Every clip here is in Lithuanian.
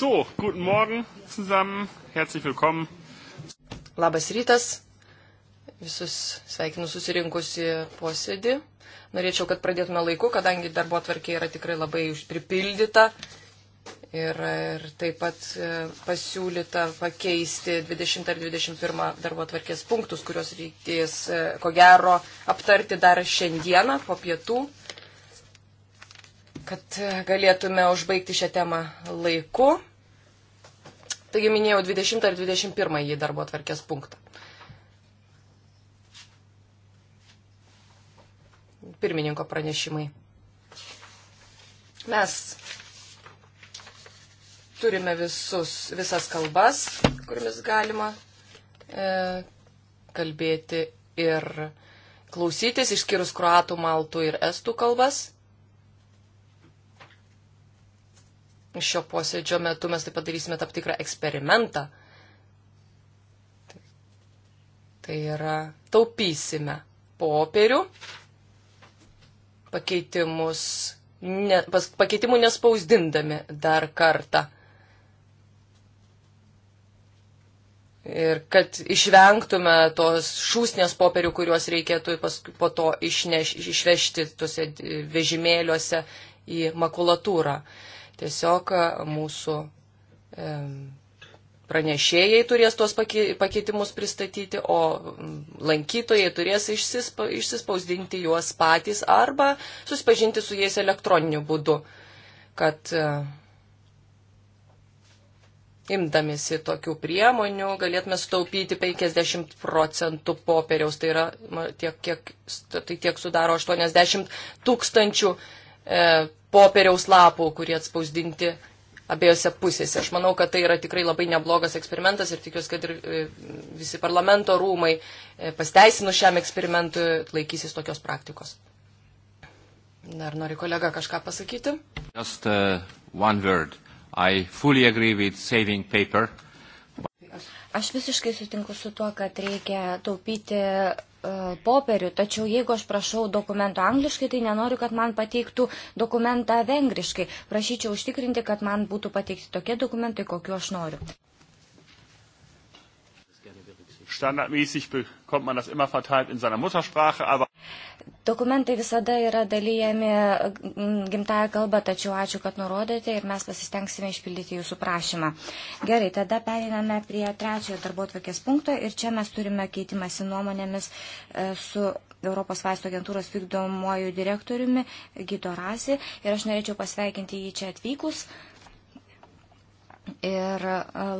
So, guten Morgen zusammen, herzlich willkommen. Labas rytas, visus sveikinu susirinkusi posėdį. Norėčiau, kad pradėtume laiku, kadangi darbo atvarkė yra tikrai labai pripildyta ir, ir taip pat e, pasiūlyta pakeisti 20 ar 21 darbo atvarkės punktus, kuriuos reikės, e, ko gero, aptarti dar šiandieną po pietų kad galėtume užbaigti šią temą laiku. Taigi minėjau 20 ar 21 darbo atvarkės punktą. Pirmininko pranešimai. Mes turime visus, visas kalbas, kuriamis galima e, kalbėti ir klausytis, išskyrus kruatų, maltų ir estų kalbas. Šio posėdžio metu mes taip pat darysime tam tikrą eksperimentą. Tai yra, taupysime popierių, pakeitimus, ne, pas, pakeitimų nespausdindami dar kartą. Ir kad išvengtume tos šūsnės popierių, kuriuos reikėtų paskui, po to išneš, išvežti tuose vežimėliuose į makulatūrą. Uh, Tiesiog e, mūsų pranešėjai turės tuos pakeitimus pristatyti, o lankytojai turės išsispa, išsispausdinti juos patys arba susipažinti su jais elektroniniu būdu, kad e, imdamėsi tokių priemonių galėtume sutaupyti 50 procentų popieriaus, tai yra tiek, kiek, tai tiek sudaro 80 tūkstančių. E, popieriaus lapų, kurie atspausdinti abiejose pusėse. Aš manau, kad tai yra tikrai labai neblogas eksperimentas ir tikiuosi, kad ir e, visi parlamento rūmai e, pasteisinus šiam eksperimentui laikysis tokios praktikos. Dar nori kolega kažką pasakyti? Just uh, one word. I fully agree with saving paper. Aš visiškai sutinku su tuo, kad reikia taupyti E, popierių, tačiau jeigu aš prašau dokumento angliškai, tai nenoriu, kad man pateiktų dokumentą vengriškai. Prašyčiau užtikrinti, kad man būtų pateikti tokie dokumentai, kokiu aš noriu. Standardmäßig bekommt man das immer verteilt in seiner Muttersprache, aber. Dokumentai visada yra dalyjami mm, gimtaja kalba, tačiau ačiū, kad nurodėte ir mes pasistengsime išpildyti jūsų prašymą. Gerai, tada periname prie trečiojo darbo tvarkės punkto ir čia mes turime keitimąsi nuomonėmis e, su Europos vaisto agentūros vykdomuoju direktoriumi Gido Rasi ir aš norėčiau pasveikinti jį čia atvykus. Ir e,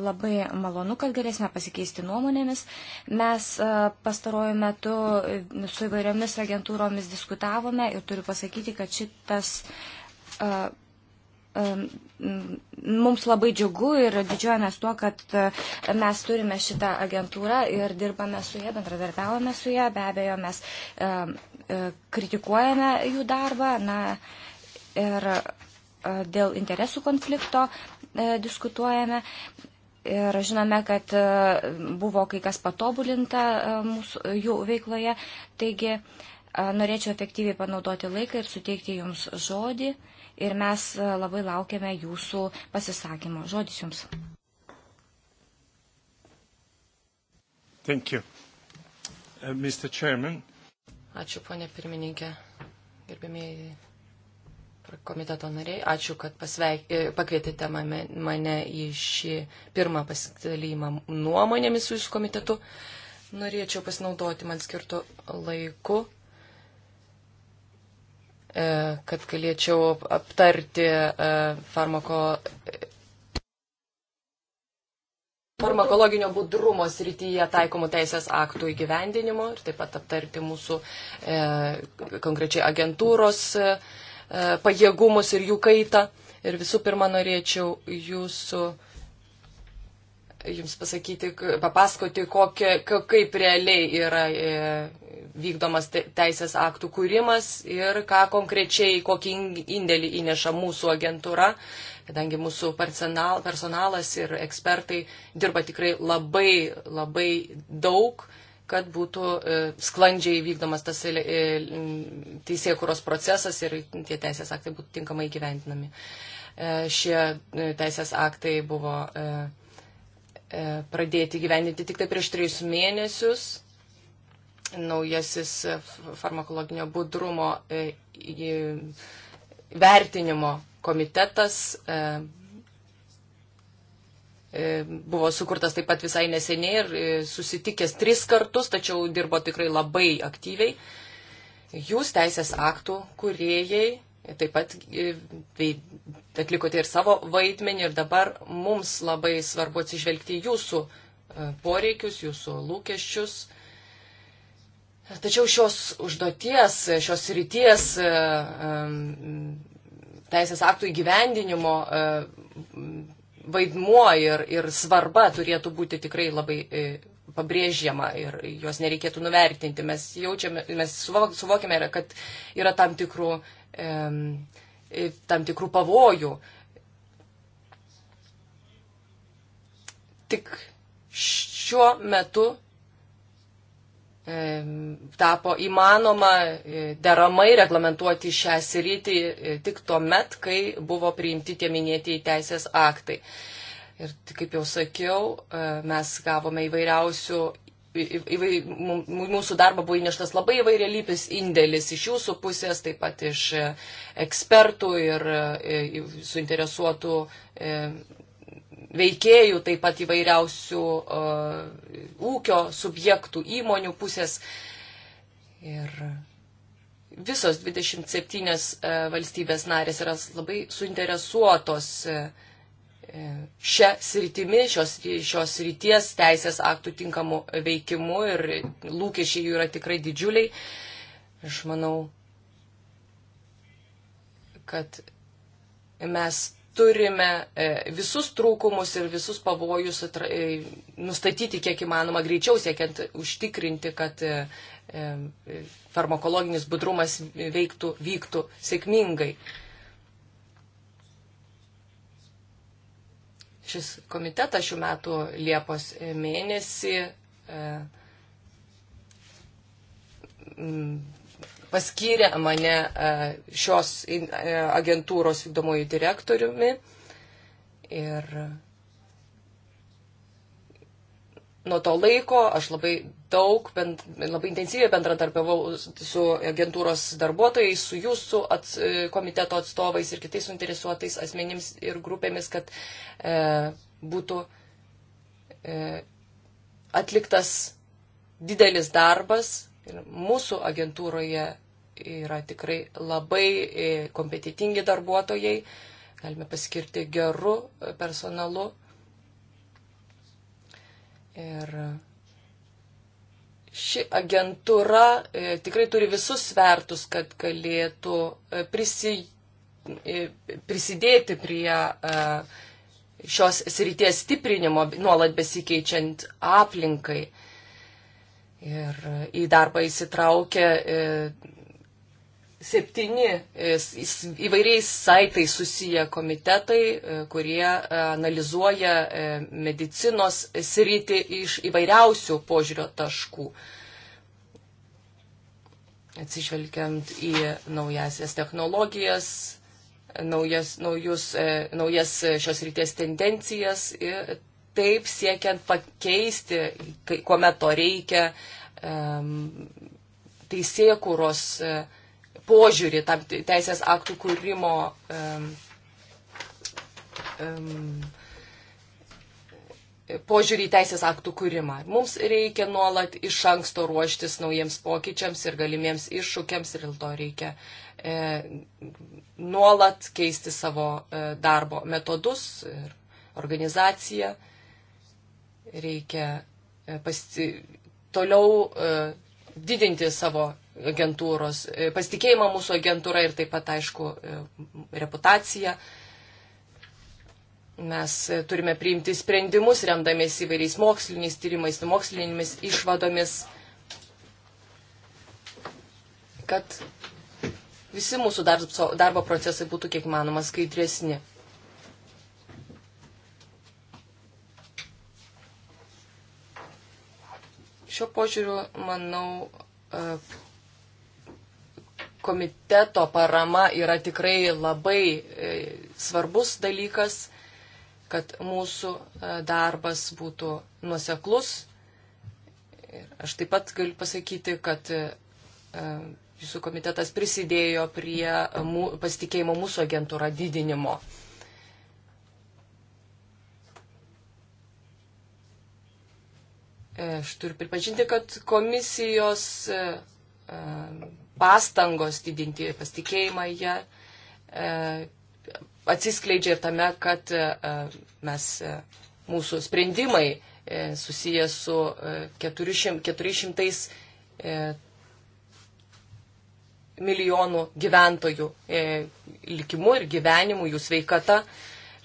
labai malonu, kad galėsime pasikeisti nuomonėmis. Mes e, pastaruoju metu e, su įvairiomis agentūromis diskutavome ir turiu pasakyti, kad šitas. Mums labai džiugu ir didžiuojamės tuo, kad mes turime šitą agentūrą ir dirbame su ją, bendradarbiavome su ją, be abejo mes kritikuojame jų darbą. Na, ir dėl interesų konflikto e, diskutuojame. Ir žinome, kad e, buvo kai kas patobulinta e, mūsų jų veikloje. Taigi norėčiau efektyviai panaudoti laiką ir suteikti jums žodį. Ir mes labai laukiame jūsų pasisakymo. Žodis jums. Thank you. Uh, Mr. Chairman. Ačiū, ponė pirmininkė. Gerbėmėjai komiteto nariai, ačiū, kad pasveik, e, pakvietėte mane į šį pirmą pasidalymą nuomonėmis su jūsų komitetu. Norėčiau pasinaudoti man skirtų laiku, e, kad galėčiau aptarti e, farmako farmakologinio budrumo srityje taikomų teisės aktų įgyvendinimo ir taip pat aptarti mūsų e, konkrečiai agentūros e, E, pajėgumus ir jų kaitą. Ir visų pirma, norėčiau jūsų jums pasakyti, papasakoti, kokie, kaip realiai yra e, vykdomas teisės aktų kūrimas ir ką konkrečiai, kokį indėlį įneša mūsų agentūra, kadangi mūsų personal, personalas ir ekspertai dirba tikrai labai, labai daug kad būtų e, sklandžiai vykdomas tas e, e, teisėkuros procesas ir tie teisės aktai būtų tinkamai gyventinami. Šie teisės aktai buvo pradėti gyveninti tik tai prieš trejus mėnesius. Naujasis farmakologinio budrumo vertinimo komitetas E, buvo sukurtas taip pat visai neseniai ir e, susitikęs tris kartus, tačiau dirbo tikrai labai aktyviai. Jūs teisės aktų kuriejai taip pat e, tai atlikote ir savo vaidmenį ir dabar mums labai svarbu atsižvelgti jūsų poreikius, jūsų lūkesčius. Tačiau šios užduoties, šios ryties teisės aktų įgyvendinimo vaidmuo ir, ir svarba turėtų būti tikrai labai e, pabrėžiama ir jos nereikėtų nuvertinti. Mes jaučiame, mes suvokime, kad yra tam tikrų, e, tam tikrų pavojų. Tik šiuo metu tapo įmanoma e, deramai reglamentuoti šią sritį e, tik tuo met, kai buvo priimti tie minėtieji teisės aktai. Ir kaip jau sakiau, e, mes gavome įvairiausių, įvai, mūsų darbą buvo įneštas labai įvairialypis indėlis iš jūsų pusės, taip pat iš ekspertų ir suinteresuotų veikėjų, taip pat įvairiausių uh, ūkio subjektų, įmonių pusės. Ir visos 27 uh, e, valstybės narės yra labai suinteresuotos uh, e, šią sritimi, šios, šios ryties teisės aktų tinkamų veikimų ir lūkesčiai jų yra tikrai didžiuliai. Aš manau, kad mes turime e, visus trūkumus ir visus pavojus e, nustatyti kiek įmanoma greičiau, siekiant užtikrinti, kad e, farmakologinis budrumas veiktų, vyktų sėkmingai. Šis komitetas šių metų Liepos mėnesį paskyrė mane e, šios e, agentūros vykdomųjų direktoriumi. Ir nuo to laiko aš labai daug, bent, labai intensyviai bendradarbiavau su agentūros darbuotojais, su jūsų ats, e, komiteto atstovais ir kitais suinteresuotais asmenims ir grupėmis, kad e, būtų e, atliktas didelis darbas Ir mūsų agentūroje yra tikrai labai e, kompetitingi darbuotojai, galime paskirti gerų e, personalų. Ir ši agentūra e, tikrai turi visus svertus, kad galėtų prisi, prisidėti prie šios srities stiprinimo, nuolat besikeičiant aplinkai. Ir e, į darbą įsitraukia e, septyni e, įvairiais saitais susiję komitetai, kurie analizuoja medicinos sritį iš įvairiausių požiūrio taškų. Atsižvelgiant į naujasias technologijas, naujas, naujus, naujas šios ryties tendencijas, taip siekiant pakeisti, kai, kuomet to reikia, um, teisėkūros uh, e, požiūrį, tam teisės aktų kūrimo um, um, požiūrį į teisės aktų kūrimą. Mums reikia nuolat iš anksto ruoštis naujiems pokyčiams ir galimiems iššūkiams ir dėl to reikia e, nuolat keisti savo e, darbo metodus ir organizaciją. E, reikia e, pasi, toliau e, didinti savo agentūros, e, pasitikėjimą mūsų agentūra ir taip pat, aišku, reputaciją. Mes turime priimti sprendimus, remdamės įvairiais moksliniais tyrimais, mokslinėmis išvadomis, kad visi mūsų darbo procesai būtų kiek manoma skaidresni. Šiuo požiūriu, manau, e, komiteto parama yra tikrai labai e, svarbus dalykas, kad mūsų e, darbas būtų nuoseklus. Ir aš taip pat galiu pasakyti, kad jūsų komitetas prisidėjo prie pasitikėjimo mūsų agentūra didinimo. E, aš turiu pripažinti, kad komisijos e, e, pastangos didinti pasitikėjimą ją atsiskleidžia ir tame, kad mes, mūsų sprendimai susiję su 400, 400 milijonų gyventojų likimu ir gyvenimu, jų sveikata.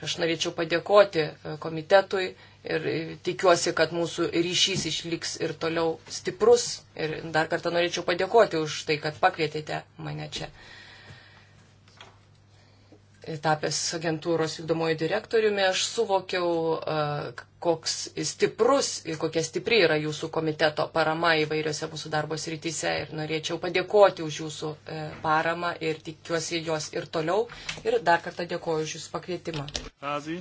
Aš norėčiau padėkoti komitetui ir tikiuosi, kad mūsų ryšys išliks ir toliau stiprus. Ir dar kartą norėčiau padėkoti už tai, kad pakvietėte mane čia. Tapęs agentūros vykdomojo direktoriumi, aš suvokiau, koks stiprus ir kokia stipri yra jūsų komiteto parama įvairiose mūsų darbo srityse ir norėčiau padėkoti už jūsų e, paramą ir tikiuosi jos ir toliau. Ir dar kartą dėkoju už jūsų pakvietimą. Azija.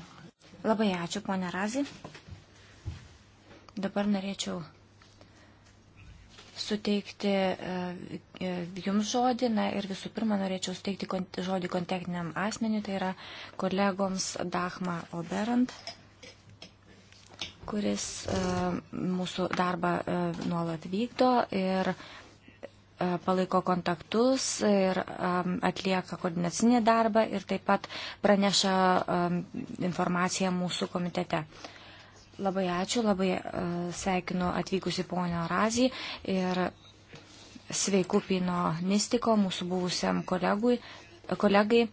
Labai ačiū, ponė Razi. Dabar norėčiau suteikti e, e, jums žodį na, ir visų pirma norėčiau suteikti kont žodį kontaktiniam asmeniu, tai yra kolegoms Dachma Oberant, kuris e, mūsų darbą nuolat vykdo ir uh, E, palaiko kontaktus ir atlieka koordinacinį darbą ir taip pat praneša informaciją mūsų komitete. Labai ačiū, labai e, sveikinu atvykusi ponio Razį ir sveiku Pino Nistiko, mūsų buvusiam kolegui, kolegai.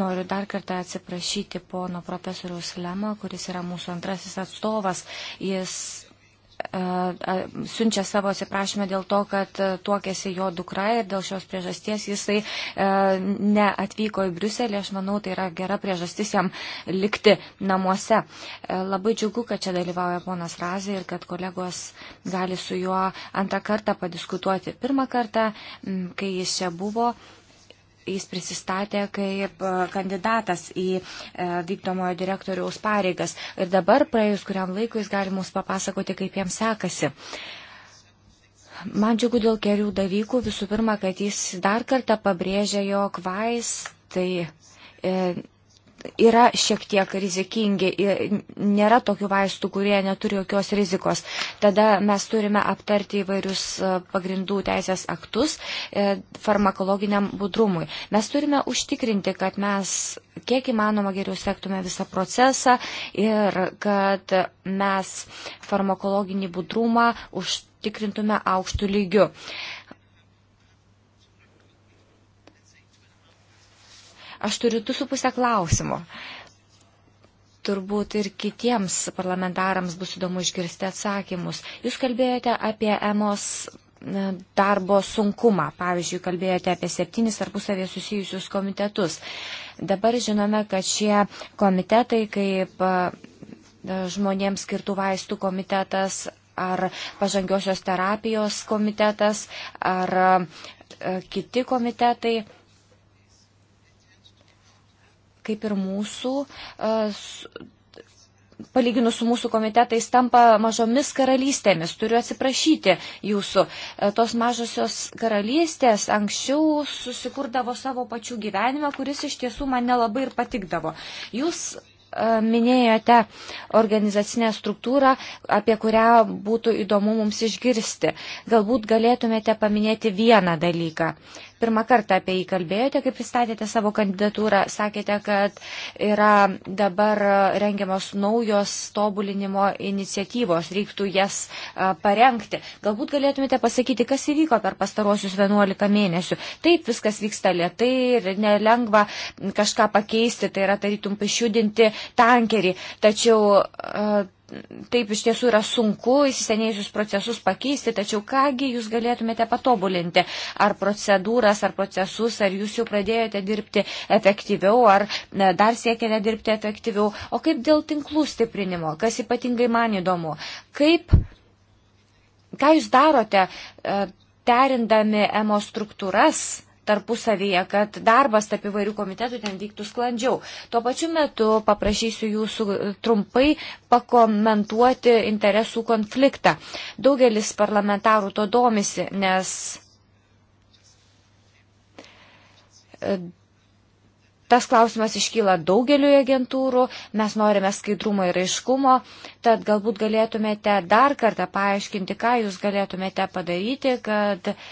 Noriu dar kartą atsiprašyti pono profesoriaus Lemo, kuris yra mūsų antrasis atstovas. Jis siunčia savo atsiprašymą dėl to, kad tuokėsi jo dukra ir dėl šios priežasties jisai neatvyko į Briuselį. Aš manau, tai yra gera priežastis jam likti namuose. Labai džiugu, kad čia dalyvauja ponas Razė ir kad kolegos gali su juo antrą kartą padiskutuoti. Pirmą kartą, kai jis čia buvo, jis prisistatė kaip e, kandidatas į e, vykdomojo direktoriaus pareigas. Ir dabar, praėjus kuriam laikui, jis gali mums papasakoti, kaip jam sekasi. Man džiugu dėl kelių dalykų. Visų pirma, kad jis dar kartą pabrėžė, jog vaistai e, yra šiek tiek rizikingi, nėra tokių vaistų, kurie neturi jokios rizikos. Tada mes turime aptarti įvairius e, pagrindų teisės aktus e, farmakologiniam budrumui. Mes turime užtikrinti, kad mes kiek įmanoma geriau sektume visą procesą ir kad mes farmakologinį budrumą užtikrintume aukštų lygių. Aš turiu du su pusę klausimų. Turbūt ir kitiems parlamentarams bus įdomu išgirsti atsakymus. Jūs kalbėjote apie emos e, darbo sunkumą. Pavyzdžiui, kalbėjote apie septynis tarpusavė susijusius komitetus. Dabar žinome, kad šie komitetai, kaip e, žmonėms skirtų vaistų komitetas ar pažangiosios terapijos komitetas ar e, kiti komitetai, kaip ir mūsų, e, palyginus su mūsų komitetais, tampa mažomis karalystėmis. Turiu atsiprašyti jūsų. E, tos mažosios karalystės anksčiau susikurdavo savo pačių gyvenimą, kuris iš tiesų man nelabai ir patikdavo. Jūs e, minėjote organizacinę struktūrą, apie kurią būtų įdomu mums išgirsti. Galbūt galėtumėte paminėti vieną dalyką pirmą kartą apie jį kalbėjote, kai pristatėte savo kandidatūrą. Sakėte, kad yra dabar rengiamos naujos tobulinimo iniciatyvos, reiktų jas parengti. Galbūt galėtumėte pasakyti, kas įvyko per pastaruosius 11 mėnesių. Taip viskas vyksta lietai ir nelengva kažką pakeisti, tai yra tarytum pašiudinti tankerį. Tačiau taip iš tiesų yra sunku įsisenėjusius procesus pakeisti, tačiau kągi jūs galėtumėte patobulinti, ar procedūras, ar procesus, ar jūs jau pradėjote dirbti efektyviau, ar ne, dar siekėte dirbti efektyviau, o kaip dėl tinklų stiprinimo, kas ypatingai man įdomu, kaip, ką jūs darote, derindami e, emo struktūras, tarpusavyje, kad darbas tarp įvairių komitetų ten vyktų sklandžiau. Tuo pačiu metu paprašysiu jūsų trumpai pakomentuoti interesų konfliktą. Daugelis parlamentarų to domisi, nes e, Tas klausimas iškyla daugeliu agentūrų, mes norime skaidrumo ir aiškumo, tad galbūt galėtumėte dar kartą paaiškinti, ką jūs galėtumėte padaryti, kad uh,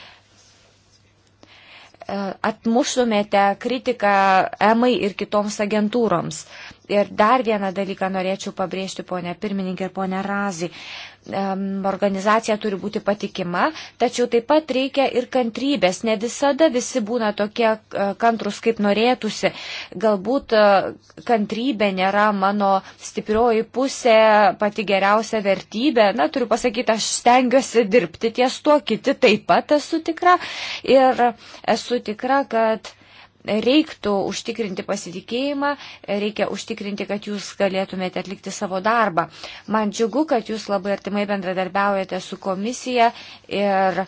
atmuštumėte kritiką EMAI ir kitoms agentūroms. Ir dar vieną dalyką norėčiau pabrėžti, ponė pirmininkė ir ponė Razai. Um, organizacija turi būti patikima, tačiau taip pat reikia ir kantrybės. Ne visada visi būna tokie uh, kantrus, kaip norėtųsi. Galbūt uh, kantrybė nėra mano stiprioji pusė, pati geriausia vertybė. Na, turiu pasakyti, aš stengiuosi dirbti ties tuo, kiti taip pat esu tikra. Ir esu tikra, kad reiktų užtikrinti pasitikėjimą, reikia užtikrinti, kad jūs galėtumėte atlikti savo darbą. Man džiugu, kad jūs labai artimai bendradarbiaujate su komisija ir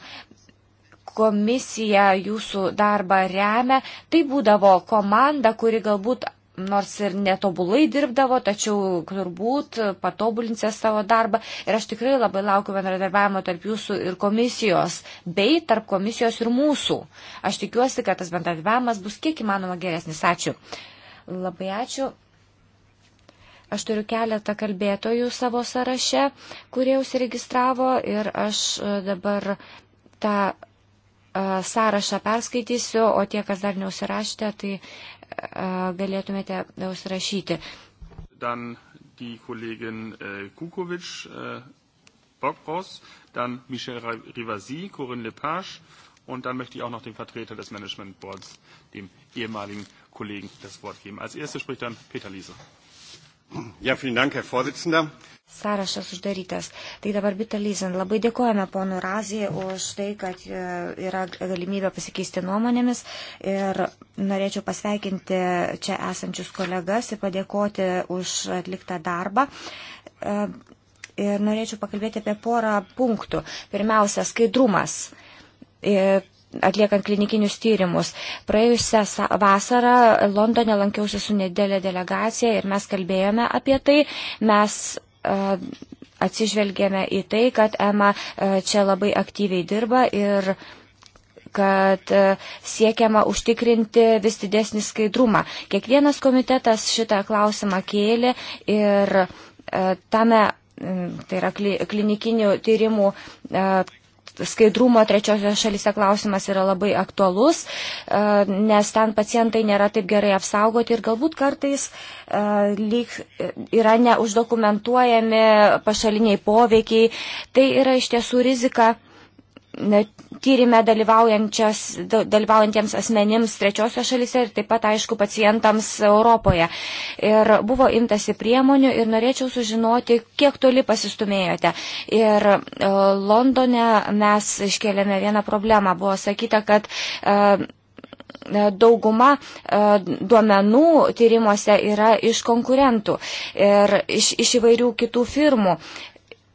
komisija jūsų darbą remia. Tai būdavo komanda, kuri galbūt nors ir netobulai dirbdavo, tačiau turbūt patobulinsė savo darbą. Ir aš tikrai labai laukiu bendradarbiavimo tarp jūsų ir komisijos, bei tarp komisijos ir mūsų. Aš tikiuosi, kad tas bendradarbiavimas bus kiek įmanoma geresnis. Ačiū. Labai ačiū. Aš turiu keletą kalbėtojų savo sąraše, kurie užsiregistravo ir aš e, dabar tą e, sąrašą perskaitysiu, o tie, kas dar neusirašėte, tai galėtumėte užrašyti. Dan die Kollegin äh, Kukovic äh, Bockros, dann Michel Rivasi, Corinne Lepage und dann möchte ich auch noch dem Vertreter des Management Boards, dem ehemaligen Kollegen, das Wort geben. Als erster spricht dann Peter Liese. Ja, dank, Sąrašas uždarytas. Tai dabar Bita Lyzen. Labai dėkojame ponu Razijai už tai, kad e, yra galimybė pasikeisti nuomonėmis ir norėčiau pasveikinti čia esančius kolegas ir padėkoti už atliktą darbą. E, ir norėčiau pakalbėti apie porą punktų. Pirmiausia, skaidrumas. Ir e, atliekant klinikinius tyrimus. Praėjusią vasarą Londone lankiausi su nedėlė delegacija ir mes kalbėjome apie tai. Mes e, atsižvelgėme į tai, kad EMA e, čia labai aktyviai dirba ir kad e, siekiama užtikrinti vis didesnį skaidrumą. Kiekvienas komitetas šitą klausimą kėlė ir tame, tai yra klinikinių tyrimų skaidrumo trečiosios šalyse klausimas yra labai aktualus, e, nes ten pacientai nėra taip gerai apsaugoti ir galbūt kartais e, lyg e, yra neuždokumentuojami pašaliniai poveikiai. Tai yra iš tiesų rizika tyrime dalyvaujantiems asmenims trečiosios šalise ir taip pat, aišku, pacientams Europoje. Ir buvo imtasi priemonių ir norėčiau sužinoti, kiek toli pasistumėjote. Ir e, Londone mes iškėlėme vieną problemą. Buvo sakyta, kad e, e, dauguma duomenų tyrimuose yra iš konkurentų ir iš, iš įvairių kitų firmų.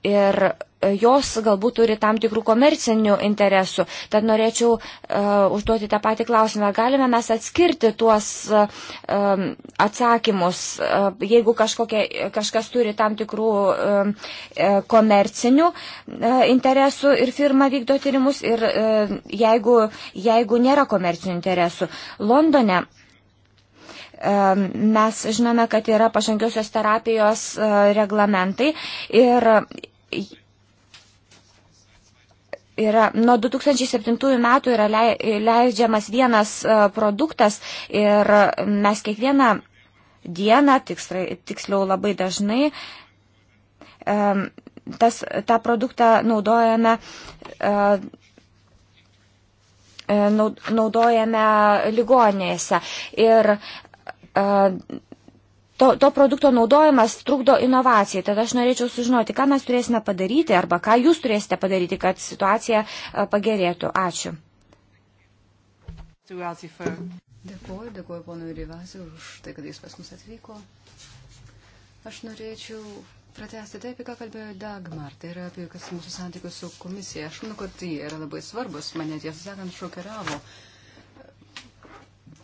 Ir E, jos galbūt turi tam tikrų komercinių interesų. Tad norėčiau uh, užduoti tą patį klausimą. Galime mes atskirti tuos uh, atsakymus, uh, jeigu kažkokie, kažkas turi tam tikrų uh, komercinių uh, interesų ir firma vykdo tyrimus ir uh, jeigu, jeigu nėra komercinių interesų. Londone mes žinome, kad yra pažangiosios terapijos reglamentai ir yra, nuo 2007 metų yra leidžiamas vienas e, produktas ir mes kiekvieną dieną, tiksliau labai dažnai, e, tas, tą produktą naudojame e, naudojame ligonėse. Ir to, to produkto naudojimas trukdo inovacijai. Tad aš norėčiau sužinoti, ką mes turėsime padaryti arba ką jūs turėsite padaryti, kad situacija e, pagerėtų. Ačiū. Dėkuoju, dėkuoju ponui Rivasiu už tai, kad jis pas mus atvyko. Aš norėčiau pratesti tai, apie ką kalbėjo Dagmar, tai yra apie kas mūsų santykius su komisija. Aš manau, kad tai yra labai svarbus, mane tiesą sakant šokiravo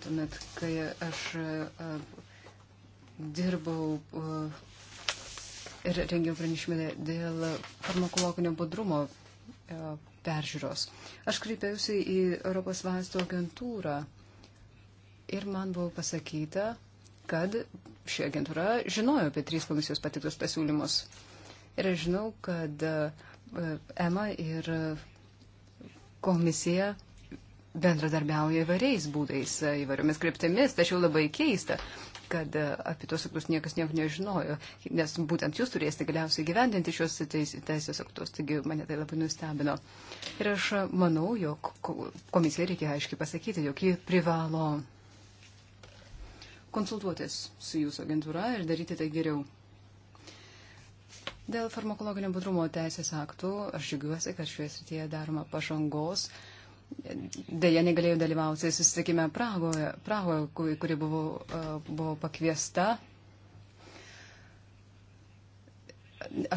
tuomet, kai aš e, dirbau ir rengiau pranešimą dėl farmakologinio budrumo e, peržiūros. Aš kreipiausi į Europos vaistų agentūrą ir man buvo pasakyta, kad ši agentūra žinojo apie trys komisijos patiktus pasiūlymus. Ir aš žinau, kad e, EMA ir komisija bendradarbiauja įvairiais būdais, įvairiomis kryptimis, tačiau labai keista, kad e, apie tuos aktus niekas nieko nežinojo, nes būtent jūs turėsite galiausiai gyvendinti šios teisės aktus, taigi mane tai labai nustebino. Ir aš manau, jog komisija reikia aiškiai pasakyti, jog ji privalo konsultuotis su jūsų agentūra ir daryti tai geriau. Dėl farmakologinio budrumo teisės aktų aš džiugiuosi, kad šioje srityje daroma pažangos. Uh, dėja negalėjau dalyvauti susitikime Pragoje, Pragoje kuri, kuri buvo, buvo pakviesta.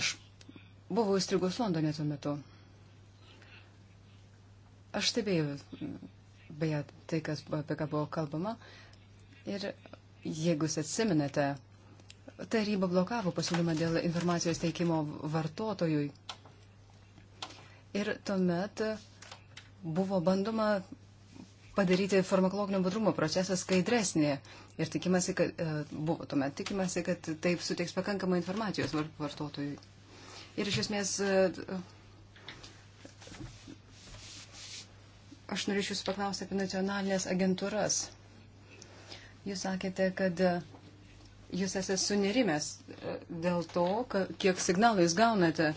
Aš buvau įstrigus Londone tuo metu. Aš stebėjau, beje, tai, kas, apie ką buvo kalbama. Ir jeigu jūs atsiminate, taryba blokavo pasiūlymą dėl informacijos teikimo vartotojui. Ir tuomet uh, buvo bandoma padaryti farmakologinio budrumo procesą skaidresnį ir tikimasi, kad e, buvo tuomet tikimasi, kad taip suteiks pakankamai informacijos vartotojui. Ir iš esmės e, aš norėčiau jūsų paklausti apie nacionalinės agentūras. Jūs sakėte, kad e, jūs esate sunerimęs dėl to, kiek signalų jūs gaunate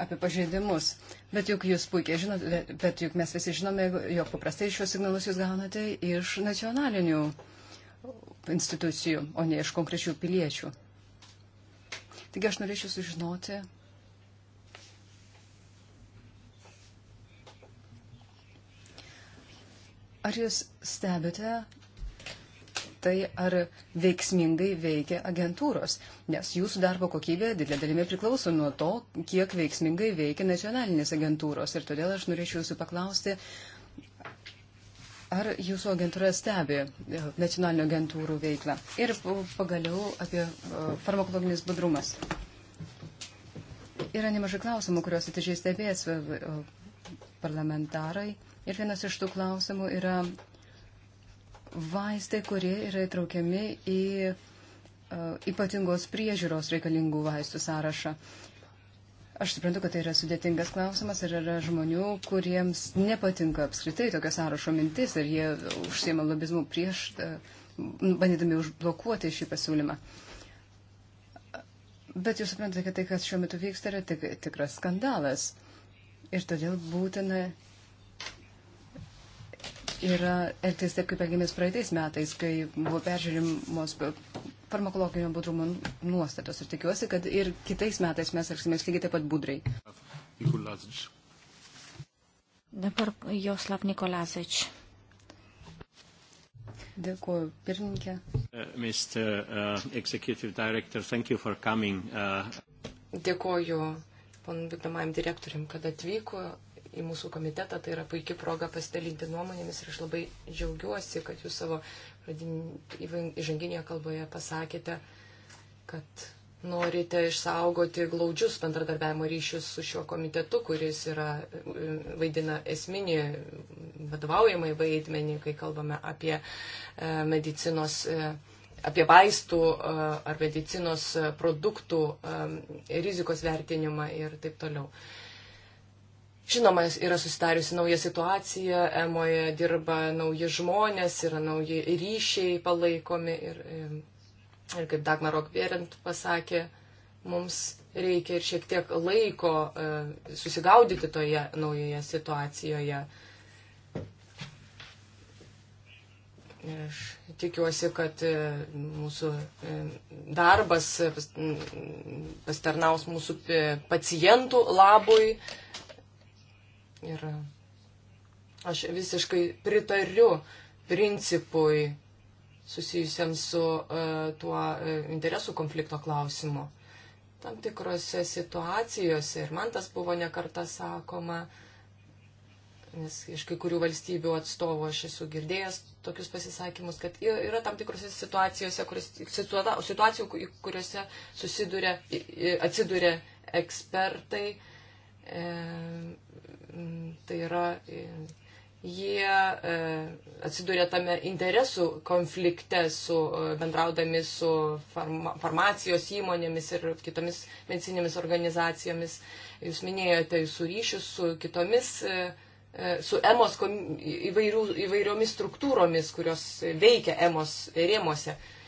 apie pažeidimus. Bet juk jūs puikiai žinote, bet juk mes visi žinome, jog paprastai šios signalus jūs gaunate iš nacionalinių institucijų, o ne iš konkrečių piliečių. Taigi aš norėčiau sužinoti. Ar jūs stebite tai, ar veiksmingai veikia agentūros, nes jūsų darbo kokybė didelė dalimi priklauso nuo to, kiek veiksmingai veikia nacionalinės agentūros. Ir todėl aš norėčiau jūsų paklausti, ar jūsų agentūra stebi e, nacionalinių agentūrų veiklą. Ir pagaliau apie e, farmakologinis budrumas. Yra nemažai klausimų, kuriuos atidžiai stebės e, parlamentarai. Ir vienas iš tų klausimų yra vaistai, kurie yra įtraukiami į e, ypatingos priežiūros reikalingų vaistų sąrašą. Aš suprantu, kad tai yra sudėtingas klausimas ir yra žmonių, kuriems nepatinka apskritai tokio sąrašo mintis ir jie užsiema lobizmu prieš, e, bandydami užblokuoti šį pasiūlymą. Bet jūs suprantate, kad tai, kas šiuo metu vyksta, yra tik, tikras skandalas. Ir todėl būtina yra elgtis taip, kaip elgėmės praeitais metais, kai buvo peržiūrimos farmakologinio budrumo nuostatos. Ir tikiuosi, kad ir kitais metais mes elgsimės lygiai taip pat budriai. Dabar Joslav Nikolazič. Dėkuoju, pirmininkė. Uh, Mr. Uh, Executive Director, thank you for coming. Uh... Dėkuoju, pon vykdomajam direktoriam, kad atvyko į mūsų komitetą, tai yra puikia proga pasidalinti nuomonėmis ir aš labai džiaugiuosi, kad jūs savo įžanginėje kalboje pasakėte, kad norite išsaugoti glaudžius bendradarbiavimo ryšius su šiuo komitetu, kuris yra, e, vaidina esminį vadovaujamąjį vaidmenį, kai kalbame apie e, medicinos, e, apie vaistų ar medicinos produktų rizikos vertinimą ir taip toliau. Žinoma, yra susidariusi nauja situacija, emoje dirba nauji žmonės, yra nauji ryšiai palaikomi ir, ir kaip Dagmar Rokbėrent pasakė, mums reikia ir šiek tiek laiko e, susigaudyti toje naujoje situacijoje. Ir aš tikiuosi, kad e, mūsų e, darbas pastarnaus mūsų pacientų labui, Ir aš visiškai pritariu principui susijusiam su uh, tuo uh, interesų konflikto klausimu. Tam tikrose situacijose, ir man tas buvo nekarta sakoma, nes iš kai kurių valstybių atstovų aš esu girdėjęs tokius pasisakymus, kad yra tam tikrose situacijose, kuris, situacijų, kuriuose susiduria, atsiduria ekspertai. E, Tai yra, e, jie e, atsidūrė tame interesų konflikte su e, bendraudami su farma, farmacijos įmonėmis ir kitomis medicinėmis organizacijomis. Jūs minėjote jūsų ryšius su kitomis su EMOS įvairių, įvairiomis struktūromis, kurios veikia EMOS rėmose. E,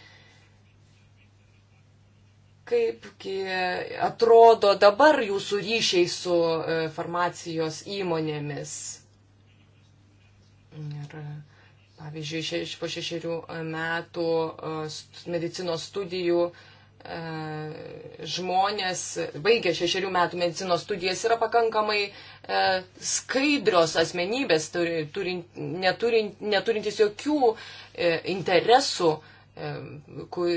kaip atrodo dabar jūsų ryšiai su e, farmacijos įmonėmis. Ir, pavyzdžiui, šeš, po šešerių e, metų e, medicinos studijų žmonės baigę šešerių metų medicinos studijas yra pakankamai skaidrios asmenybės, turi, turi, neturint, neturintys jokių interesų, kur,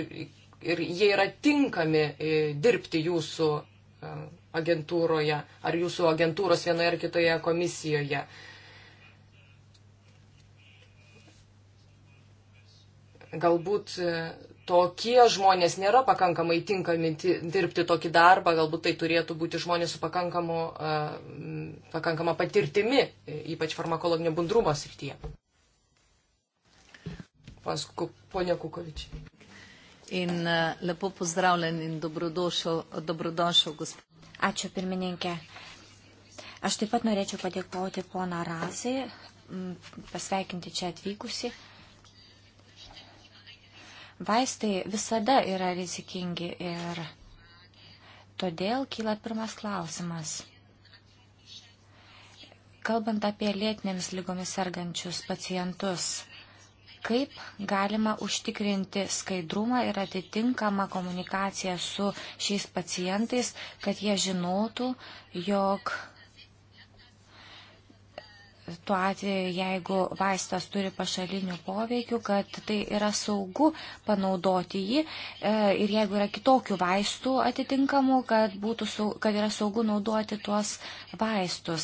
ir jie yra tinkami e, dirbti jūsų e, agentūroje ar jūsų agentūros vienoje ar kitoje komisijoje. Galbūt e, tokie žmonės nėra pakankamai tinkami dirbti tokį darbą, galbūt tai turėtų būti žmonės su pakankamu, pakankama patirtimi, ypač farmakologinio bundrumo srityje. Ponė Kukovičiai. In uh, lepo pozdravljen in dobrodošel, dobrodošel gospod. Ačiū pirmininkė. Aš taip pat norėčiau padėkoti poną Razį, pasveikinti čia atvykusi. Vaistai visada yra rizikingi ir todėl kyla pirmas klausimas. Kalbant apie lėtinėmis lygomis sergančius pacientus, kaip galima užtikrinti skaidrumą ir atitinkamą komunikaciją su šiais pacientais, kad jie žinotų, jog tuo atveju, jeigu vaistas turi pašalinių poveikių, kad tai yra saugu panaudoti jį e, ir jeigu yra kitokių vaistų atitinkamų, kad, būtų, kad yra saugu naudoti tuos vaistus.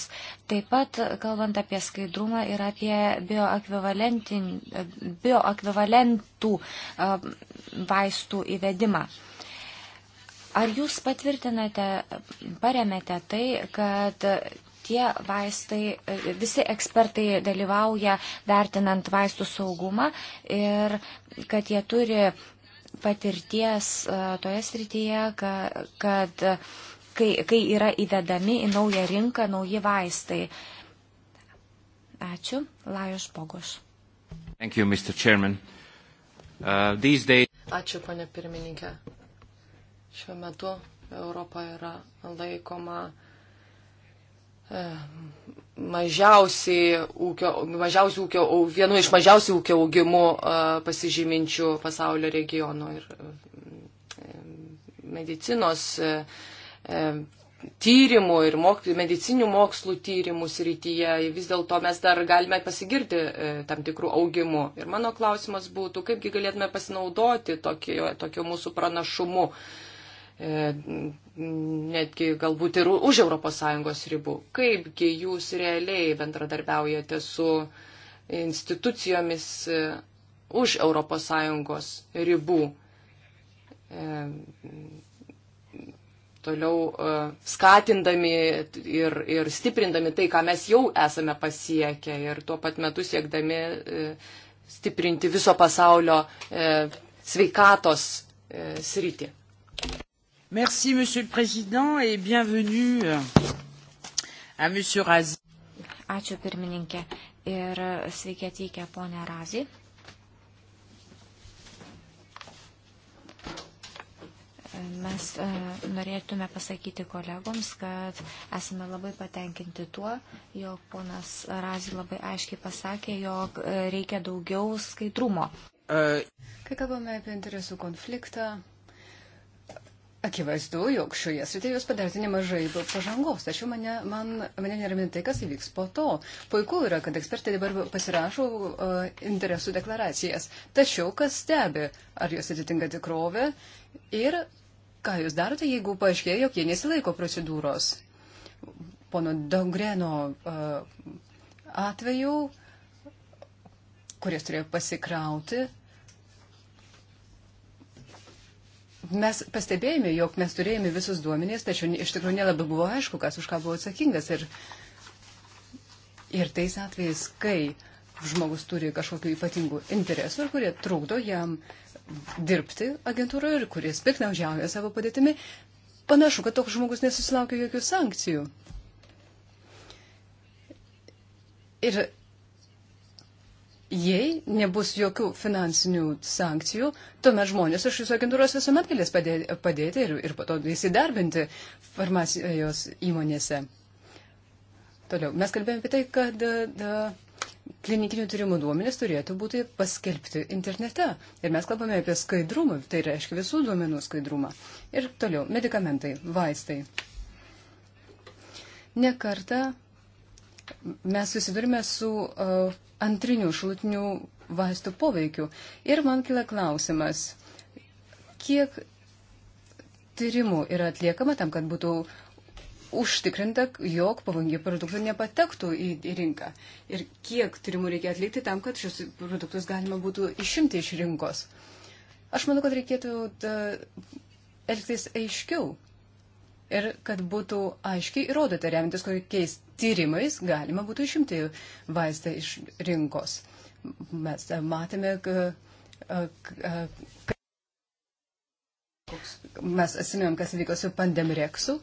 Taip pat, kalbant apie skaidrumą ir apie bioekvivalentų e, vaistų įvedimą. Ar jūs patvirtinate, paremėte tai, kad tie vaistai, e, visi ekspertai dalyvauja vertinant vaistų saugumą ir kad jie turi patirties e, toje srityje, kad, kad kai, kai yra įvedami į naują rinką nauji vaistai. Ačiū, Lajos Boguš. Thank you, Mr. Chairman. Uh, days... Ačiū, ponė pirmininkė. Šiuo metu Europa yra laikoma uh, E, mažiausiai ūkio, mažiausiai ūkio, vienu iš mažiausių ūkio augimų e, pasižyminčių pasaulio regionų ir e, medicinos tyrimų ir mok, medicinių mokslų tyrimų srityje. Vis dėlto mes dar galime pasigirti tam tikrų augimų. Ir mano klausimas būtų, kaipgi galėtume pasinaudoti tokio, tokio mūsų pranašumu. Uh, E, netgi galbūt ir už ES ribų. Kaipgi jūs realiai bendradarbiaujate su institucijomis e, už ES ribų? E, toliau skatindami ir, ir stiprindami tai, ką mes jau esame pasiekę ir tuo pat metu siekdami stiprinti viso pasaulio sveikatos sritį. Merci, Monsieur le Président, et bienvenue euh, à Monsieur Razi. Ačiū pirmininkė ir e, sveiki atvykę ponę Razį. Mes e, norėtume pasakyti kolegoms, kad esame labai patenkinti tuo, jog ponas Razį labai aiškiai pasakė, jog e, reikia daugiau skaidrumo. Kai kalbame apie interesų konfliktą, Akivaizdu, jog šioje srityje jūs padarėte nemažai pažangos, tačiau mane, man, mane neramina tai, kas įvyks po to. Puiku yra, kad ekspertai dabar pasirašo uh, interesų deklaracijas, tačiau kas stebi, ar jos atitinka tikrovę ir ką jūs darote, jeigu paaiškėjo, jog jie nesilaiko procedūros. Pono Dongreno uh, atveju, kuris turėjo pasikrauti, mes pastebėjome, jog mes turėjome visus duomenys, tačiau iš tikrųjų nelabai buvo aišku, kas už ką buvo atsakingas. Ir, ir tais atvejais, kai žmogus turi kažkokiu ypatingu interesu, kurie trukdo jam dirbti agentūroje ir kuris piknaudžiauja savo padėtimi, panašu, kad toks žmogus nesusilaukia jokių sankcijų. Ir Jei nebus jokių finansinių sankcijų, tuomet žmonės iš jūsų agentūros visuomet galės padėti, padėti ir, ir po to įsidarbinti farmacijos įmonėse. Toliau, mes kalbėjome apie tai, kad da, klinikinių tyrimų duomenys turėtų būti paskelbti internete. Ir mes kalbame apie skaidrumą, tai reiškia visų duomenų skaidrumą. Ir toliau, medikamentai, vaistai. Nekarta mes susidurime su uh, e, antrinių šalutinių vaistų poveikiu. Ir man kila klausimas, kiek tyrimų yra atliekama tam, kad būtų užtikrinta, jog pavangių produktų nepatektų į, į rinką. Ir kiek tyrimų reikia atlikti tam, kad šios produktus galima būtų išimti iš rinkos. Aš manau, kad reikėtų ta, elgtis aiškiau ir kad būtų aiškiai įrodyta, remintis kokiais tyrimais galima būtų išimti vaistą iš rinkos. Mes matėme, kad mes asimėm, kas vyko su pandemreksu.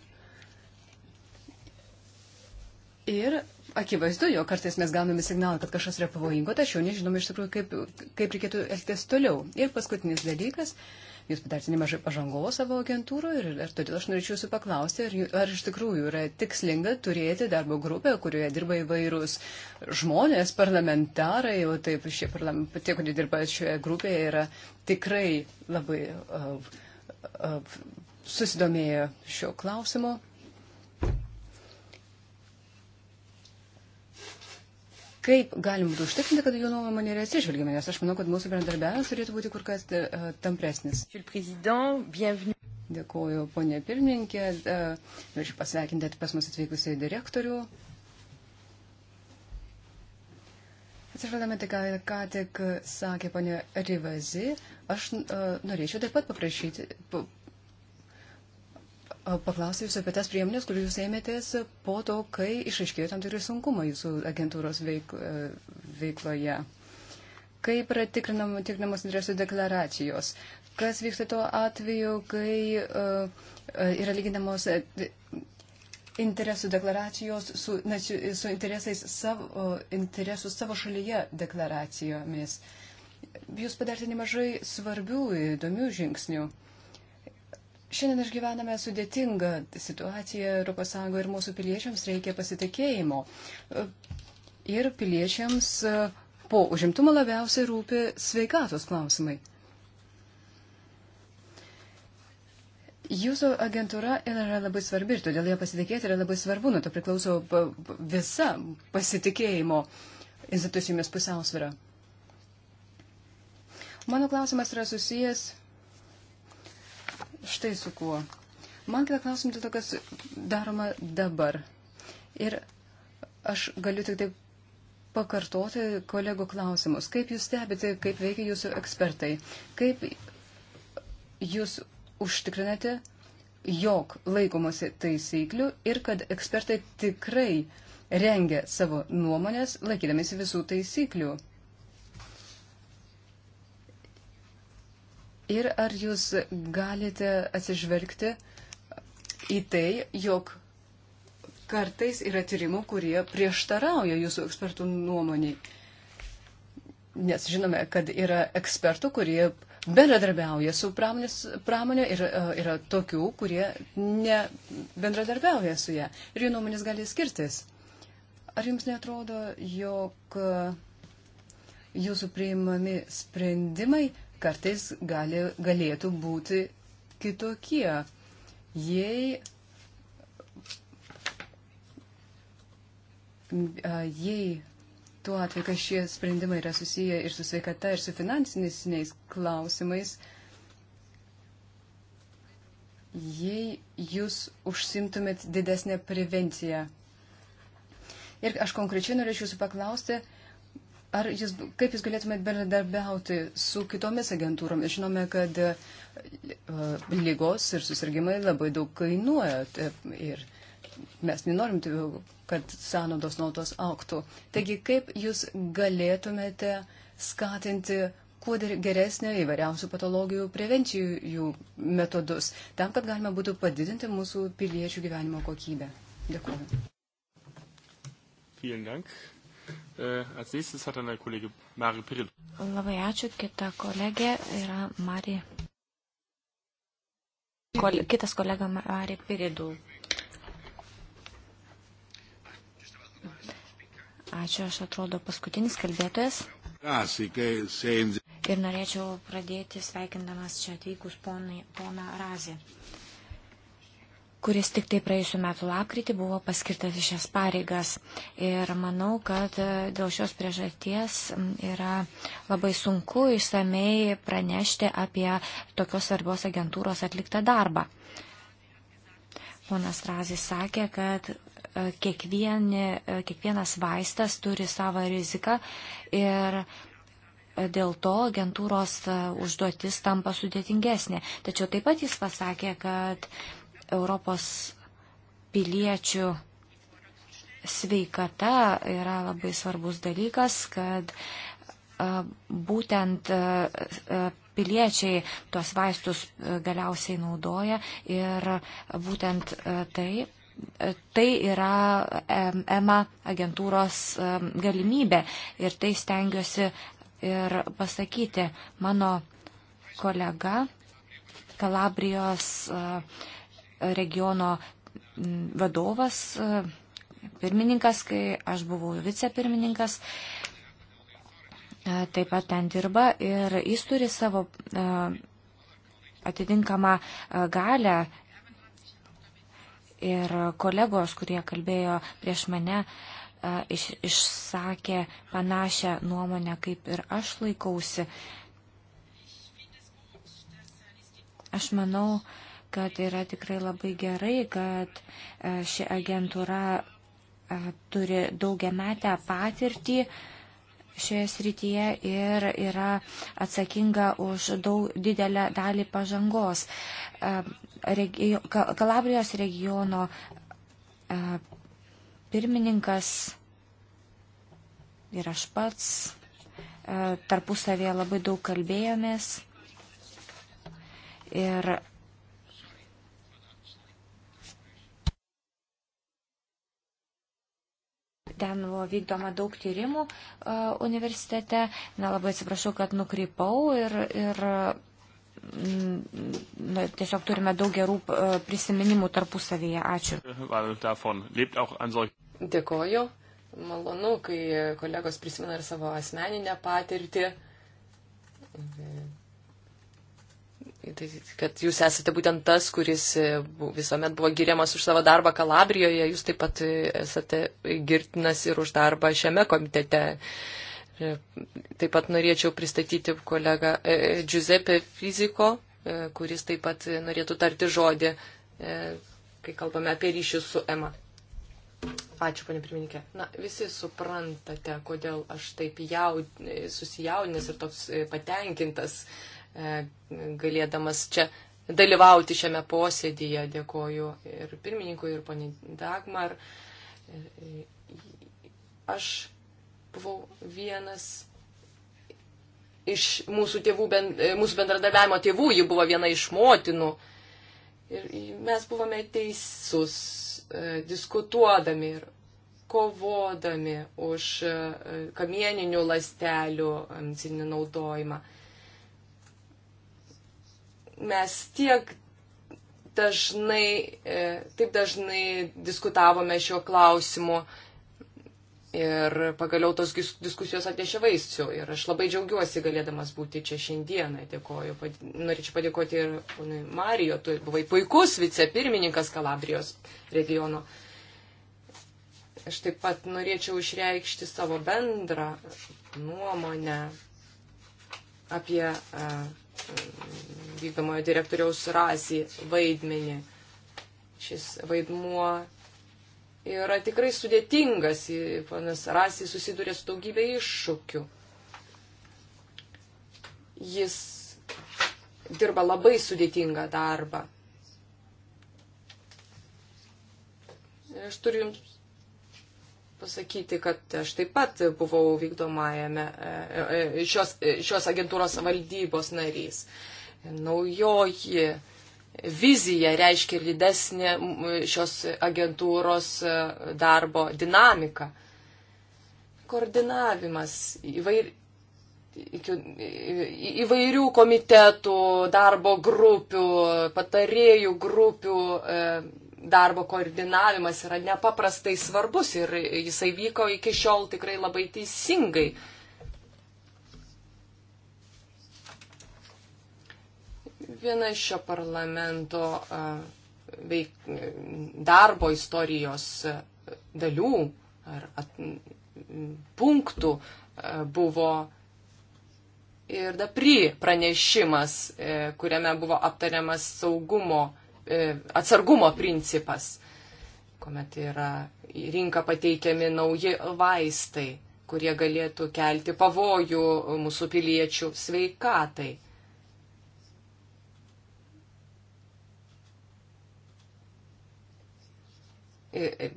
Ir akivaizdu, jo kartais mes gauname signalą, kad kažkas yra pavojingo, tačiau nežinome iš tikrųjų, kaip, kaip reikėtų elgtis toliau. Ir paskutinis dalykas, uh, Jūs padarėte nemažai pažangos savo agentūroje ir, ir todėl aš norėčiau jūsų paklausti, ar, ar iš tikrųjų yra tikslinga turėti darbo grupę, kurioje dirba įvairūs žmonės, parlamentarai, o taip šie parlamentarai, tie, kurie dirba šioje grupėje, yra tikrai labai uh, uh, susidomėję šio klausimo. kaip galim būtų užtikrinti, kad jų nuomonė yra atsižvelgiama, nes aš manau, kad mūsų bendradarbiavimas turėtų būti kur kas e, tampresnis. Dėkuoju, ponė pirmininkė. E, norėčiau pasveikinti pas mus atvykusiai direktorių. Atsižvelgdami tai, ką, ką tik sakė ponė Rivazi, aš e, norėčiau taip pat paprašyti, paklausti jūsų apie tas priemonės, kurių jūs ėmėtės po to, kai išaiškėjo tam tikrai sunkumai jūsų agentūros veik, e, veikloje. Kaip yra tikrinam, tikrinamos interesų deklaracijos? Kas vyksta tuo atveju, kai uh, yra lyginamos interesų deklaracijos su, na, su interesais savo, interesų savo šalyje deklaracijomis? Jūs padarėte nemažai svarbių, įdomių žingsnių. Uh, Šiandien išgyvename sudėtingą situaciją ES ir mūsų piliečiams reikia pasitikėjimo. Ir piliečiams e, po užimtumo labiausiai rūpi sveikatos klausimai. Jūsų agentūra yra labai svarbi ir todėl ją pasitikėti yra labai svarbu, nuo to priklauso visa pasitikėjimo institucijomis pusiausvėra. Mano klausimas yra susijęs štai su kuo. Man kila klausimų dėl to, kas daroma dabar. Ir aš galiu tik taip pakartoti kolegų klausimus. Kaip jūs stebite, kaip veikia jūsų ekspertai? Kaip jūs užtikrinate, jog laikomasi taisyklių ir kad ekspertai tikrai rengia savo nuomonės laikydamėsi visų taisyklių? Ir ar jūs galite atsižvelgti į tai, jog kartais yra tyrimų, kurie prieštarauja jūsų ekspertų nuomoniai. Nes žinome, kad yra ekspertų, kurie bendradarbiauja su pramonės, pramonė ir e, yra tokių, kurie nebendradarbiauja su ją. Ir jų nuomonės gali skirtis. Ar jums netrodo, jog e, jūsų priimami sprendimai kartais gali, galėtų būti kitokie. Jei, jei tuo atveju, kad šie sprendimai yra susiję ir su sveikata, ir su finansiniais klausimais, jei jūs užsimtumėt didesnę prevenciją. Ir aš konkrečiai norėčiau jūsų paklausti, uh, Ar jūs, kaip jūs galėtumėt bendradarbiauti su kitomis agentūromis? Žinome, kad e, lygos ir susirgymai labai daug kainuoja ir mes nenorim, kad sąnaudos naudos auktų. Taigi, kaip jūs galėtumėte skatinti kuo geresnio įvairiausių patologijų prevencijų metodus, tam, kad galima būtų padidinti mūsų piliečių gyvenimo kokybę? Dėkuoju. Vielen Dank. Äh, Atsistis hat eine Kollegin Mari Piril. Labai ačiū, kita kolegė yra Mari. Kol, kitas kolega Mari Piridų. Ačiū, aš atrodo paskutinis kalbėtojas. Ir norėčiau pradėti sveikindamas čia atvykus ponai, poną Razį kuris tik tai praėjusiu metu lapkritį buvo paskirtas į šias pareigas. Ir manau, kad e, dėl šios priežasties yra labai sunku išsamei pranešti apie tokios svarbios agentūros atliktą darbą. Ponas Razis sakė, kad e, kiekvieni, e, kiekvienas vaistas turi savo riziką ir dėl to agentūros užduotis tampa sudėtingesnė. Tačiau taip pat jis pasakė, kad Europos piliečių sveikata yra labai svarbus dalykas, kad e, būtent e, e, piliečiai tuos vaistus galiausiai naudoja ir būtent tai. Tai yra EMA agentūros galimybė ir tai stengiuosi ir pasakyti. Mano kolega Kalabrijos uh, regiono vadovas, e, pirmininkas, kai aš buvau vicepirmininkas, e, taip pat ten dirba ir jis turi savo e, atitinkamą galę. Ir kolegos, kurie kalbėjo prieš mane, iš, išsakė panašią nuomonę, kaip ir aš laikausi. Aš manau, uh, kad yra tikrai labai gerai, kad e, ši agentūra e, turi daugiametę patirtį šioje srityje ir yra atsakinga už daug, didelę dalį pažangos. E, Regio, Kalabrijos regiono pirmininkas ir aš pats tarpusavėje labai daug kalbėjomės ir Ten buvo vykdoma daug tyrimų e, universitete. Na, labai atsiprašau, kad nukrypau ir, ir mm, na, tiesiog turime daug gerų e, prisiminimų tarpusavyje. Ačiū. Dėkoju. Malonu, kai kolegos prisimena ir savo asmeninę patirtį. Tai, kad jūs esate būtent tas, kuris e, visuomet buvo giriamas už savo darbą Kalabrijoje, jūs taip pat e, esate girtinas ir už darbą šiame komitete. E, taip pat norėčiau pristatyti kolegą Giuseppe Fiziko, kuris taip pat norėtų tarti žodį, kai kalbame apie ryšius su EMA. Ačiū, panė pirmininkė. Na, visi suprantate, kodėl aš taip jaud... susijaudinęs ir toks patenkintas. E, E, galėdamas čia dalyvauti šiame posėdėje. Dėkoju ir pirmininkui, ir poniai Dagmar. Aš buvau vienas iš mūsų, tėvų, mūsų bendradarbiavimo tėvų, ji buvo viena iš motinų. Ir mes buvome teisus e, diskutuodami ir kovodami už e, kamieninių lastelių medicininį naudojimą mes tiek dažnai, e, taip dažnai diskutavome šiuo klausimu ir pagaliau tos diskusijos atnešė vaisių. Ir aš labai džiaugiuosi galėdamas būti čia šiandieną. Dėkoju, pad... norėčiau padėkoti ir ponui Marijo, tu buvai puikus vicepirmininkas Kalabrijos regiono. Aš taip pat norėčiau išreikšti savo bendrą nuomonę apie uh, vykdomojo direktoriaus rasį vaidmenį. Šis vaidmuo yra tikrai sudėtingas, panas rasį susiduria su daugybė iššūkių. Jis dirba labai sudėtingą darbą. Ir aš turiu jums pasakyti, kad aš taip pat buvau vykdomajame e, e, e, šios, šios agentūros valdybos narys. Naujoji vizija reiškia ir didesnė šios agentūros darbo dinamika. Koordinavimas įvair, įvairių komitetų, darbo grupių, patarėjų grupių darbo koordinavimas yra nepaprastai svarbus ir jisai vyko iki šiol tikrai labai teisingai. Viena iš šio parlamento veik, darbo istorijos dalių ar at, punktų buvo ir DAPRI pranešimas, e, kuriame buvo aptariamas saugumo E, atsargumo principas, kuomet yra į rinką pateikiami nauji vaistai, kurie galėtų kelti pavojų mūsų piliečių sveikatai. E, e,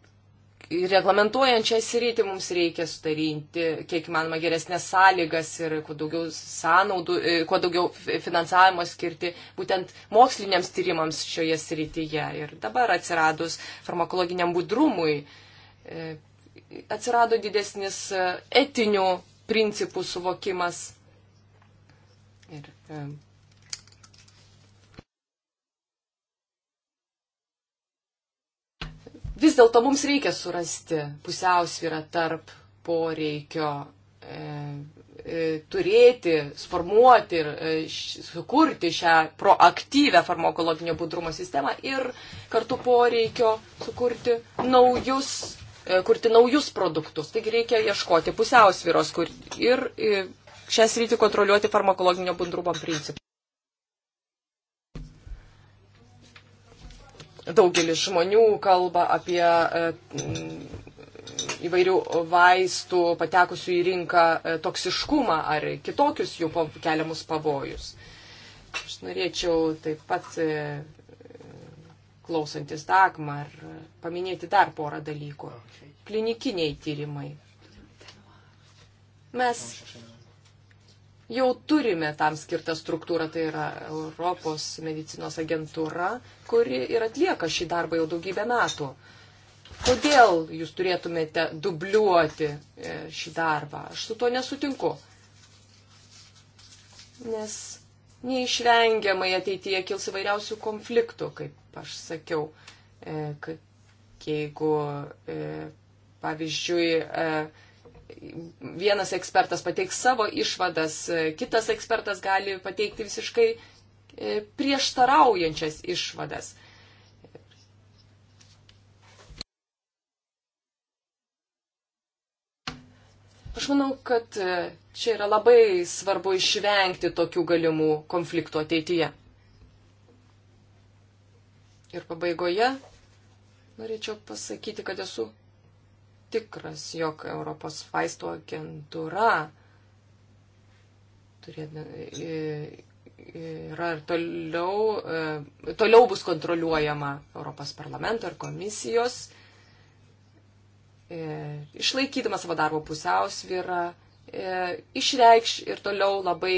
reglamentuojančią sritį mums reikia sudaryti, kiek įmanoma, geresnės sąlygas ir kuo daugiau sąnaudų, e, kuo daugiau finansavimo skirti būtent moksliniams tyrimams šioje srityje. Ir dabar atsiradus farmakologiniam budrumui e, atsirado didesnis e, etinių principų suvokimas. Ir vis dėlto mums reikia surasti pusiausvyrą tarp poreikio e, e, turėti, sformuoti ir e, sukurti šią proaktyvę farmakologinio budrumo sistemą ir kartu poreikio sukurti naujus e, kurti naujus produktus. Taigi reikia ieškoti pusiausvyros kur, ir šią sritį kontroliuoti farmakologinio bundrumo principu. Daugelis žmonių kalba apie e, įvairių vaistų patekusių į rinką e, toksiškumą ar kitokius jų keliamus pavojus. Aš norėčiau taip pat, e, klausantis Dagmar, paminėti dar porą dalykų. Klinikiniai tyrimai. Mes jau turime tam skirtą struktūrą, tai yra Europos medicinos agentūra, kuri ir atlieka šį darbą jau daugybę metų. Kodėl jūs turėtumėte dubliuoti e, šį darbą? Aš su tuo nesutinku. Nes neišvengiamai ateityje kils įvairiausių konfliktų, kaip aš sakiau, e, jeigu, e, pavyzdžiui, vienas ekspertas pateiks savo išvadas, e, kitas ekspertas gali pateikti visiškai e, prieštaraujančias išvadas. Aš manau, kad e, čia yra labai svarbu išvengti tokių galimų konfliktų ateityje. Ir pabaigoje norėčiau pasakyti, kad esu tikras, jog Europos vaisto agentūra turėtų, yra ir toliau, e, toliau bus kontroliuojama Europos parlamento ir komisijos, e, išlaikydama savo darbo pusiausvyrą, e, išreikš ir toliau labai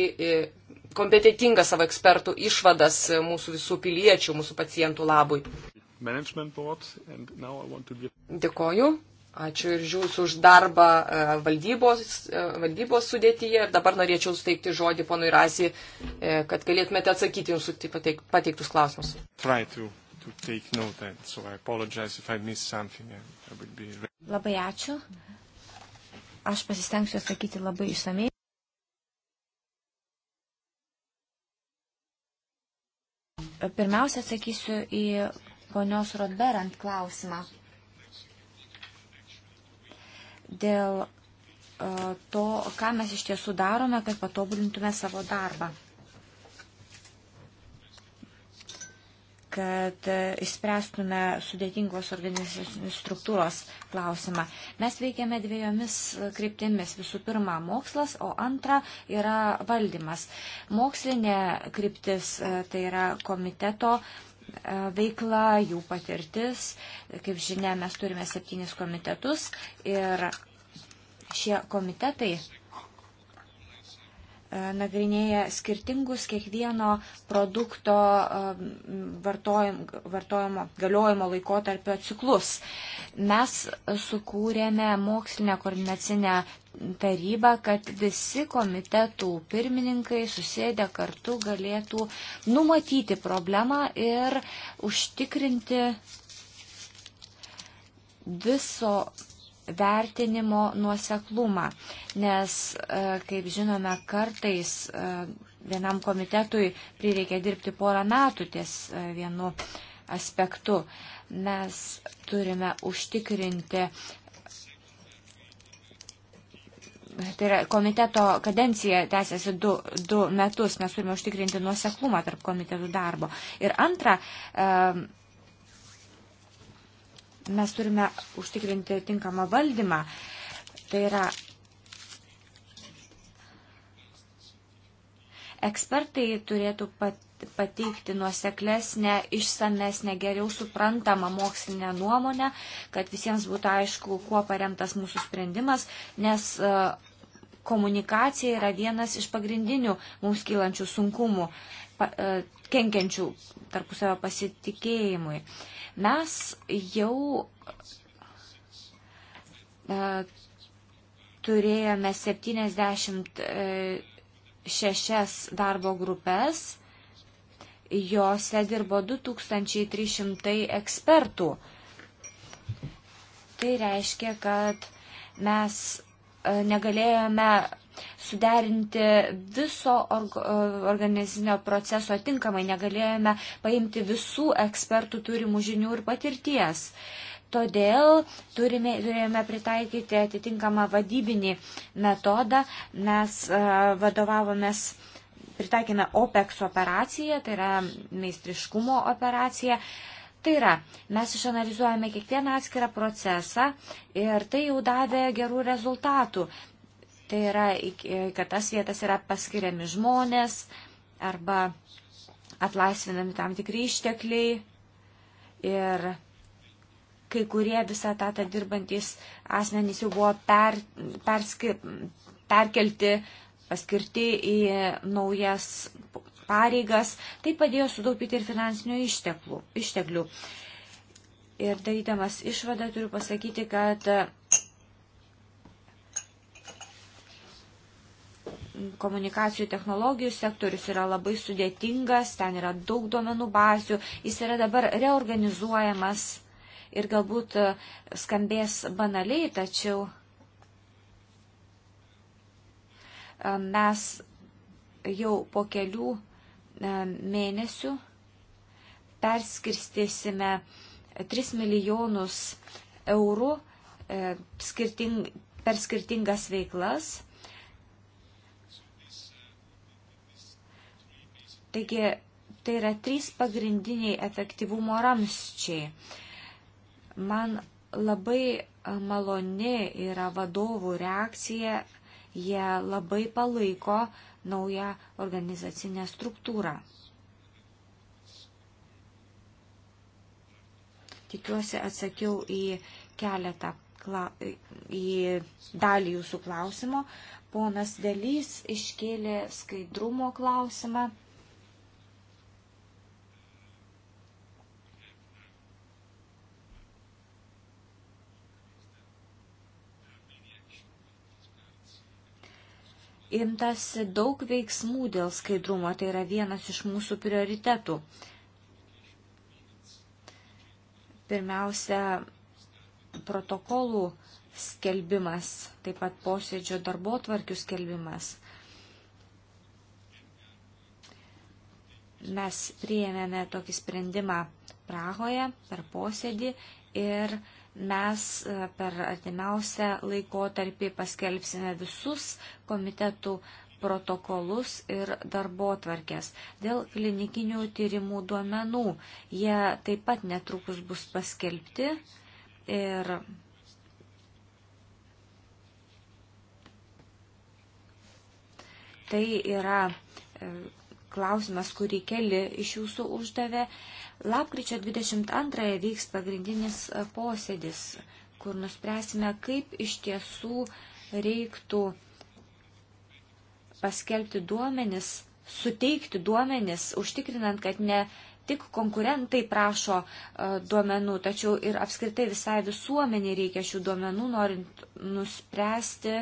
kompetitinga savo ekspertų išvadas mūsų visų piliečių, mūsų pacientų labui. Give... Dėkoju. Ačiū ir žiūrus už darbą e, valdybos, e, valdybos sudėtyje. Ir dabar norėčiau suteikti žodį ponui Rasi, e, kad galėtumėte atsakyti jums pateiktus klausimus. To, to note, so be... Labai ačiū. Aš pasistengsiu atsakyti labai išsamei. Pirmiausia, atsakysiu į ponios Rodberant klausimą dėl e, to, ką mes iš tiesų darome, kad patobulintume savo darbą. kad e, išspręstume sudėtingos organizacinės struktūros klausimą. Mes veikiame dviejomis kryptimis. Visų pirma, mokslas, o antra yra valdymas. Mokslinė kryptis e, tai yra komiteto E, veikla, jų patirtis. Kaip žinia, mes turime septynis komitetus ir šie komitetai E, nagrinėja skirtingus kiekvieno produkto vartojimo, e, vartojimo galiojimo laikotarpio ciklus. Mes sukūrėme mokslinę koordinacinę tarybą, kad visi komitetų pirmininkai susėdę kartu galėtų numatyti problemą ir užtikrinti viso vertinimo nuoseklumą, nes, e, kaip žinome, kartais e, vienam komitetui prireikia dirbti porą metų ties e, vienu aspektu. Mes turime užtikrinti. Tai yra, komiteto kadencija tęsiasi du, du metus, mes turime užtikrinti nuoseklumą tarp komitetų darbo. Ir antra, e, mes turime užtikrinti tinkamą valdymą. Tai yra ekspertai turėtų pateikti nuoseklesnę, išsamesnę, geriau suprantamą mokslinę nuomonę, kad visiems būtų aišku, kuo paremtas mūsų sprendimas, nes uh, komunikacija yra vienas iš pagrindinių mums kylančių sunkumų, e, kenkiančių tarpusavio pasitikėjimui. Mes jau e, turėjome 76 e, darbo grupės, jose dirbo 2300 ekspertų. Tai reiškia, kad mes E, negalėjome suderinti viso e, organizinio proceso tinkamai, negalėjome paimti visų ekspertų turimų žinių ir patirties. Todėl turime, turėjome pritaikyti atitinkamą vadybinį metodą. Mes e, vadovavomės pritaikėme OPEX operaciją, tai yra meistriškumo operacija. Uh, Tai yra, mes išanalizuojame kiekvieną atskirą procesą ir tai jau davė gerų rezultatų. Tai yra, kad tas vietas yra paskiriami žmonės arba atlaisvinami tam tikri ištekliai ir kai kurie visą tą tą dirbantis asmenys jau buvo per, perski, perkelti, paskirti į naujas pareigas, tai padėjo sutaupyti ir finansinių išteklų, išteklių. Ir darydamas išvadą turiu pasakyti, kad mm, komunikacijų technologijų sektorius yra labai sudėtingas, ten yra daug duomenų bazių, jis yra dabar reorganizuojamas ir galbūt e, skambės banaliai, tačiau e, mes jau po kelių E, mėnesių perskirstysime 3 milijonus eurų e, skirting, per skirtingas veiklas. Taigi tai yra trys pagrindiniai efektyvumo ramščiai. Man labai maloni yra vadovų reakcija, jie labai palaiko uh, naują organizacinę struktūrą. Tikiuosi atsakiau į keletą, į dalį jūsų klausimo. Ponas Dalys iškėlė skaidrumo klausimą. imtasi daug veiksmų dėl skaidrumo, tai yra vienas iš mūsų prioritetų. Pirmiausia, protokolų skelbimas, taip pat posėdžio darbo tvarkių skelbimas. Mes priėmėme tokį sprendimą Prahoje per posėdį ir uh, Mes e, per artimiausią laikotarpį paskelbsime visus komitetų protokolus ir darbo tvarkės. Dėl klinikinių tyrimų duomenų jie taip pat netrukus bus paskelbti ir tai yra e, klausimas, kurį keli iš jūsų uždavė. Lapkričio 22 vyks pagrindinis e, posėdis, kur nuspręsime, kaip iš tiesų reiktų paskelbti duomenis, suteikti duomenis, užtikrinant, kad ne tik konkurentai prašo e, duomenų, tačiau ir apskritai visai visuomenė reikia šių duomenų, norint nuspręsti,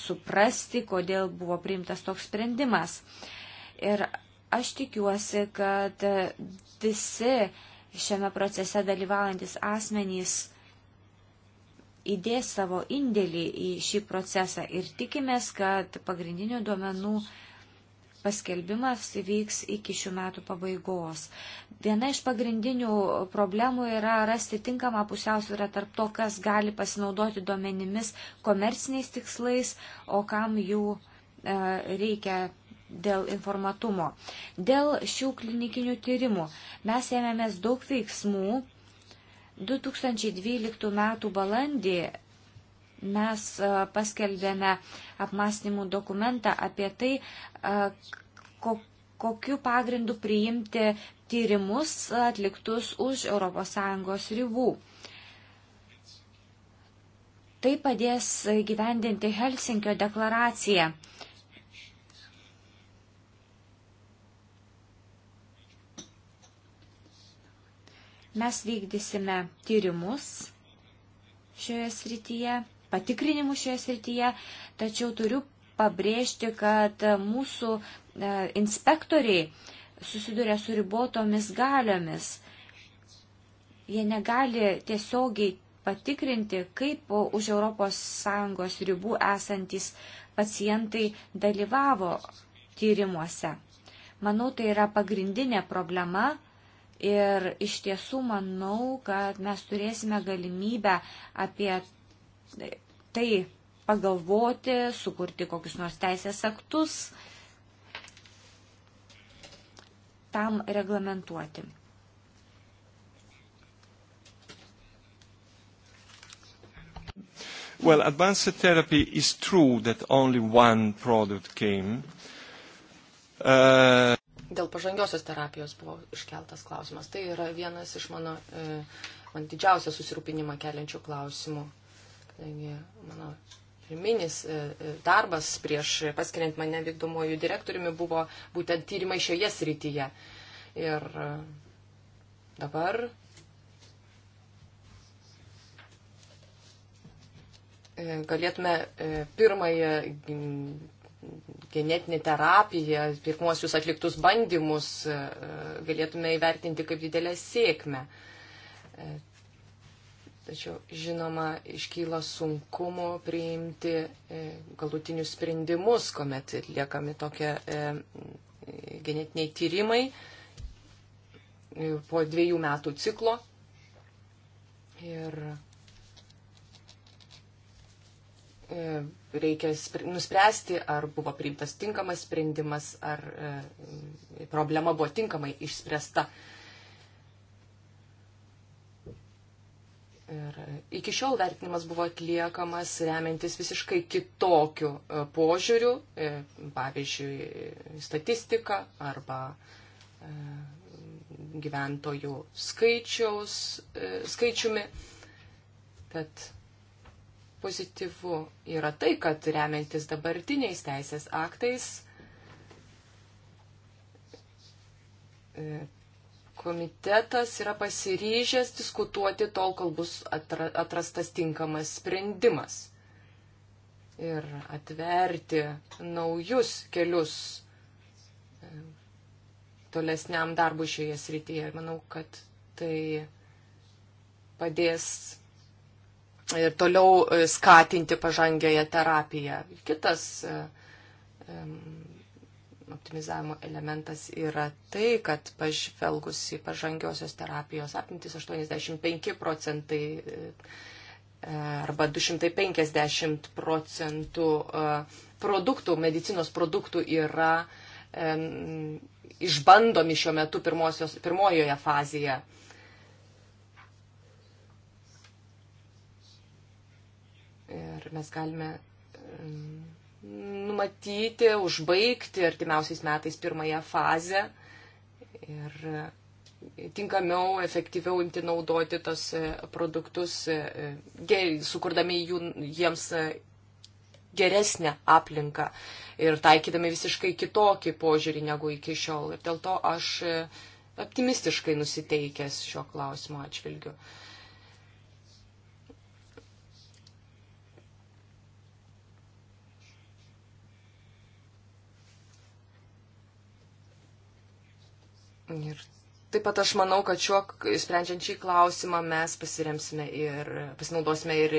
suprasti, kodėl buvo priimtas toks sprendimas. Ir Aš tikiuosi, kad visi šiame procese dalyvaujantis asmenys įdės savo indėlį į šį procesą ir tikimės, kad pagrindinių duomenų paskelbimas įvyks iki šių metų pabaigos. Viena iš pagrindinių problemų yra rasti tinkamą pusiausvyrą tarp to, kas gali pasinaudoti duomenimis komerciniais tikslais, o kam jų e, reikia dėl informatumo. Dėl šių klinikinių tyrimų mes ėmėmės daug veiksmų. 2012 m. balandį mes e, paskelbėme apmastymų dokumentą apie tai, e, kokiu pagrindu priimti tyrimus atliktus už ES ribų. Tai padės gyvendinti Helsinkio deklaraciją Mes vykdysime tyrimus šioje srityje, patikrinimus šioje srityje, tačiau turiu pabrėžti, kad mūsų e, inspektoriai susiduria su ribotomis galiomis. Jie negali tiesiogiai patikrinti, kaip už ES ribų esantis pacientai dalyvavo tyrimuose. Manau, tai yra pagrindinė problema, Ir iš tiesų manau, kad mes turėsime galimybę apie tai pagalvoti, sukurti kokius nors teisės aktus, tam reglamentuoti. Well, advanced therapy is true that only one product came. Uh, Dėl pažangiosios terapijos buvo iškeltas klausimas. Tai yra vienas iš mano, e, man didžiausią susirūpinimą keliančių klausimų. Kadangi mano pirminis e, e, darbas prieš paskiriant mane vykdomuoju direktoriumi buvo būtent tyrimai šioje srityje. Ir dabar galėtume pirmąją genetinė terapija, pirmuosius atliktus bandymus e, galėtume įvertinti kaip didelę sėkmę. E, tačiau, žinoma, iškyla sunkumu priimti e, galutinius sprendimus, kuomet atliekami tokie genetiniai tyrimai po dviejų metų ciklo. Ir reikia nuspręsti, ar buvo priimtas tinkamas sprendimas, ar e, problema buvo tinkamai išspręsta. Ir e, iki šiol vertinimas buvo atliekamas remiantis visiškai kitokiu e, požiūriu, e, pavyzdžiui, statistika arba e, gyventojų skaičiaus, e, skaičiumi. Tad pozityvu yra tai, kad remiantis dabartiniais teisės aktais e, komitetas yra pasiryžęs diskutuoti tol, kol bus atrastas tinkamas sprendimas ir atverti naujus kelius e, tolesniam darbui šioje srityje. Ir manau, kad tai padės ir toliau e, skatinti pažangėją terapiją. Kitas e, e, optimizavimo elementas yra tai, kad pažvelgus į pažangiosios terapijos apimtis 85 procentai arba 250 procentų produktų, medicinos produktų yra išbandomi šiuo metu pirmosios, pirmojoje fazėje. ir mes galime numatyti, užbaigti artimiausiais metais pirmąją fazę ir e, tinkamiau, efektyviau imti naudoti tos e, produktus, e, sukurdami jų, jiems geresnę aplinką ir taikydami visiškai kitokį požiūrį negu iki šiol. Ir dėl to aš optimistiškai nusiteikęs šio klausimo atžvilgiu. Uh, Ir taip pat aš manau, kad šiuo sprendžiant šį klausimą mes pasiremsime ir pasinaudosime ir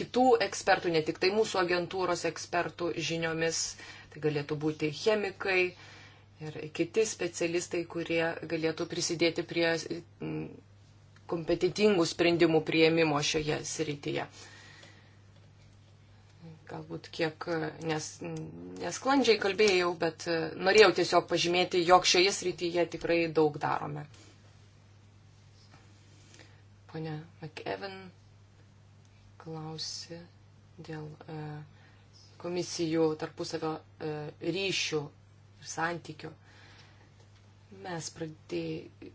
kitų ekspertų, ne tik tai mūsų agentūros ekspertų žiniomis. Tai galėtų būti chemikai ir kiti specialistai, kurie galėtų prisidėti prie kompetitingų sprendimų prieimimo šioje srityje. Galbūt kiek e, nes, nesklandžiai kalbėjau, bet e, norėjau tiesiog pažymėti, jog šioje srityje tikrai daug darome. Pone McEvan klausė dėl e, komisijų tarpusavio e, ryšių ir santykių. Mes pradėjome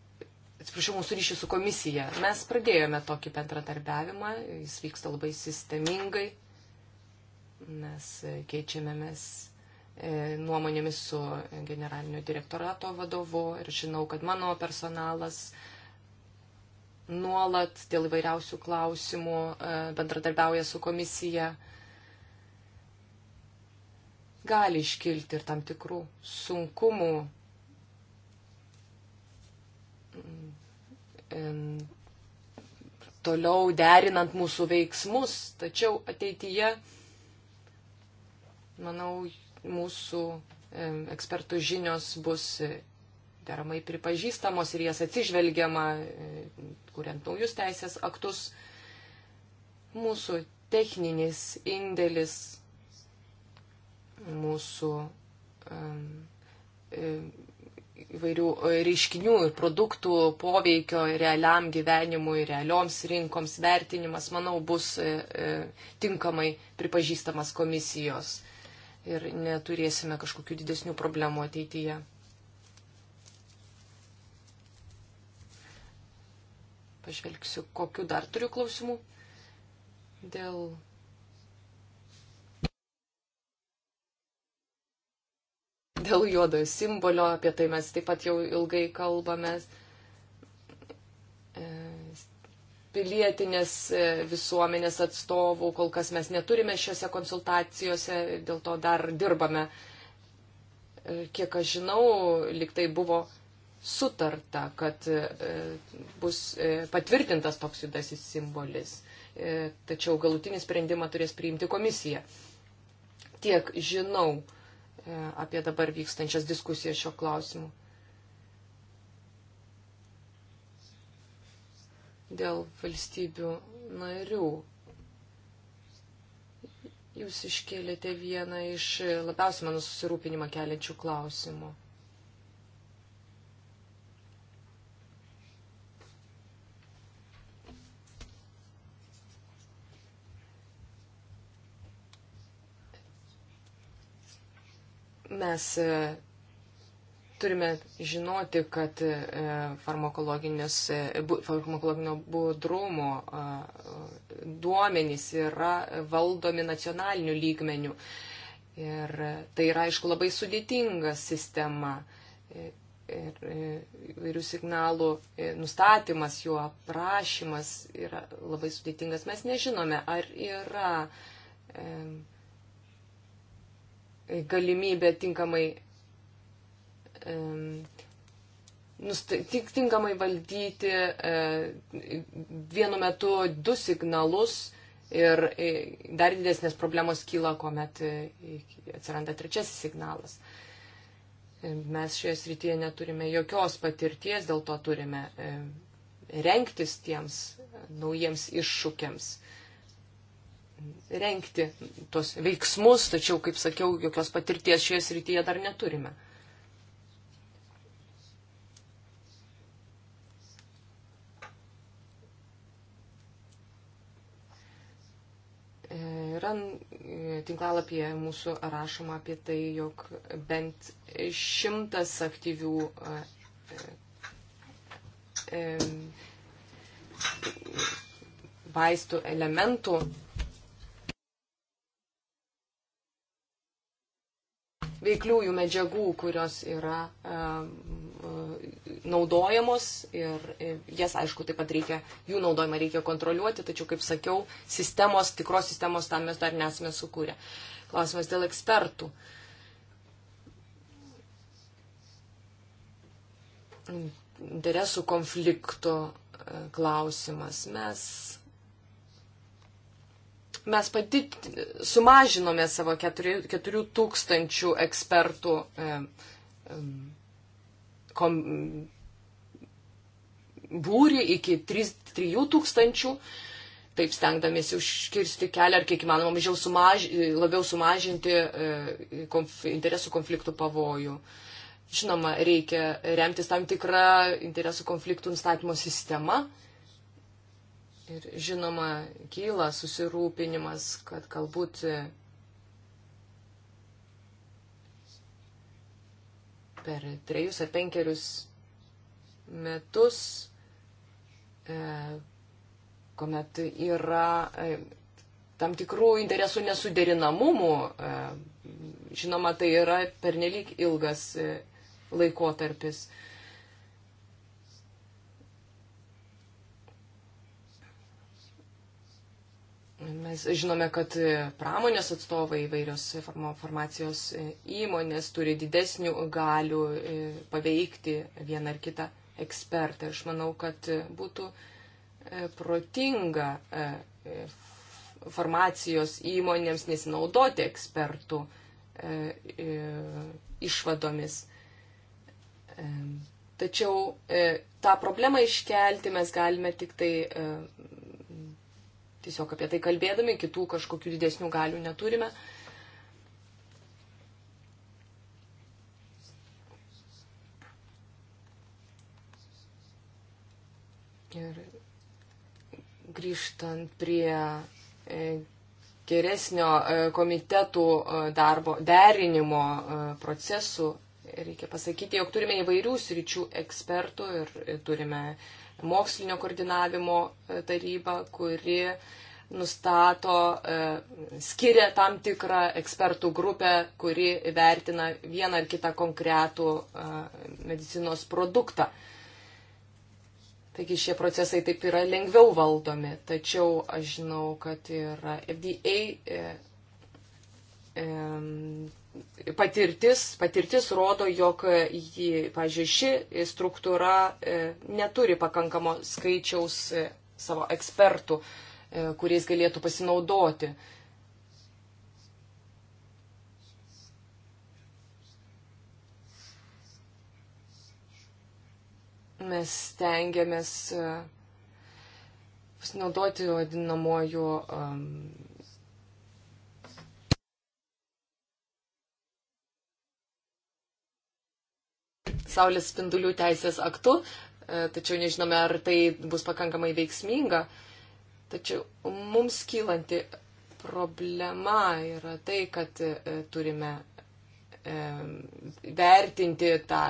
atsiprašau, mūsų ryšių su komisija. Mes pradėjome tokį bendradarbiavimą, jis vyksta labai sistemingai mes keičiamėmis e, nuomonėmis su generalinio direktorato vadovu ir žinau, kad mano personalas nuolat dėl įvairiausių klausimų e, bendradarbiauja su komisija. Gali iškilti ir tam tikrų sunkumų e, toliau derinant mūsų veiksmus, tačiau ateityje manau, mūsų ekspertų žinios bus e, deramai pripažįstamos ir jas atsižvelgiama, e, kuriant naujus teisės aktus. Mūsų techninis indėlis, mūsų e, įvairių reiškinių ir produktų poveikio realiam gyvenimui, realioms rinkoms vertinimas, manau, bus tinkamai pripažįstamas komisijos ir neturėsime kažkokių didesnių problemų ateityje. Pažvelgsiu, kokiu dar turiu klausimų dėl. Dėl juodojo simbolio, apie tai mes taip pat jau ilgai kalbamės. pilietinės e, visuomenės atstovų, kol kas mes neturime šiuose konsultacijose, dėl to dar dirbame. E, kiek aš žinau, liktai buvo sutarta, kad e, bus patvirtintas toks judasis simbolis, tačiau galutinį sprendimą turės priimti komisija. Tiek žinau apie dabar vykstančias diskusijas šio klausimu. dėl valstybių narių. Jūs iškėlėte vieną iš labiausiai mano susirūpinimą keliančių klausimų. Mes Turime žinoti, kad e, e, farmakologinio budrumo e, duomenys yra valdomi nacionaliniu lygmeniu. Ir tai yra, aišku, labai sudėtinga sistema. Ir vairių signalų nustatymas, jų aprašymas yra labai sudėtingas. Mes nežinome, ar yra galimybė tinkamai tik tinkamai valdyti vienu metu du signalus ir dar didesnės problemos kyla, kuomet e, atsiranda trečiasis signalas. Mes šioje srityje neturime jokios patirties, dėl to turime renktis tiems naujiems iššūkiams renkti tuos veiksmus, tačiau, kaip sakiau, jokios patirties šioje srityje dar neturime. Yra e, tinklalapyje mūsų rašoma apie tai, jog bent šimtas aktyvių e, e, vaistų elementų veikliųjų medžiagų, kurios yra E, naudojamos ir e, jas, aišku, taip pat reikia, jų naudojimą reikia kontroliuoti, tačiau, kaip sakiau, sistemos, tikros sistemos tam mes dar nesame sukūrę. Klausimas dėl ekspertų. Interesų konflikto e, klausimas. Mes mes pati sumažinome savo 4 tūkstančių ekspertų e, e, kom, būri iki 3000, taip stengdamėsi užkirsti kelią ar kiek įmanoma mažiau sumaž, labiau sumažinti e, konf, interesų konfliktų pavojų. Žinoma, reikia remtis tam tikrą interesų konfliktų nustatymo sistemą. Ir žinoma, kyla susirūpinimas, kad galbūt per trejus ar penkerius metus, e, kuomet yra e, tam tikrų interesų nesuderinamumų, e, žinoma, tai yra pernelyg ilgas laikotarpis. Mes žinome, kad pramonės atstovai įvairios farmacijos e, įmonės turi didesnių galių e, paveikti vieną ar kitą ekspertą. Aš manau, kad būtų e, protinga farmacijos įmonėms nesinaudoti ekspertų išvadomis. Tačiau tą problemą iškelti mes galime tik tai tiesiog apie tai kalbėdami, kitų kažkokių didesnių galių neturime. Ir grįžtant prie e, geresnio e, komitetų e, darbo derinimo procesų, reikia pasakyti, jog turime įvairių sričių ekspertų ir turime mokslinio koordinavimo e, taryba, kuri nustato, e, skiria tam tikrą ekspertų grupę, kuri vertina vieną ar kitą konkretų e, medicinos produktą. Taigi šie procesai taip yra lengviau valdomi, tačiau aš žinau, kad yra FDA patirtis, patirtis rodo, jog, pažiūrėjau, ši struktūra e, neturi pakankamo skaičiaus e, savo ekspertų, e, kuriais galėtų pasinaudoti. Mes tengiamės pasinaudoti vadinamojo um, saulės spindulių teisės aktu, e, tačiau nežinome, ar tai bus pakankamai veiksminga. Tačiau mums kylanti problema yra tai, kad e, turime e, vertinti tą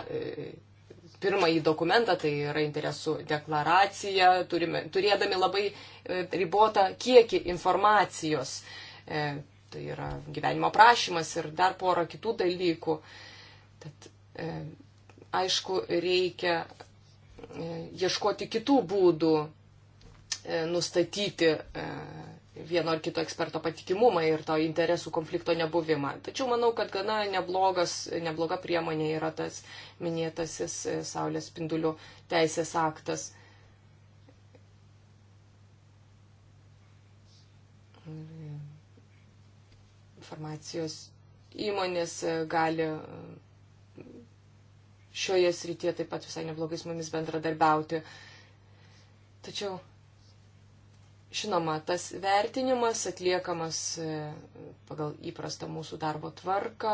pirmąjį dokumentą, tai yra interesų deklaracija, turime, turėdami labai ribotą kiekį informacijos. Tai yra gyvenimo prašymas ir dar pora kitų dalykų. Tad, aišku, reikia e, ieškoti kitų būdų e, nustatyti e, vieno ar kito eksperto patikimumą ir to interesų konflikto nebuvimą. Tačiau manau, kad gana neblogas, nebloga priemonė yra tas minėtasis Saulės spindulių teisės aktas. Informacijos įmonės gali šioje srityje taip pat visai neblogai su mumis bendradarbiauti. Tačiau, žinoma, tas vertinimas atliekamas e, pagal įprastą mūsų darbo tvarką.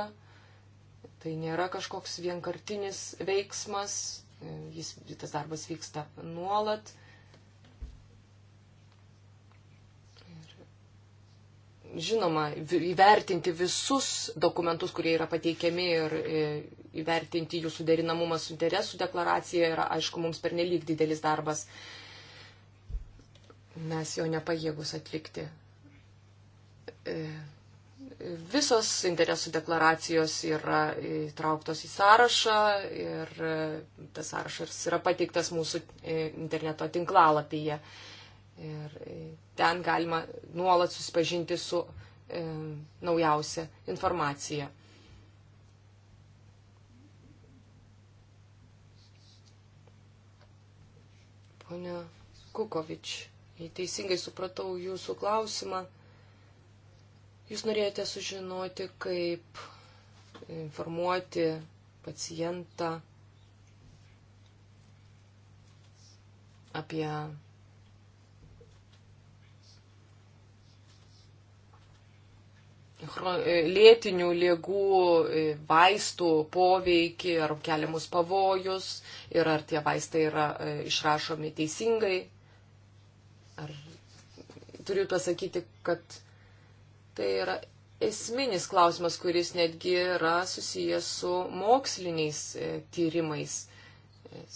Tai nėra kažkoks vienkartinis veiksmas, e, jis, tas darbas vyksta nuolat. žinoma, įvertinti visus dokumentus, kurie yra pateikiami ir e, įvertinti jų suderinamumą su interesų deklaracija yra, aišku, mums pernelyg didelis darbas. Mes jo nepajėgus atlikti. E, visos interesų deklaracijos yra įtrauktos į sąrašą ir e, tas sąrašas yra pateiktas mūsų interneto tinklalapyje. Ir e, ten galima nuolat susipažinti su e, naujausia informacija. Pone Kukovič, jei teisingai supratau jūsų klausimą, jūs norėjote sužinoti, kaip informuoti pacientą apie E, lėtinių lygų, e, vaistų poveikį ar keliamus pavojus ir ar tie vaistai yra e, išrašomi teisingai. Ar turiu pasakyti, kad tai yra esminis klausimas, kuris netgi yra susijęs su moksliniais tyrimais,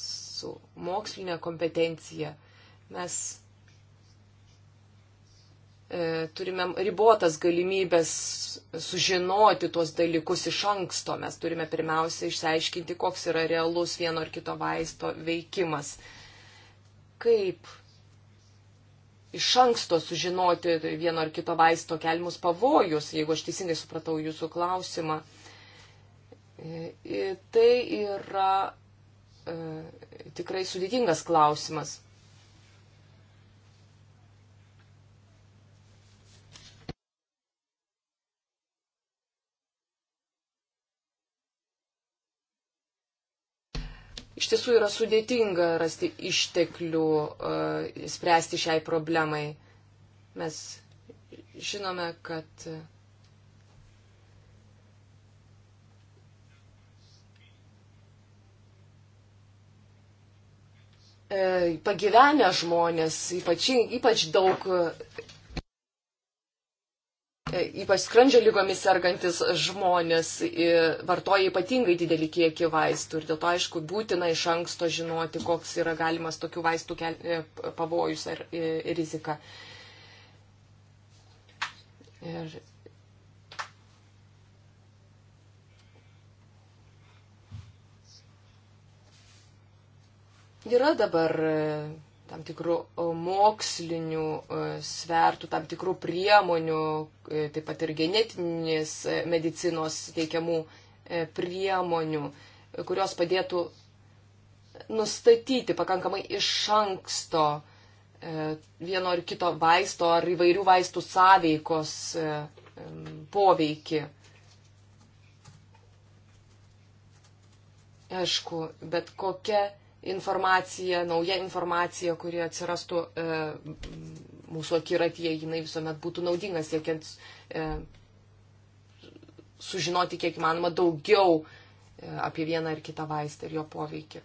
su mokslinė kompetencija. Mes E, turime ribotas galimybės sužinoti tuos dalykus iš anksto. Mes turime pirmiausia išsiaiškinti, koks yra realus vieno ar kito vaisto veikimas. Kaip iš anksto sužinoti vieno ar kito vaisto keliamus pavojus, jeigu aš teisingai supratau jūsų klausimą. E, tai yra e, tikrai sudėtingas klausimas. Iš tiesų yra sudėtinga rasti išteklių, e, spręsti šiai problemai. Mes žinome, kad e, pagyvenę žmonės ypač, ypač daug E, ypač skrandžio lygomis sergantis žmonės e, vartoja ypatingai didelį kiekį vaistų ir dėl to, aišku, būtina iš anksto žinoti, koks yra galimas tokių vaistų e, pavojus ar rizika. Ir yra dabar tam tikrų e, mokslinių e, svertų, tam tikrų priemonių, e, taip pat ir genetinės medicinos teikiamų priemonių, kurios padėtų nustatyti pakankamai iš anksto vieno ar kito vaisto ar įvairių vaistų sąveikos poveikį. Aišku, bet kokia informacija, nauja informacija, kuri atsirastų e, mūsų akiratyje, jinai visuomet būtų naudinga siekiant e, sužinoti kiek įmanoma daugiau e, apie vieną ar kitą vaistą ir jo poveikį.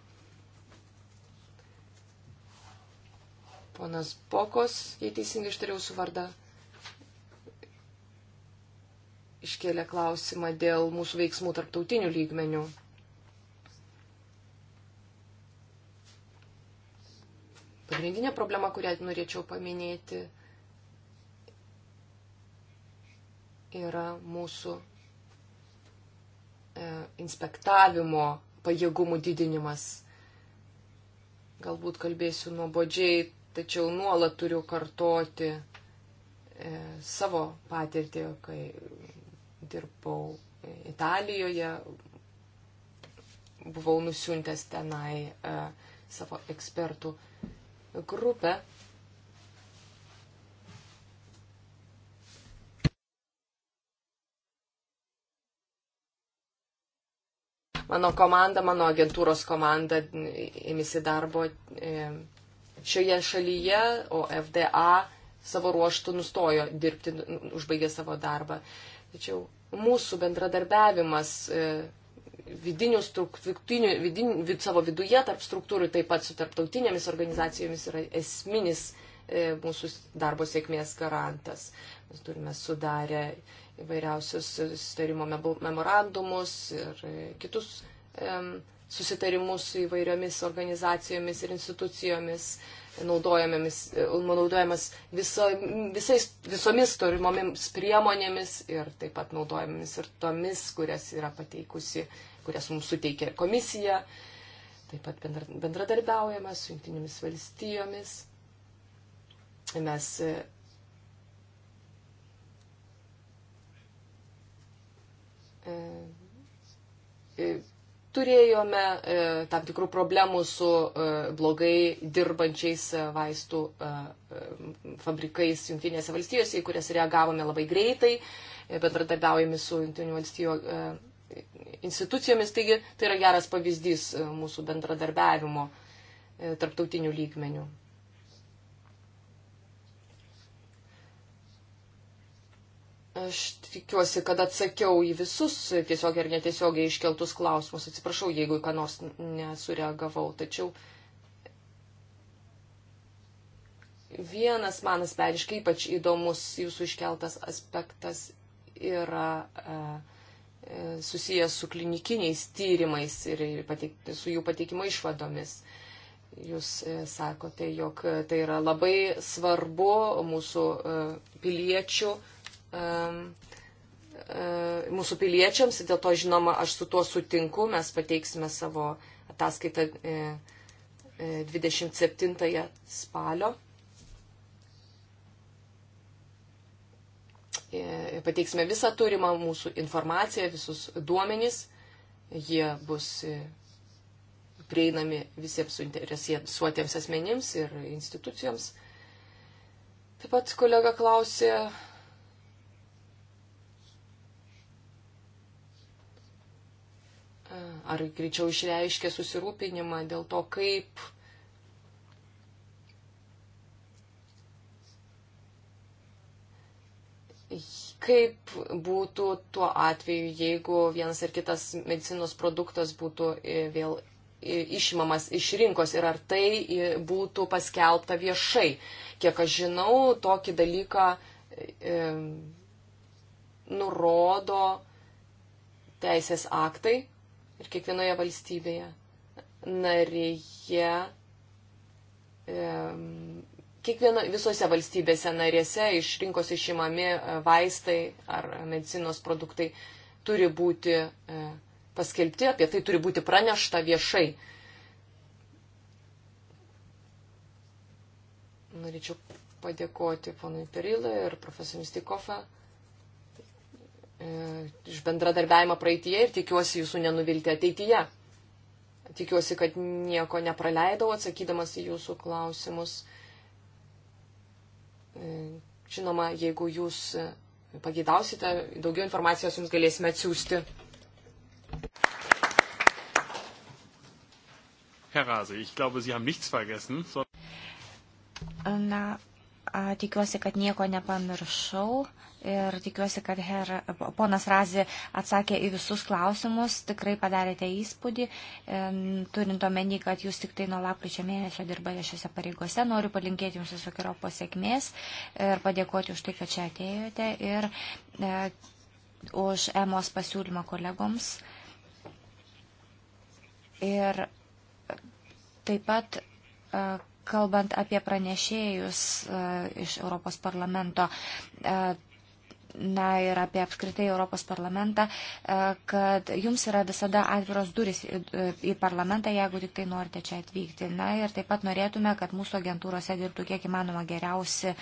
Ponas Pokos, jei teisingai ištariau su vardą, iškėlė klausimą dėl mūsų veiksmų tarptautinių lygmenių. Pagrindinė problema, kurią norėčiau paminėti, yra mūsų e, inspektavimo pajėgumų didinimas. Galbūt kalbėsiu nuobodžiai, tačiau nuolat turiu kartoti e, savo patirtį, kai dirbau Italijoje, buvau nusiuntęs tenai e, savo ekspertų grupę. Mano komanda, mano agentūros komanda ėmėsi darbo e, šioje šalyje, o FDA savo ruoštų nustojo dirbti, užbaigė savo darbą. Tačiau mūsų bendradarbiavimas e, vidinių struktūrinių, vidin, vid, savo viduje, tarp struktūrų, taip pat su tarptautinėmis organizacijomis yra esminis e, mūsų darbo sėkmės garantas. Mes turime sudarę įvairiausius susitarimo memorandumus ir e, kitus e, susitarimus su įvairiomis organizacijomis ir institucijomis, e, naudojamas viso, visais, visomis turimomis priemonėmis ir taip pat naudojamis ir tomis, kurias yra pateikusi kurias mums suteikė komisija. Taip pat bendradarbiaujame su jungtinėmis valstijomis. Mes e, e, e, turėjome tam tikrų problemų su blogai dirbančiais vaistų fabrikais Junktinėse valstijose, į kurias reagavome labai greitai, bendradarbiaujami su Junktinių valstijų institucijomis. Taigi tai yra geras pavyzdys e, mūsų bendradarbiavimo e, tarptautinių lygmenių. Aš tikiuosi, kad atsakiau į visus tiesiog ir netiesiogiai iškeltus klausimus. Atsiprašau, jeigu į ką nors nesureagavau. Tačiau vienas man asmeniškai ypač įdomus jūsų iškeltas aspektas yra. Uh, susijęs su klinikiniais tyrimais ir su jų pateikimo išvadomis. Jūs e, sakote, jog tai yra labai svarbu mūsų e, piliečių, e, mūsų piliečiams, dėl to žinoma, aš su tuo sutinku, mes pateiksime savo ataskaitą 27 spalio. E, pateiksime visą turimą mūsų informaciją, visus duomenys, jie bus e, prieinami visiems suinteresuotiems asmenims ir institucijoms. Taip pat kolega klausė, e, ar greičiau išreiškė susirūpinimą dėl to, kaip kaip būtų tuo atveju, jeigu vienas ar kitas medicinos produktas būtų e, vėl e, išimamas iš rinkos ir ar tai e, būtų paskelbta viešai. Kiek aš žinau, tokį dalyką e, nurodo teisės aktai ir kiekvienoje valstybėje narėje. E, Kiekvieno, visose valstybėse narėse iš rinkos išimami e, vaistai ar medicinos produktai turi būti e, paskelbti, apie tai turi būti pranešta viešai. Norėčiau padėkoti ponui Perilui ir profesoriui Stikofą iš e, bendradarbiavimą praeitie ir tikiuosi jūsų nenuvilti ateityje. Tikiuosi, kad nieko nepraleidau atsakydamas į jūsų klausimus. E, žinoma, jeigu jūs e, pageidausite, daugiau informacijos jums galėsime atsiųsti. Herr Rase, ich glaube, Sie haben nichts vergessen. So Na, Tikiuosi, kad nieko nepamiršau ir tikiuosi, kad her, ponas Razi atsakė į visus klausimus, tikrai padarėte įspūdį, turint omeny, kad jūs tik tai nuo lapkričio mėnesio dirbate šiuose pareigose. Noriu palinkėti jums visokio pasiekmės ir padėkoti už tai, kad čia atėjote ir e, už emos pasiūlymą kolegoms. Ir e, taip pat. E, kalbant apie pranešėjus e, iš Europos parlamento, e, na ir apie apskritai Europos parlamentą, e, kad jums yra visada atviros duris į parlamentą, jeigu tik tai norite čia atvykti. Na ir taip pat norėtume, kad mūsų agentūrose dirbtų kiek įmanoma geriausi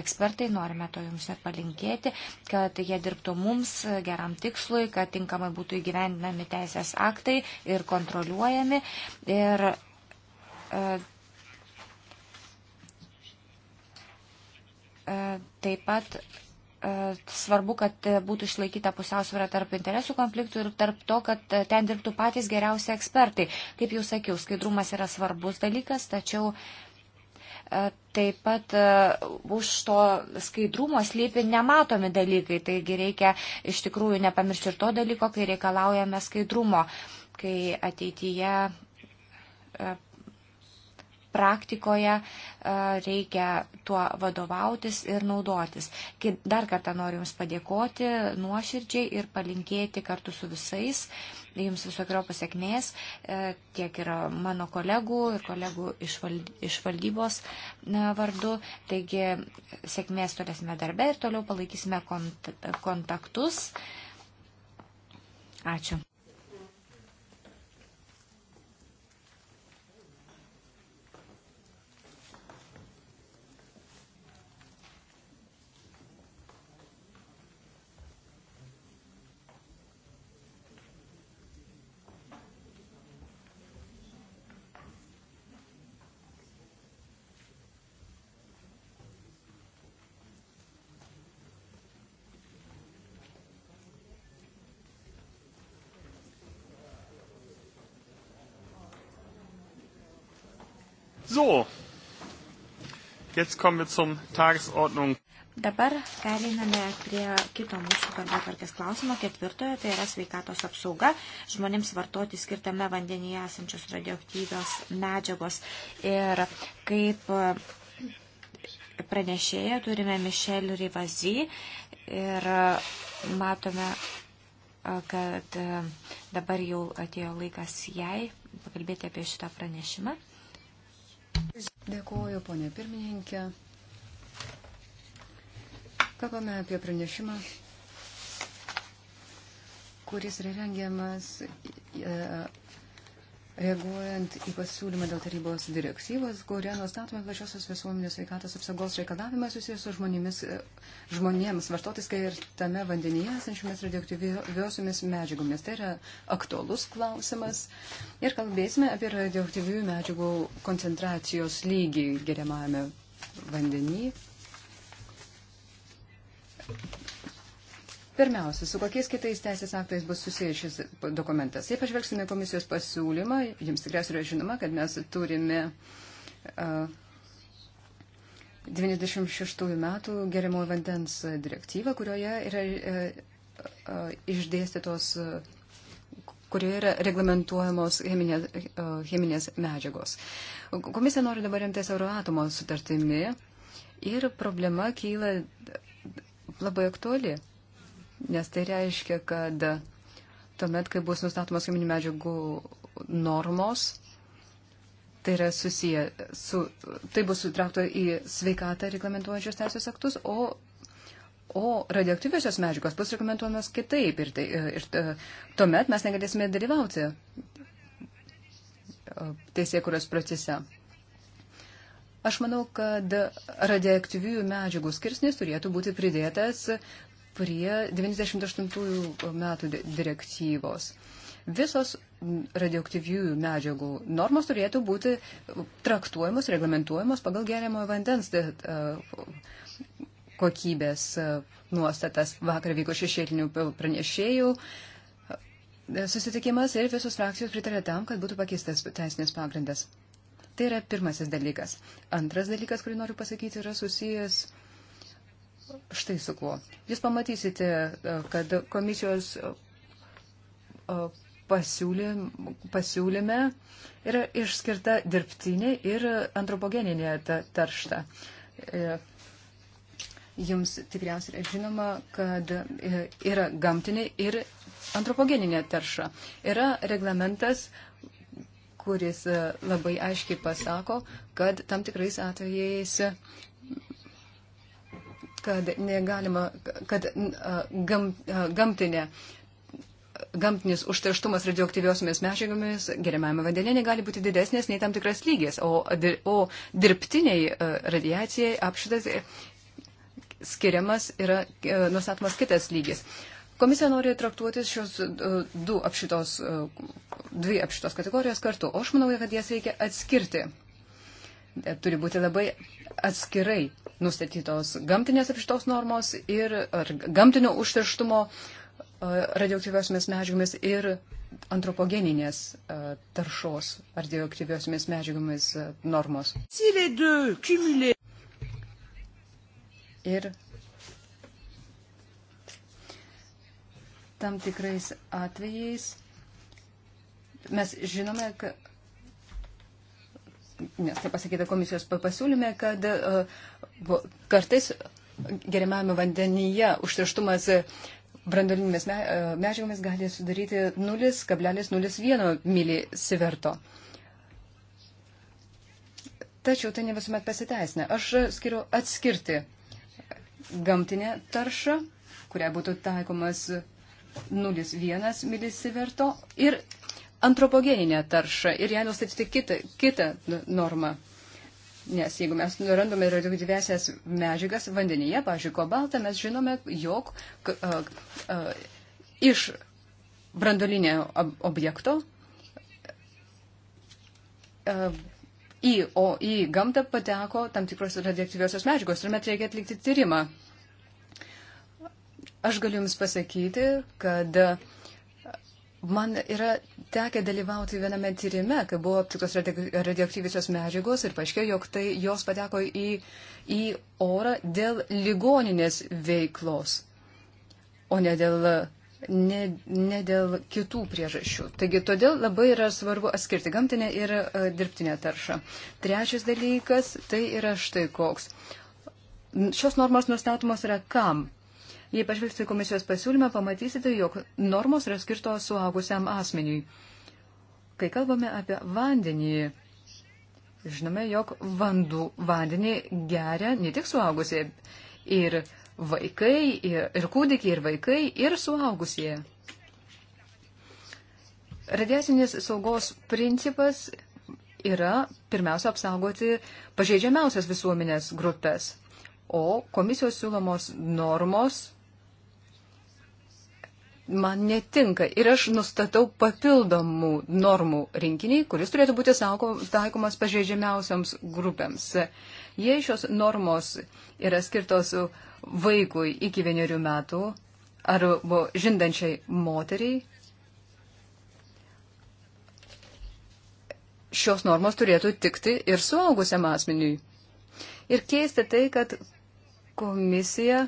ekspertai, norime to jums ir palinkėti, kad jie dirbtų mums geram tikslui, kad tinkamai būtų įgyvendinami teisės aktai ir kontroliuojami. Ir E, taip pat e, svarbu, kad būtų išlaikyta pusiausvėra tarp interesų konfliktų ir tarp to, kad ten dirbtų patys geriausi ekspertai. Kaip jau sakiau, skaidrumas yra svarbus dalykas, tačiau e, taip pat už to skaidrumo slypi nematomi dalykai, taigi reikia iš tikrųjų nepamiršti ir to dalyko, kai reikalaujame skaidrumo, kai ateityje praktikoje e, reikia tuo vadovautis ir naudotis. Dar kartą noriu Jums padėkoti nuoširdžiai ir palinkėti kartu su visais Jums visokio pasiekmės, e, tiek ir mano kolegų ir kolegų iš valdybos e, vardu. Taigi sėkmės tolesime darbe ir toliau palaikysime kontaktus. Ačiū. So, jetzt kommen wir zum Tagesordnung. Dabar pereiname prie kito mūsų darbotvarkės klausimo, ketvirtojo, tai yra sveikatos apsauga, žmonėms vartoti skirtame vandenyje esančios radioaktyvios medžiagos. Ir kaip pranešėja turime Mišelį Rivazy ir matome, kad dabar jau atėjo laikas jai pakalbėti apie šitą pranešimą. Dėkuoju, ponė pirmininkė. Kalbame apie pranešimą, kuris yra rengiamas e, Reaguojant į pasiūlymą dėl tarybos direktyvos, kuria nustatome plačiosios visuomenės sveikatos apsaugos reikalavimą susijęs su žmonėmis, e, žmonėms vartotis, kai ir tame vandenyje esančiomis radioaktyviosiomis medžiagomis. Tai yra aktualus klausimas. Ir kalbėsime apie radioaktyvių medžiagų koncentracijos lygį geriamame vandenyje. Pirmiausia, su kokiais kitais teisės aktais bus susijęs šis dokumentas? Jei pažvelgsime komisijos pasiūlymą, jums tikriausiai yra žinoma, kad mes turime uh, 96 metų geriamo vandens direktyvą, kurioje yra uh, uh, išdėstytos, uh, kurioje yra reglamentuojamos cheminės, uh, cheminės medžiagos. Komisija nori dabar remtis Euroatomo sutartimi ir problema kyla labai aktuali. Uh, nes tai reiškia, kad tuomet, kai bus nustatomas cheminių medžiagų normos, tai yra susiję su, tai bus sutraukta į sveikatą reglamentuojančios teisės aktus, o, o radioaktyviosios medžiagos bus reglamentuojamas kitaip ir, tai, ir e, tuomet mes negalėsime dalyvauti e, teisėkuros procese. Aš manau, kad radioaktyviųjų medžiagų skirsnis turėtų būti pridėtas prie 98 metų direktyvos. Visos radioaktyviųjų medžiagų normos turėtų būti traktuojamos, reglamentuojamos pagal geriamojo vandens kokybės nuostatas. Vakar vyko šešėlinių pranešėjų e, susitikimas ir visos frakcijos pritarė tam, kad būtų pakeistas teisinės pagrindas. Tai yra pirmasis dalykas. Antras dalykas, kurį noriu pasakyti, yra susijęs štai su kuo. Jūs pamatysite, e, kad komisijos e, e, pasiūlyme yra išskirta dirbtinė ir antropogeninė taršta. Jums tikriausiai žinoma, kad yra gamtinė ir antropogeninė tarša. Yra reglamentas, kuris labai aiškiai pasako, kad tam tikrais atvejais kad negalima, kad gam, gamtinė, gamtinis užterštumas radioaktyviosiomis medžiagomis geriamame vandenyje negali būti didesnės nei tam tikras lygis, o, o dirbtiniai radiacijai apšitas e, skiriamas yra e, nusatomas kitas lygis. Komisija nori traktuotis šios e, du apšitos, dvi apšitos kategorijos kartu, o aš manau, kad jas reikia atskirti. Turi būti labai atskirai nustatytos gamtinės apštos normos ir gamtinio užterštumo radioaktyviosiomis medžiagomis ir antropogeninės taršos radioaktyviosiomis medžiagomis normos. Ir tam tikrais atvejais mes žinome, kad nes tai pasakyta komisijos pasiūlyme, kad e, kartais geriamame vandenyje užterštumas brandolinėmis e, medžiagomis gali sudaryti 0,01 milisiverto. Tačiau tai ne visuomet pasiteisina. Aš skiriu atskirti gamtinę taršą, kuriai būtų taikomas 0,1 milisiverto ir antropogeninę taršą ir ją nustatyti kitą, kitą normą. Nes jeigu mes randame radioaktyvesias medžiagas vandenyje, pažiūrėjau, kobaltą, mes žinome, jog a, a, iš brandolinio ob objekto a, į, o į gamtą pateko tam tikros radioaktyviosios medžiagos ir mes reikia atlikti tyrimą. Aš galiu Jums pasakyti, kad uh, Man yra tekę dalyvauti viename tyrime, kai buvo aptiktos radioaktyvisios medžiagos ir paaiškėjo, jog tai jos pateko į, į orą dėl ligoninės veiklos, o ne dėl, ne, ne dėl kitų priežasčių. Taigi todėl labai yra svarbu atskirti gamtinę ir uh, dirbtinę taršą. Trečias dalykas tai yra štai koks. Šios normos nustatomos yra kam? Jei pažvelgsite komisijos pasiūlymą, pamatysite, jog normos yra skirtos suaugusiam asmeniui. Kai kalbame apie vandenį, žinome, jog vandų, vandenį geria ne tik suaugusie ir vaikai, ir, ir kūdikiai, ir vaikai, ir suaugusie. Radiacinės saugos principas yra pirmiausia apsaugoti pažeidžiamiausias visuomenės grupės, o komisijos siūlomos normos man netinka. Ir aš nustatau papildomų normų rinkinį, kuris turėtų būti taikomas pažeidžiamiausiams grupėms. Jei šios normos yra skirtos vaikui iki vienerių metų ar žindančiai moteriai, šios normos turėtų tikti ir suaugusiam asmeniui. Ir keista tai, kad komisija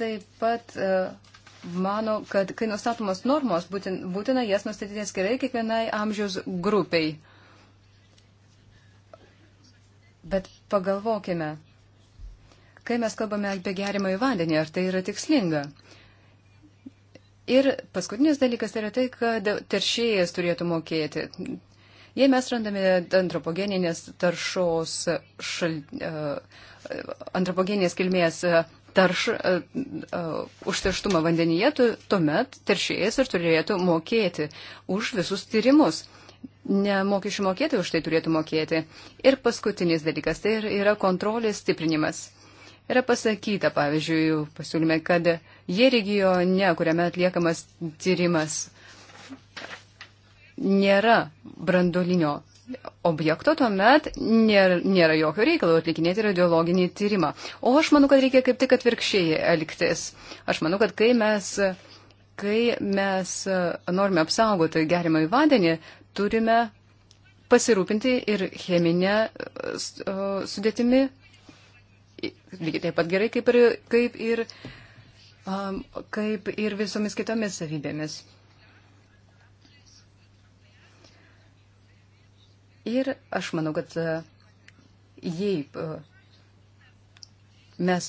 taip pat e, mano, kad kai nustatomos normos, būtin, būtina jas nustatyti atskirai kiekvienai amžiaus grupiai. Bet pagalvokime, kai mes kalbame apie gerimą į vandenį, ar tai yra tikslinga? Ir paskutinis dalykas tai yra tai, kad teršėjas turėtų mokėti. Jei mes randame antropogeninės taršos, šal, e, antropogeninės kilmės e, tarš, e, e, užterštumą vandenyje, tuomet teršėjas ir turėtų mokėti už visus tyrimus. Ne mokesčių mokėti už tai turėtų mokėti. Ir paskutinis dalykas tai yra kontrolės stiprinimas. Yra pasakyta, pavyzdžiui, pasiūlyme, kad jie regione, kuriame atliekamas tyrimas, nėra brandolinio objekto, tuomet nėra, nėra jokio reikalo atlikinėti radiologinį tyrimą. O aš manau, kad reikia kaip tik atvirkščiai elgtis. Aš manau, kad kai mes, kai mes e, norime apsaugoti gerimą į vandenį, turime pasirūpinti ir cheminę e, sudėtimi, lygiai taip pat gerai kaip ir, kaip ir, kaip ir visomis kitomis savybėmis. Ir aš manau, kad e, jei e, mes,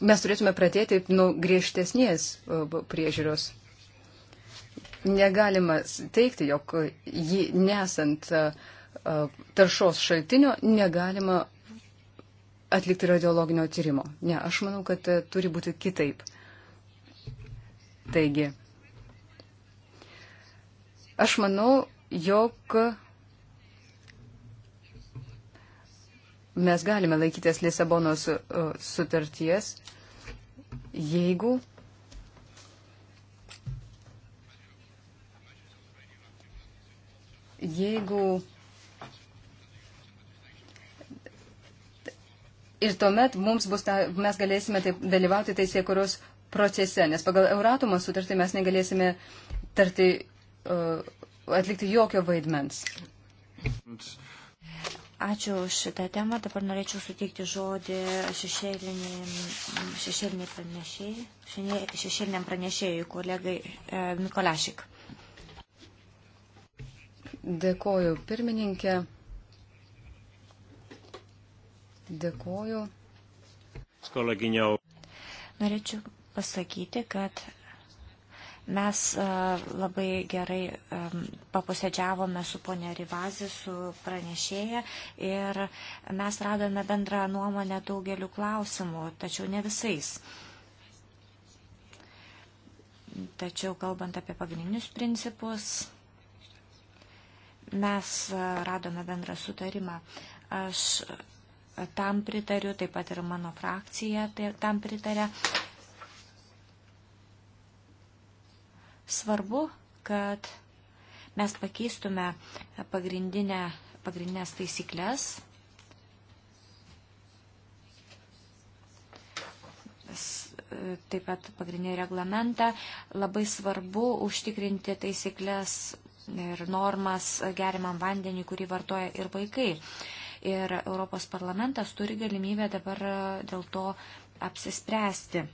mes turėtume pradėti nuo griežtesnės e, priežiūros. Negalima teikti, jog jį nesant taršos šaltinio negalima atlikti radiologinio tyrimo. Ne, aš manau, kad turi būti kitaip. Taigi, aš manau, jog mes galime laikytis Lisabonos uh, sutarties, jeigu jeigu ir tuomet mums bus ta, mes galėsime taip dalyvauti teisėkuros procese, nes pagal Euratomą sutartį mes negalėsime tarti, uh, atlikti jokio vaidmens. And Ačiū už šitą temą. Dabar norėčiau suteikti žodį šešėliniam pranešėjai, šešėliniam pranešėjui kolegai e, Mikolašik. Dėkoju pirmininkė. Dėkoju. Norėčiau pasakyti, kad Mes e, labai gerai e, papusėdžiavome su ponė Rivazi, su pranešėja ir mes radome bendrą nuomonę daugeliu klausimų, tačiau ne visais. Tačiau kalbant apie pagrindinius principus, mes e, radome bendrą sutarimą. Aš tam pritariu, taip pat ir mano frakcija tai tam pritarė. Svarbu, kad mes pakeistume pagrindinę, pagrindinės taisyklės. Taip pat pagrindinį reglamentą. Labai svarbu užtikrinti taisyklės ir normas geriamam vandenį, kurį vartoja ir vaikai. Ir Europos parlamentas turi galimybę dabar dėl to apsispręsti.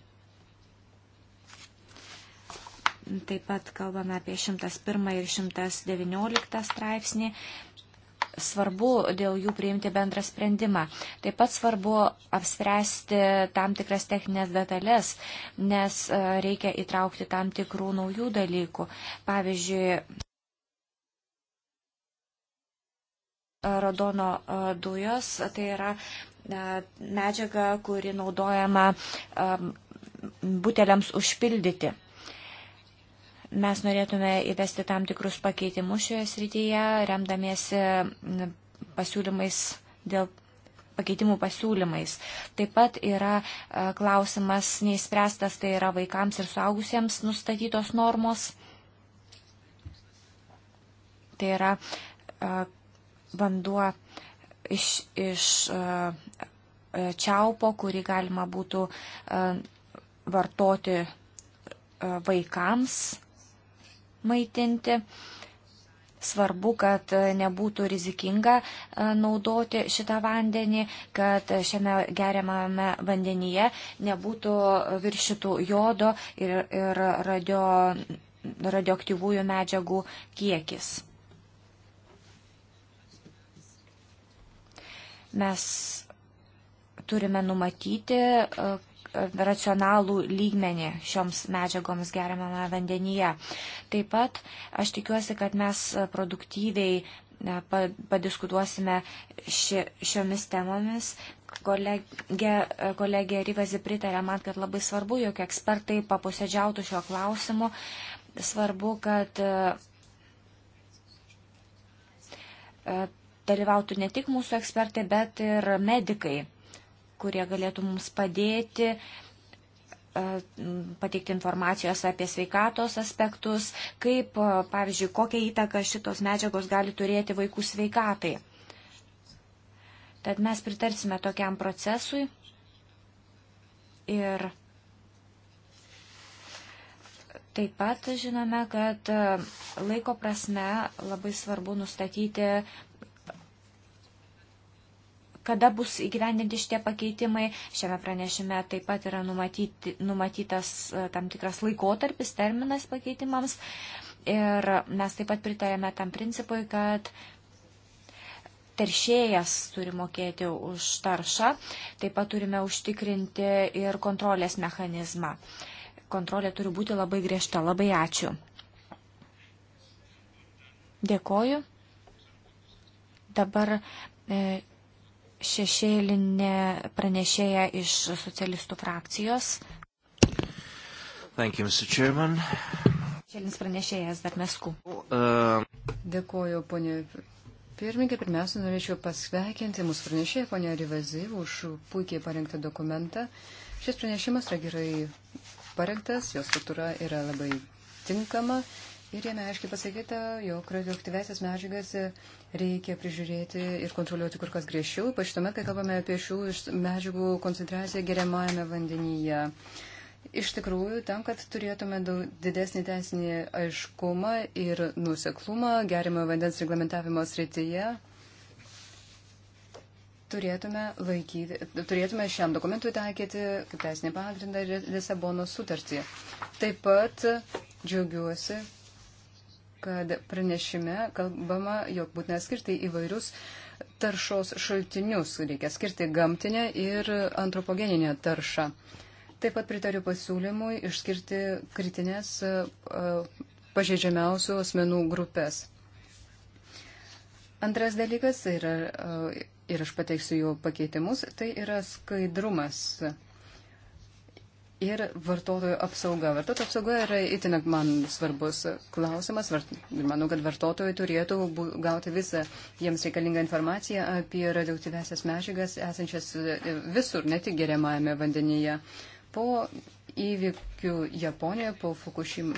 Taip pat kalbame apie 101 ir 119 straipsnį. Svarbu dėl jų priimti bendrą sprendimą. Taip pat svarbu apspręsti tam tikras techninės detalės, nes e, reikia įtraukti tam tikrų naujų dalykų. Pavyzdžiui, rodono e, dujos, tai yra e, medžiaga, kuri naudojama buteliams užpildyti. Mes norėtume įvesti tam tikrus pakeitimus šioje srityje, remdamiesi pasiūlymais dėl pakeitimų pasiūlymais. Taip pat yra e, klausimas neįspręstas, tai yra vaikams ir suaugusiems nustatytos normos. Tai yra e, vanduo iš, iš e, čiaupo, kurį galima būtų vartoti vaikams maitinti. Svarbu, kad nebūtų rizikinga e, naudoti šitą vandenį, kad šiame geriamame vandenyje nebūtų viršytų jodo ir, ir radio, radioaktyvųjų medžiagų kiekis. Mes turime numatyti, e, racionalų lygmenį šioms medžiagoms geriamame vandenyje. Taip pat aš tikiuosi, kad mes produktyviai e, padiskutuosime ši, šiomis temomis. Kolegė, e, kolegė Ryvazi pritarė man, kad labai svarbu, jog ekspertai papusėdžiautų šio klausimu. Svarbu, kad e, dalyvautų ne tik mūsų ekspertai, bet ir medikai kurie galėtų mums padėti e, pateikti informacijos apie sveikatos aspektus, kaip, e, pavyzdžiui, kokią įtaką šitos medžiagos gali turėti vaikų sveikatai. Tad mes pritarsime tokiam procesui ir Taip pat žinome, kad e, laiko prasme labai svarbu nustatyti kada bus įgyvendinti šitie pakeitimai. Šiame pranešime taip pat yra numatyti, numatytas e, tam tikras laikotarpis, terminas pakeitimams. Ir mes taip pat pritarėme tam principui, kad teršėjas turi mokėti už taršą, taip pat turime užtikrinti ir kontrolės mechanizmą. Kontrolė turi būti labai griežta. Labai ačiū. Dėkoju. Dabar e, šešėlinė pranešėja iš socialistų frakcijos. Thank you, Mr. Chairman. Šešėlinis pranešėjas Bermesku. Uh. Dėkuoju, ponė Pirmininkė, pirmiausia, norėčiau pasveikinti mūsų pranešėją, ponę Rivazy, už puikiai parengtą dokumentą. Šis pranešimas yra gerai parengtas, jo struktūra yra labai tinkama Ir jame aiškiai pasakyta, jog radioaktyvesias medžiagas reikia prižiūrėti ir kontroliuoti kur kas griežčiau, ypač tuomet, kai kalbame apie šių medžiagų koncentraciją geriamajame vandenyje. Iš tikrųjų, tam, kad turėtume didesnį teisinį aiškumą ir nuseklumą geriamojo vandens reglamentavimo srityje, turėtume, laikyti, turėtume šiam dokumentui taikyti kaip teisinį pagrindą Lisabono sutartį. Taip pat džiaugiuosi, kad pranešime kalbama, jog būtina skirti įvairius taršos šaltinius. Reikia skirti gamtinę ir antropogeninę taršą. Taip pat pritariu pasiūlymui išskirti kritinės e, pažeidžiamiausių asmenų grupės. Antras dalykas, yra, e, ir aš pateiksiu jų pakeitimus, tai yra skaidrumas ir vartotojų apsauga. Vartotojų apsauga yra itin man svarbus klausimas. Manau, kad vartotojai turėtų gauti visą jiems reikalingą informaciją apie radioaktyvesias medžiagas esančias e, visur, ne tik geriamajame vandenyje. Po įvykių Japonijoje, po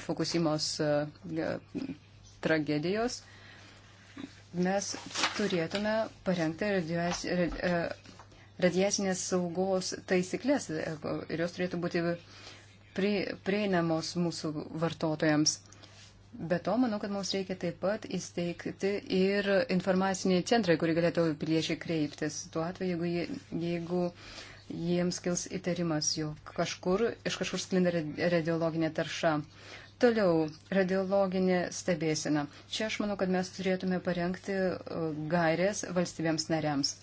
Fukushimos e, e, tragedijos, mes turėtume parengti radioaktyvesias radiacinės saugos taisyklės e, ir jos turėtų būti prieinamos mūsų vartotojams. Be to, manau, kad mums reikia taip pat įsteigti ir informacinį centrą, kurį galėtų piliečiai kreiptis. Tuo atveju, jeigu, jeigu jiems kils įtarimas, jog kažkur, iš kažkur sklinda radiologinė tarša. Toliau, radiologinė stebėsina. Čia aš manau, kad mes turėtume parengti e, gairės valstybėms nariams.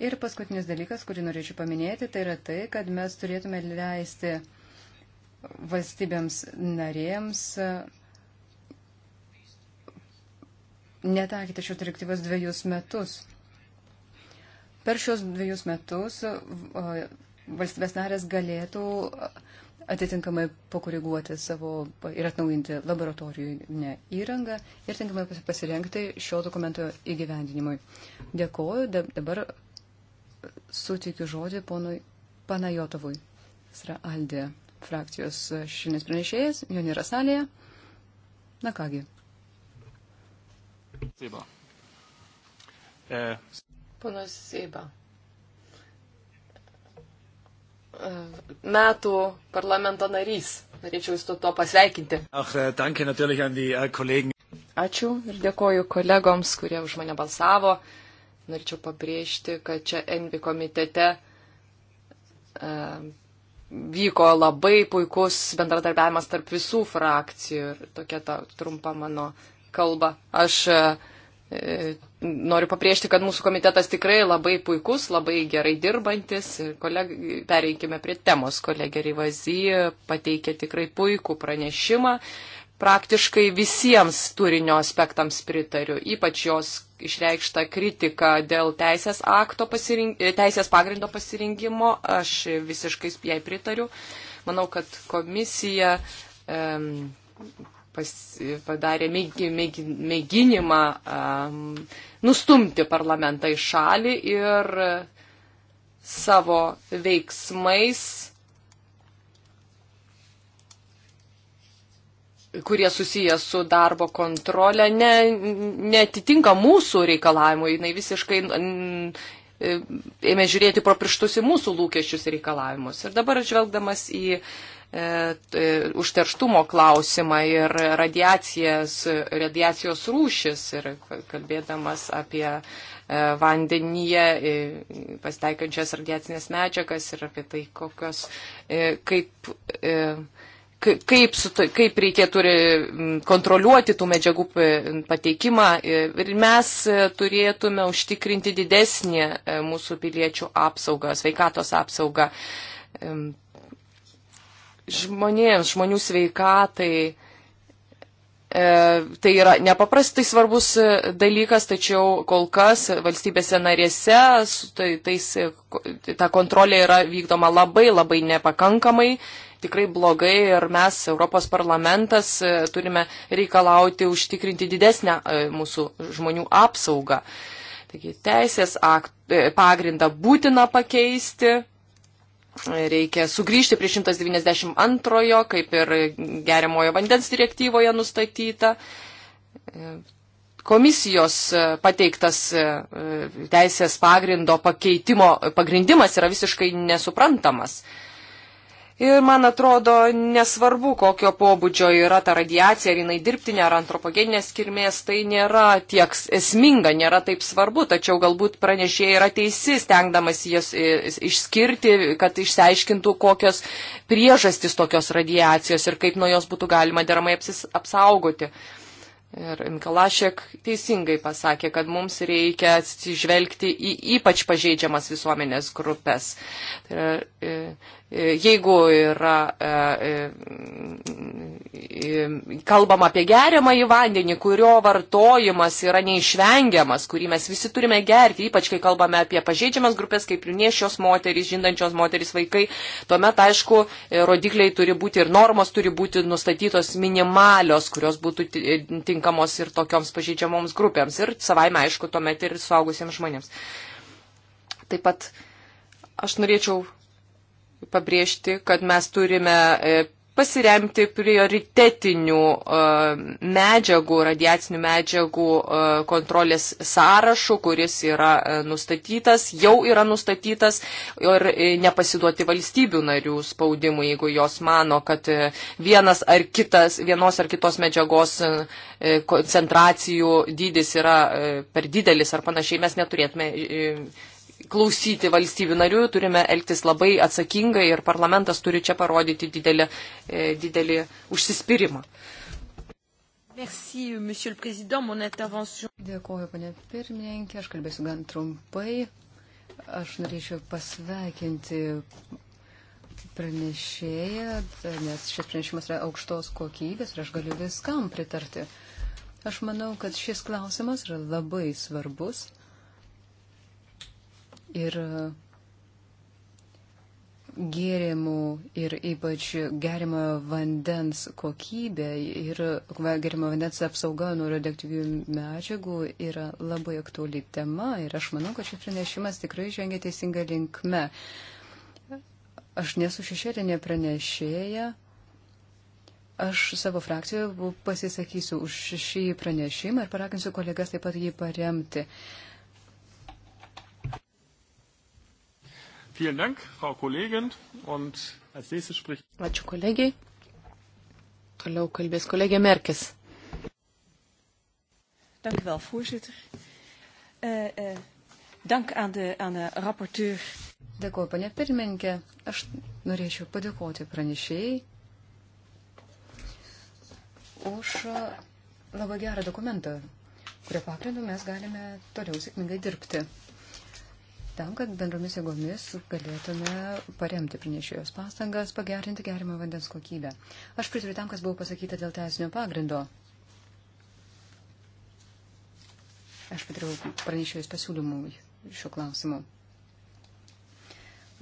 Ir paskutinis dalykas, kurį norėčiau paminėti, tai yra tai, kad mes turėtume leisti valstybėms narėms netakyti šios direktyvos dviejus metus. Per šios dviejus metus valstybės narės galėtų atitinkamai pakoreguoti savo ir atnaujinti laboratorijų įrangą ir tinkamai pasirengti šio dokumento įgyvendinimui. Dėkoju, dabar sutikiu žodį ponui Panajotovui. Jis yra Aldė frakcijos šiandien pranešėjas, jo nėra salėje. Na kągi. Taip. E. Ponas Seiba. E, metų parlamento narys. Norėčiau jūs to, to pasveikinti. Ach, e, danke natürlich an die äh, Kollegen. Ačiū ir dėkoju kolegoms, kurie už mane balsavo. Uh, norėčiau pabrėžti, kad čia Envi komitete e, vyko labai puikus bendradarbiavimas tarp visų frakcijų ir tokia ta trumpa mano kalba. Aš e, noriu pabrėžti, kad mūsų komitetas tikrai labai puikus, labai gerai dirbantis. Koleg... Pereikime prie temos. Kolegė Rivazy pateikė tikrai puikų pranešimą. Praktiškai visiems turinio aspektams pritariu, ypač jos išreikštą kritiką dėl teisės, pasirink, teisės pagrindo pasirinkimo. Aš visiškai jai pritariu. Manau, kad komisija um, pas, padarė mėginimą mėg, mėg, um, nustumti parlamentą į šalį ir savo veiksmais kurie susijęs su darbo kontrolė, ne, netitinka mūsų reikalavimų, jinai visiškai ėmė žiūrėti pro pirštus į mūsų lūkesčius ir reikalavimus. Ir dabar žvelgdamas į e, t, e, užterštumo klausimą ir radiacijos rūšis ir kalbėdamas apie e, vandenyje e, pasteikiančias radiacinės medžiagas ir apie tai, kokios, e, kaip. E, kaip, su, kaip reikėtų kontroliuoti tų medžiagų pateikimą ir mes e, turėtume užtikrinti didesnį e, mūsų piliečių apsaugą, sveikatos apsaugą žmonėms, žmonių sveikatai. E, tai yra nepaprastai svarbus dalykas, tačiau kol kas valstybėse narėse tai, tais, ta kontrolė yra vykdoma labai labai nepakankamai tikrai blogai ir mes, Europos parlamentas, e, turime reikalauti užtikrinti didesnę e, mūsų žmonių apsaugą. Taigi teisės akt, e, pagrindą būtina pakeisti, reikia sugrįžti prie 192, kaip ir geriamojo vandens direktyvoje nustatyta. Komisijos pateiktas teisės pagrindo pakeitimo pagrindimas yra visiškai nesuprantamas. Ir man atrodo, nesvarbu, kokio pobūdžio yra ta radiacija, ar jinai dirbtinė, ar antropogeninės kirmės, tai nėra tiek esminga, nėra taip svarbu, tačiau galbūt pranešėjai yra teisi, stengdamas jas e, išskirti, kad išsiaiškintų, kokios priežastys tokios radiacijos ir kaip nuo jos būtų galima deramai apsis, apsaugoti. Ir Mikalašek teisingai pasakė, kad mums reikia atsižvelgti į ypač pažeidžiamas visuomenės grupės. Tai yra, e, E, jeigu yra e, e, kalbam apie geriamą į vandenį, kurio vartojimas yra neišvengiamas, kurį mes visi turime gerti, ypač kai kalbame apie pažeidžiamas grupės, kaip nėšios moterys, žindančios moterys, vaikai, tuomet, aišku, rodikliai turi būti ir normos turi būti nustatytos minimalios, kurios būtų tinkamos ir tokioms pažeidžiamoms grupėms ir savaime, aišku, tuomet ir suaugusiems žmonėms. Taip pat aš norėčiau pabrėžti, kad mes turime e, pasiremti prioritetinių e, medžiagų, radiacinių medžiagų e, kontrolės sąrašų, kuris yra nustatytas, jau yra nustatytas ir nepasiduoti valstybių narių spaudimui, jeigu jos mano, kad vienas ar kitas, vienos ar kitos medžiagos koncentracijų dydis yra per didelis ar panašiai, mes neturėtume klausyti valstybių narių, turime elgtis labai atsakingai ir parlamentas turi čia parodyti didelį, e, didelį užsispyrimą. Merci, monsieur le président, mon intervention. Dėkuoju, panė pirmininkė, aš kalbėsiu gan trumpai. Aš norėčiau pasveikinti pranešėją, nes šis pranešimas yra aukštos kokybės ir aš galiu viskam pritarti. Aš manau, kad šis klausimas yra labai svarbus ir e, gėrimų ir ypač gerimo vandens kokybė ir gerimo vandens apsauga nuo radioaktyvių medžiagų yra labai aktuali tema ir aš manau, kad šis pranešimas tikrai žengia teisinga linkme. Aš nesu šešėlinė pranešėja. Aš savo frakcijoje pasisakysiu už šį pranešimą ir parakinsiu kolegas taip pat jį paremti. Uh, Vielen Dank, Frau Kollegin. Und als nächstes spricht. Ačiū kolegiai. Toliau kalbės kolegė Merkis. Dank u wel, voorzitter. Uh, uh, dank aan de, aan de rapporteur. Dėkuoju, panė pirmininkė. Aš norėčiau padėkoti pranešėjai už labai gerą dokumentą, kurio pagrindu mes galime toliau sėkmingai dirbti tam, kad bendromis jėgomis galėtume paremti pranešėjos pastangas pagerinti gerimą vandens kokybę. Aš pritariu tam, kas buvo pasakyta dėl teisinio pagrindo. Aš pritariu pranešėjos pasiūlymui šiuo klausimu.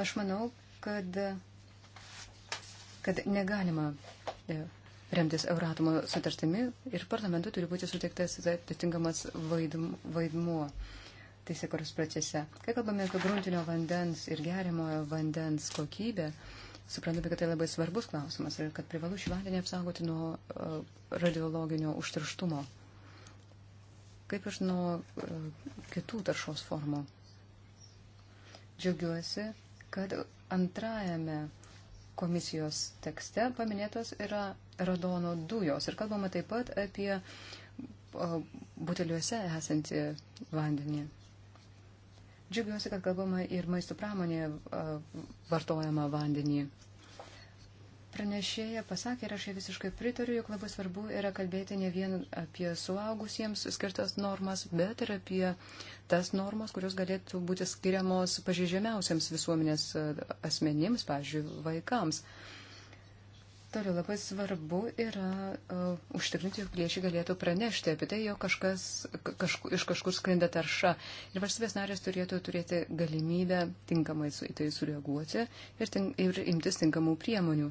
Aš manau, kad, kad negalima e, remtis Euratomo sutartimi ir parlamentui turi būti suteiktas atitinkamas vaidmuo. vaidmuo teisėkuros procese. Kai kalbame apie gruntinio vandens ir geriamojo vandens kokybę, suprantame, kad tai labai svarbus klausimas ir kad privalu šį vandenį apsaugoti nuo e, radiologinio užtirštumo. Kaip ir nuo e, kitų taršos formų. Džiaugiuosi, kad antrajame komisijos tekste paminėtos yra radono dujos. Ir kalbama taip pat apie e, buteliuose esantį vandenį. Džiugiuosi, kad kalbama ir maisto pramonė vartojama vandenį. Pranešėja pasakė ir aš jai visiškai pritariu, jog labai svarbu yra kalbėti ne vien apie suaugusiems skirtas normas, bet ir apie tas normas, kurios galėtų būti skiriamos pažeidžiamiausiams visuomenės asmenims, pavyzdžiui, vaikams. Uh, Toliau labai svarbu yra uh, užtikrinti, jog priešai galėtų pranešti apie tai, jog kažkas, kažku, iš kažkur sklinda tarša. Ir valstybės narės turėtų turėti galimybę tinkamai su į tai sureaguoti ir, tink, ir imtis tinkamų priemonių.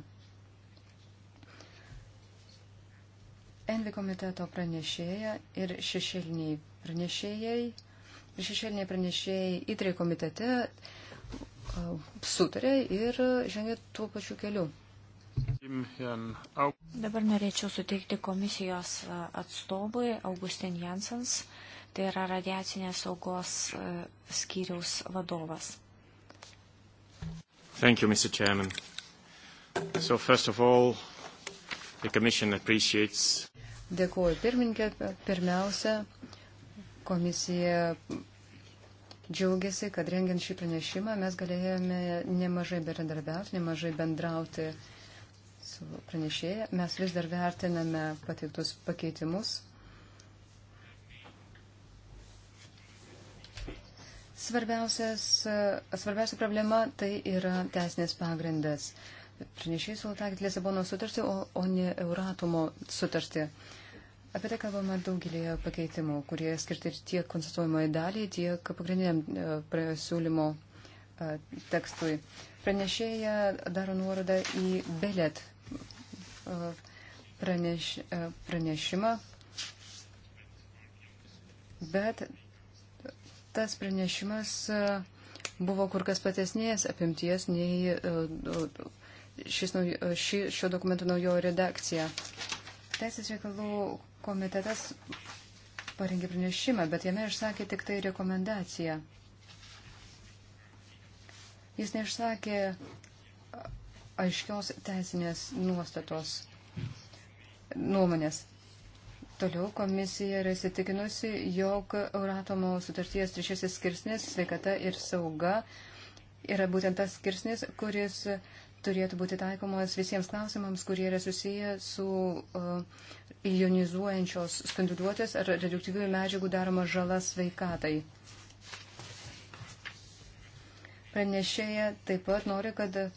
Envi komiteto pranešėja ir šešėliniai pranešėjai. Ir šešėliniai pranešėjai įtrei komitete uh, sutarė ir žengė tuo pačiu keliu. Dabar norėčiau suteikti komisijos e, atstovui Augustin Jansens, tai yra radiacinės saugos e, skyriaus vadovas. Thank you, Mr. Chairman. So first of all, the Commission appreciates. Dėkuoju pirmininkė. Pirmiausia, komisija džiaugiasi, kad rengiant šį pranešimą mes galėjome nemažai bendradarbiauti, nemažai bendrauti su pranešėja. Mes vis dar vertiname pateiktus pakeitimus. Svarbiausia problema tai yra teisinės pagrindas. Pranešėjai siūlo taikyti Lisabono sutartį, o, o ne Euratomo sutartį. Apie tai kalbama daugelėje pakeitimų, kurie skirti tiek konstatuojamoje daliai, tiek pagrindiniam e, siūlymo e, tekstui. Pranešėja daro nuorodą į belet praneš, e, pranešimą, bet tas pranešimas e, buvo kur kas platesnės apimties nei e, šis, ši, šio dokumento naujojo redakcija. Teisės reikalų komitetas parengė pranešimą, bet jame išsakė tik tai rekomendaciją. Jis neišsakė aiškios teisinės nuostatos nuomonės. Toliau komisija yra įsitikinusi, jog Euratomo sutarties trečiasis skirsnis sveikata ir sauga yra būtent tas skirsnis, kuris turėtų būti taikomas visiems klausimams, kurie yra susiję su uh, ionizuojančios spinduliuotės ar reduktyvių medžiagų daroma žala sveikatai. Pranešėja taip pat nori, kad uh,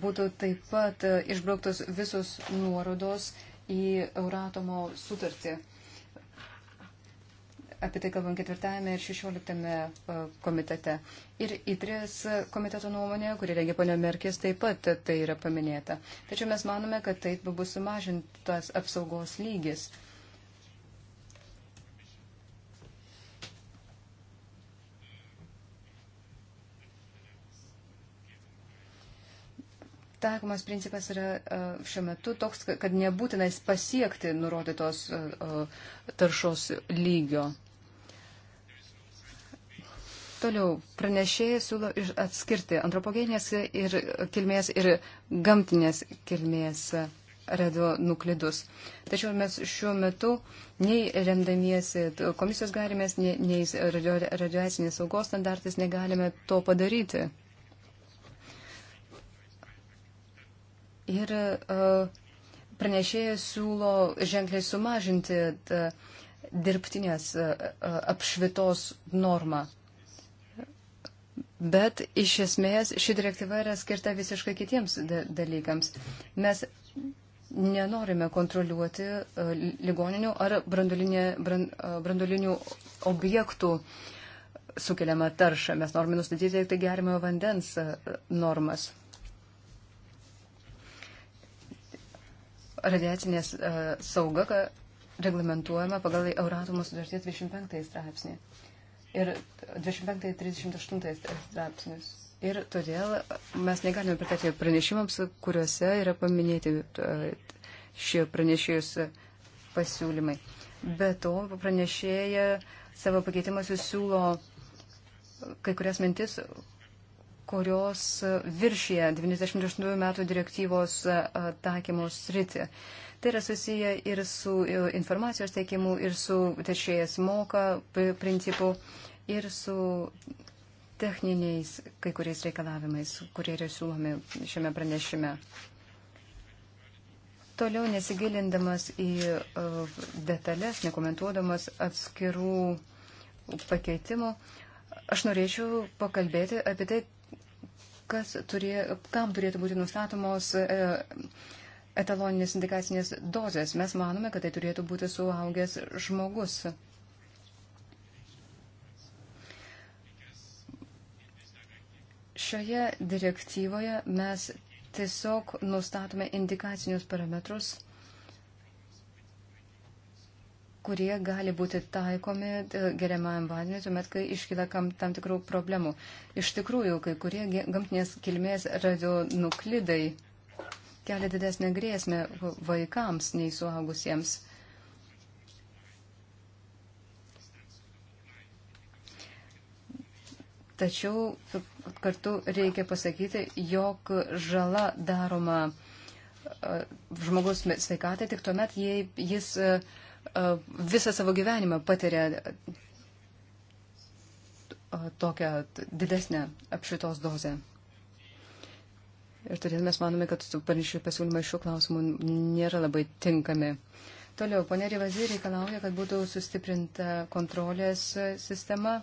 būtų taip pat e, išbrauktos visos nuorodos į Euratomo sutartį. Apie tai kalbam ketvirtajame ir šešioliktame e, komitete. Ir įtrės komiteto nuomonė, kurį rengia ponia Merkės, taip pat tai yra paminėta. Tačiau mes manome, kad taip bus sumažintas apsaugos lygis. taikomas principas yra e, šiuo metu toks, kad nebūtinai pasiekti nurodytos e, e, taršos lygio. Toliau pranešėjai siūlo atskirti antropogeninės ir kilmės ir gamtinės kilmės radionuklidus. Tačiau mes šiuo metu nei remdamiesi komisijos garimės, nei, nei radio, radiacinės saugos standartais negalime to padaryti. Ir e, pranešėjas siūlo ženkliai sumažinti e, dirbtinės e, apšvitos normą. Bet iš esmės ši direktyva yra skirta visiškai kitiems dalykams. Mes nenorime kontroliuoti ligoninių ar brandolinių objektų sukeliamą taršą. Mes norime nustatyti tik tai geriamojo vandens normas. radiacinė e, sauga reglamentuojama pagal Euratomo sudarties 25 straipsnį ir 25-38 straipsnius. Ir todėl mes negalime pritarti pranešimams, kuriuose yra paminėti e, šie pranešėjus pasiūlymai. Be to, pranešėja savo pakeitimuose siūlo kai kurias mintis, kurios viršyje 98 metų direktyvos e, e, taikymos sritį. Tai yra susiję ir su e, informacijos teikimu, ir su teršėjas moka principu, ir su techniniais kai kuriais reikalavimais, kurie yra siūlomi šiame pranešime. Toliau nesigilindamas į detalės, nekomentuodamas atskirų pakeitimų, aš norėčiau pakalbėti apie tai, kas turė, kam turėtų būti nustatomos e, etaloninės indikacinės dozės. Mes manome, kad tai turėtų būti suaugęs žmogus. Šioje direktyvoje mes tiesiog nustatome indikacinius parametrus kurie gali būti taikomi e, geriamajam vandeniu, tuomet, kai iškyla tam tikrų problemų. Iš tikrųjų, kai kurie gamtinės kilmės radionuklidai kelia didesnę grėsmę vaikams nei suaugusiems. Tačiau kartu reikia pasakyti, jog žala daroma e, žmogus sveikatai tik tuomet, jei jis uh, visą savo gyvenimą patiria tokią didesnę apšvitos dozę. Ir todėl mes manome, kad panašių pasiūlymai šiuo klausimu nėra labai tinkami. Toliau, ponė Rivazė reikalauja, kad būtų sustiprinta kontrolės sistema,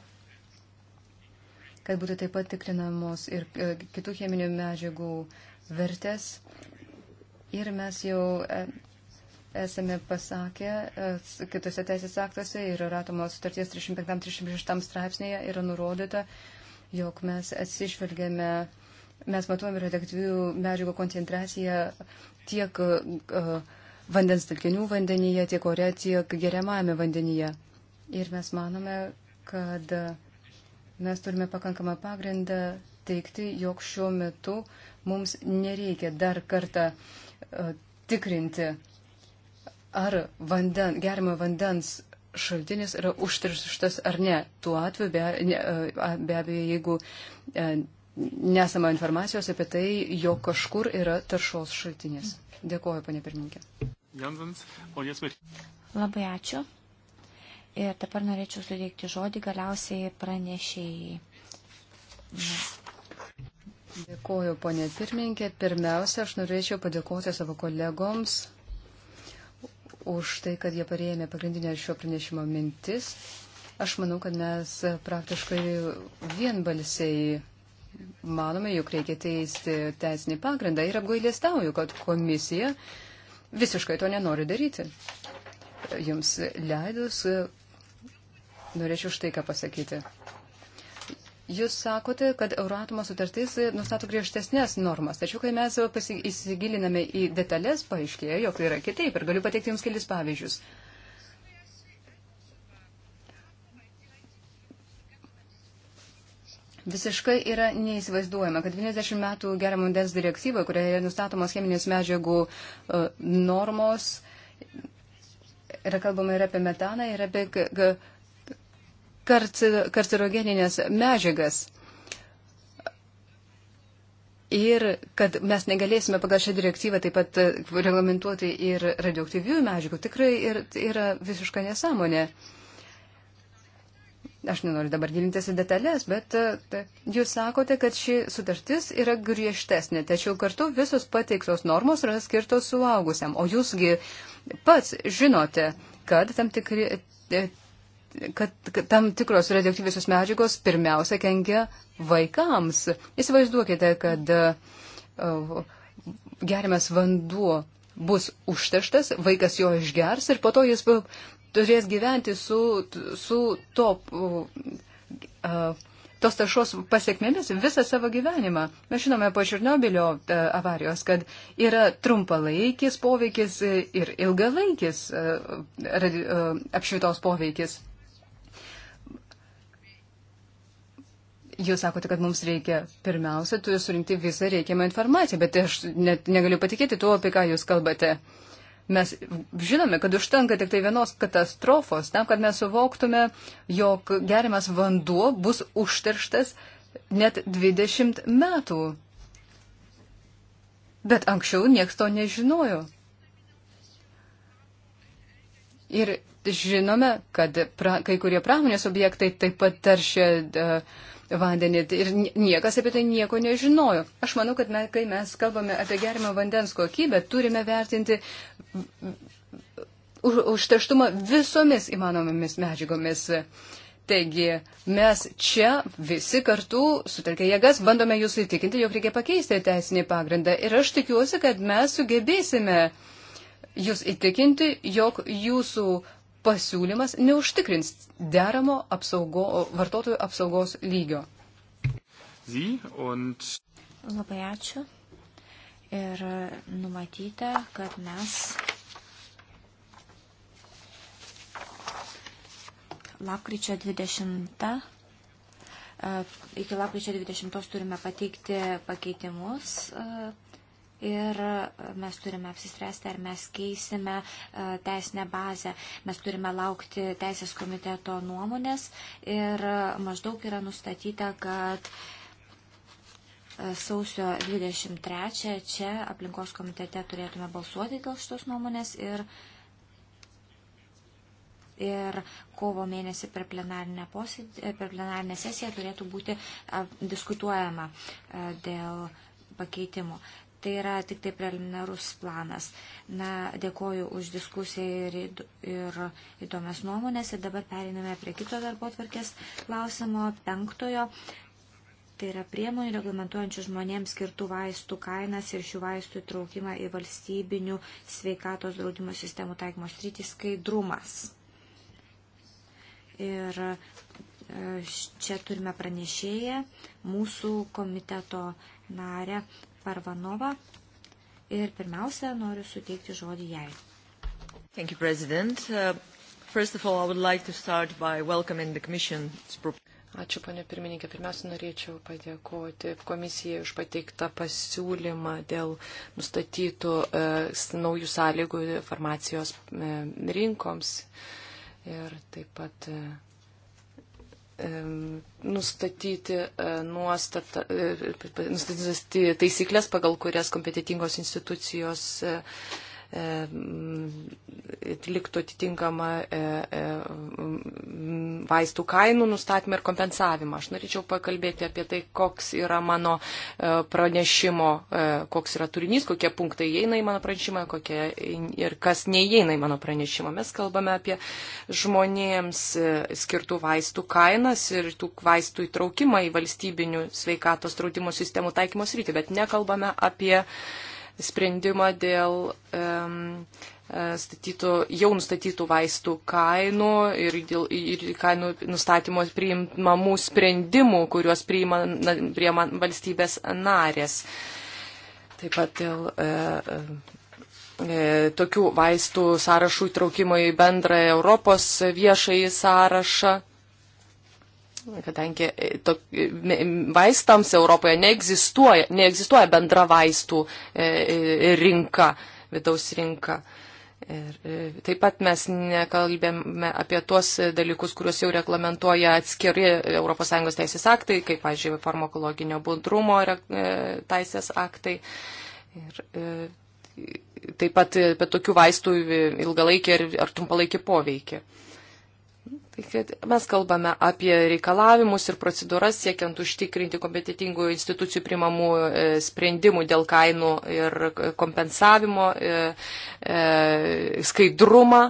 kad būtų taip pat tikrinamos ir e, kitų cheminių medžiagų vertės. Ir mes jau e, esame pasakę kitose teisės aktuose ir Ratomos sutarties 35-36 straipsnėje yra nurodyta, jog mes atsižvelgiame, mes matuojame radioaktyvių medžiagų koncentraciją tiek uh, vandens telkinių vandenyje, tiek ore, tiek geriamame vandenyje. Ir mes manome, kad mes turime pakankamą pagrindą teikti, jog šiuo metu mums nereikia dar kartą uh, tikrinti ar vanden, gerimo vandens šaltinis yra užtirštas ar ne. Tuo atveju be, ne, be abejo, jeigu e, nesama informacijos apie tai, jog kažkur yra taršos šaltinis. Dėkuoju, panė pirmininkė. Jansens, o jas Labai ačiū. Ir dabar norėčiau suteikti žodį galiausiai pranešėjai. Dėkuoju, ponė pirmininkė. Pirmiausia, aš norėčiau padėkoti savo kolegoms už tai, kad jie parėmė pagrindinę šio pranešimo mintis. Aš manau, kad mes praktiškai vienbalsiai manome, jog reikia teisti teisinį pagrindą ir apgailėstauju, kad komisija visiškai to nenori daryti. Jums leidus, norėčiau štai ką pasakyti. Jūs sakote, kad Euratomo sutartis nustato griežtesnės normas, tačiau kai mes įsigiliname į detalės, paaiškėjo, jog tai yra kitaip ir galiu pateikti Jums kelis pavyzdžius. Visiškai yra neįsivaizduojama, kad 90 metų geriamo vandens direktyvoje, kurioje nustatomos cheminės medžiagų e, normos, yra kalbama ir apie metaną, ir apie karcerogeninės medžiagas. Ir kad mes negalėsime pagal šią direktyvą taip pat e, reglamentuoti ir radioaktyvių medžiagų, tikrai ir, yra visiška nesąmonė. Aš nenoriu dabar gilintis į detalės, bet e, ta, jūs sakote, kad ši sutartis yra griežtesnė, tačiau kartu visos pateiktos normos yra skirtos suaugusiam, o jūsgi pats žinote, kad tam tikri e, kad, kad tam tikros radioaktyviosios medžiagos pirmiausia kenkia vaikams. Įsivaizduokite, kad uh, geriamas vanduo bus užterštas, vaikas jo išgers ir po to jis turės gyventi su, su to, uh, tos taršos pasiekmėmis visą savo gyvenimą. Mes žinome po Černobilio uh, avarijos, kad yra trumpalaikis poveikis ir ilgalaikis uh, uh, apšvitos poveikis. Jūs sakote, kad mums reikia pirmiausia, turi surinkti visą reikiamą informaciją, bet aš net negaliu patikėti tuo, apie ką jūs kalbate. Mes žinome, kad užtenka tik tai vienos katastrofos, tam, kad mes suvoktume, jog geriamas vanduo bus užterštas net 20 metų. Bet anksčiau niekas to nežinojo. Ir žinome, kad pra, kai kurie pramonės objektai taip pat taršia uh, e, vandenį tai ir niekas apie tai nieko nežinojo. Aš manau, kad mes, kai mes kalbame apie gerimą vandens kokybę, turime vertinti užterštumą visomis įmanomomis medžiagomis. Taigi mes čia visi kartu sutelkę jėgas bandome jūs įtikinti, jog reikia pakeisti teisinį pagrindą. Ir aš tikiuosi, kad mes sugebėsime jūs įtikinti, jog jūsų uh, pasiūlymas neužtikrins deramo apsaugo, vartotojų apsaugos lygio. Und... Labai ačiū. Ir numatyta, kad mes lapkričio 20 e, iki lapkričio 20 turime pateikti pakeitimus e, ir e, mes turime apsispręsti, ar mes keisime e, teisinę bazę. Mes turime laukti teisės komiteto nuomonės ir e, maždaug yra nustatyta, kad sausio 23 čia aplinkos komitete turėtume balsuoti dėl šitos nuomonės ir ir kovo mėnesį per plenarinę, posėdį, per plenarinę sesiją turėtų būti diskutuojama dėl pakeitimų. Tai yra tik tai preliminarus planas. Na, dėkoju už diskusiją ir, ir įdomias nuomonės. Ir dabar periname prie kito darbo tvarkės klausimo, penktojo. Tai yra priemonių reglamentuojančių žmonėms skirtų vaistų kainas ir šių vaistų įtraukimą į valstybinių sveikatos draudimo sistemų taikymo sritį skaidrumas. Ir e, čia turime pranešėję mūsų komiteto narę Parvanova. Ir pirmiausia, noriu suteikti žodį jai. Thank you, President. Uh, first of all, I would like to start by welcoming the Commission's proposal. Ačiū, ponė pirmininkė. Pirmiausia, norėčiau padėkoti komisijai už pateiktą pasiūlymą dėl nustatytų e, naujų sąlygų farmacijos e, rinkoms. Ir taip pat e, nustatyti e, nuostatą, e, nustatyti taisyklės, pagal kurias kompetitingos institucijos e, atliktų e, atitinkamą e, e, vaistų kainų nustatymą ir kompensavimą. Aš norėčiau pakalbėti apie tai, koks yra mano pranešimo, koks yra turinys, kokie punktai įeina į mano pranešimą kokie, ir kas neįeina į mano pranešimą. Mes kalbame apie žmonėms skirtų vaistų kainas ir tų vaistų įtraukimą į valstybinių sveikatos draudimo sistemų taikymos rytį, bet nekalbame apie uh, sprendimą dėl um, statytų, jau nustatytų vaistų kainų ir, dėl, ir kainų nustatymo priimamų sprendimų, kuriuos priima, na, priima valstybės narės. Taip pat dėl. E, e, e Tokių vaistų sąrašų įtraukimo į bendrą Europos viešąjį sąrašą kadangi e, to, e, vaistams Europoje neegzistuoja, neegzistuoja bendra vaistų e, rinka, vidaus rinka. Ir taip pat mes nekalbėme apie tuos dalykus, kuriuos jau reglamentuoja atskiri ES teisės aktai, kaip, pažiūrėjau, farmakologinio budrumo teisės aktai. Ir taip pat apie tokių vaistų ilgalaikį ar trumpalaikį poveikį. Tai kad mes kalbame apie reikalavimus ir procedūras siekiant užtikrinti kompetitingų institucijų primamų e, sprendimų dėl kainų ir kompensavimo, e, e, skaidrumą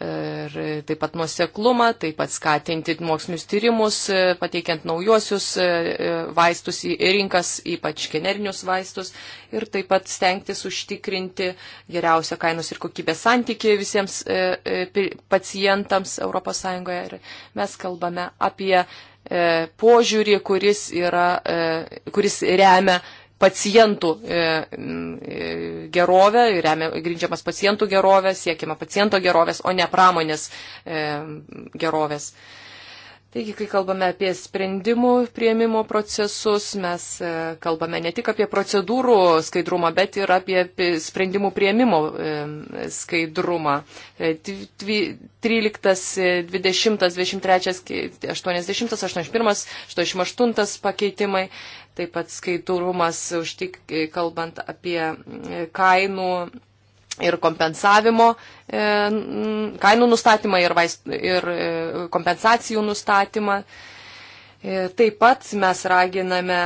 ir taip pat nuoseklumą, taip pat skatinti mokslinius tyrimus, e, pateikiant naujosius e, e, vaistus į rinkas, ypač generinius vaistus, ir taip pat stengtis užtikrinti geriausią kainos ir kokybės santyki visiems pacientams ES. Ir mes kalbame apie požiūrį, kuris, yra, kuris remia pacientų e, e, gerovę, remia, grindžiamas pacientų gerovę, siekiama paciento gerovės, o ne pramonės e, gerovės. Taigi, kai kalbame apie sprendimų prieimimo procesus, mes kalbame ne tik apie procedūrų skaidrumą, bet ir apie sprendimų prieimimo skaidrumą. 13, 20, 23, 80, 81, 88 pakeitimai taip pat skaiturumas, užtik, kalbant apie e, kainų ir kompensavimo, e, kainų nustatymą ir, vaist, ir e, kompensacijų nustatymą. Taip pat mes raginame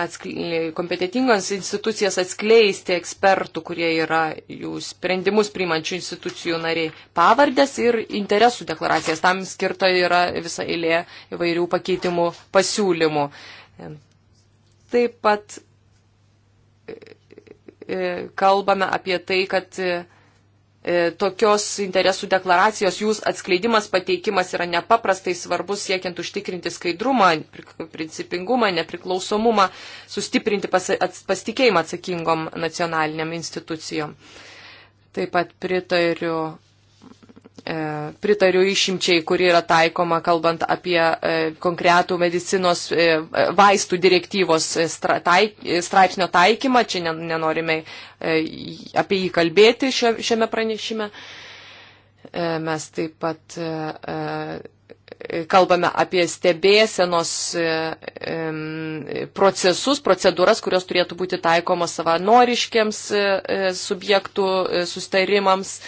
kompetitingas institucijas atskleisti ekspertų, kurie yra jų sprendimus priimančių institucijų nariai, pavardės ir interesų deklaracijas. Tam skirta yra visa eilė įvairių pakeitimų pasiūlymų. Taip pat e, e, kalbame apie tai, kad e, tokios interesų deklaracijos jūs atskleidimas, pateikimas yra nepaprastai svarbus siekiant užtikrinti skaidrumą, principingumą, nepriklausomumą, sustiprinti pasitikėjimą atsakingom nacionaliniam institucijom. Taip pat pritariu E, pritariu išimčiai, kuri yra taikoma, kalbant apie e, konkretų medicinos e, vaistų direktyvos straipsnio taikymą. Čia nenorime apie jį kalbėti šiame pranešime. Mes taip pat kalbame apie stebėsenos procesus, procedūras, kurios turėtų būti taikomos savanoriškiams subjektų sustarimams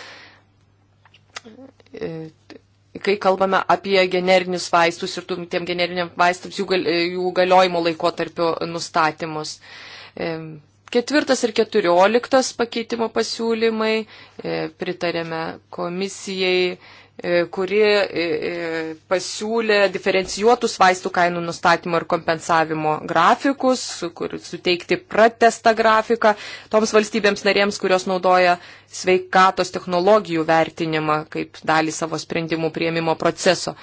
E, kai kalbame apie generinius vaistus ir tiem generiniam vaistams jų, gal, e, jų galiojimo laikotarpio nustatymus. E, ketvirtas ir keturioliktas pakeitimo pasiūlymai pritarėme komisijai E, kuri e, e, pasiūlė diferencijuotus vaistų kainų nustatymo ir kompensavimo grafikus, kur suteikti pratestą grafiką toms valstybėms narėms, kurios naudoja sveikatos technologijų vertinimą kaip dalį savo sprendimų prieimimo proceso.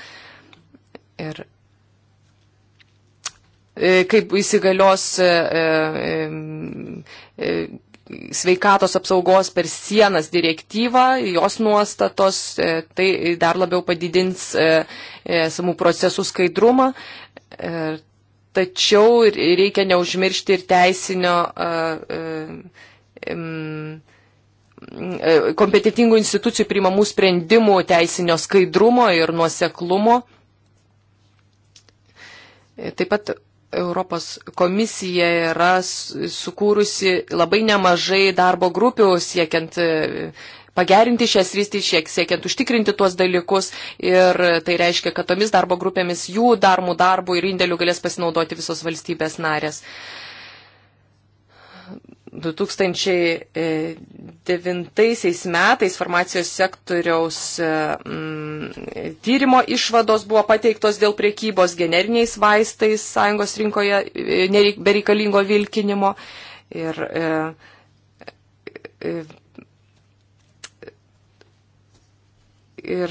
Ir kaip įsigalios sveikatos apsaugos per sienas direktyva, jos nuostatos, e, tai dar labiau padidins e, e, samų procesų skaidrumą. Tačiau reikia neužmiršti ir teisinio kompetitingų institucijų priimamų sprendimų teisinio skaidrumo ir nuoseklumo. Taip pat Europos komisija yra sukūrusi labai nemažai darbo grupių siekiant e, pagerinti šią sristį, siekiant užtikrinti tuos dalykus ir tai reiškia, kad tomis darbo grupėmis jų darmų darbų ir indėlių galės pasinaudoti visos valstybės narės. Uh, 2009 metais farmacijos sektoriaus mm, tyrimo išvados buvo pateiktos dėl priekybos generiniais vaistais sąjungos rinkoje e, bereikalingo vilkinimo. Ir, e, e, ir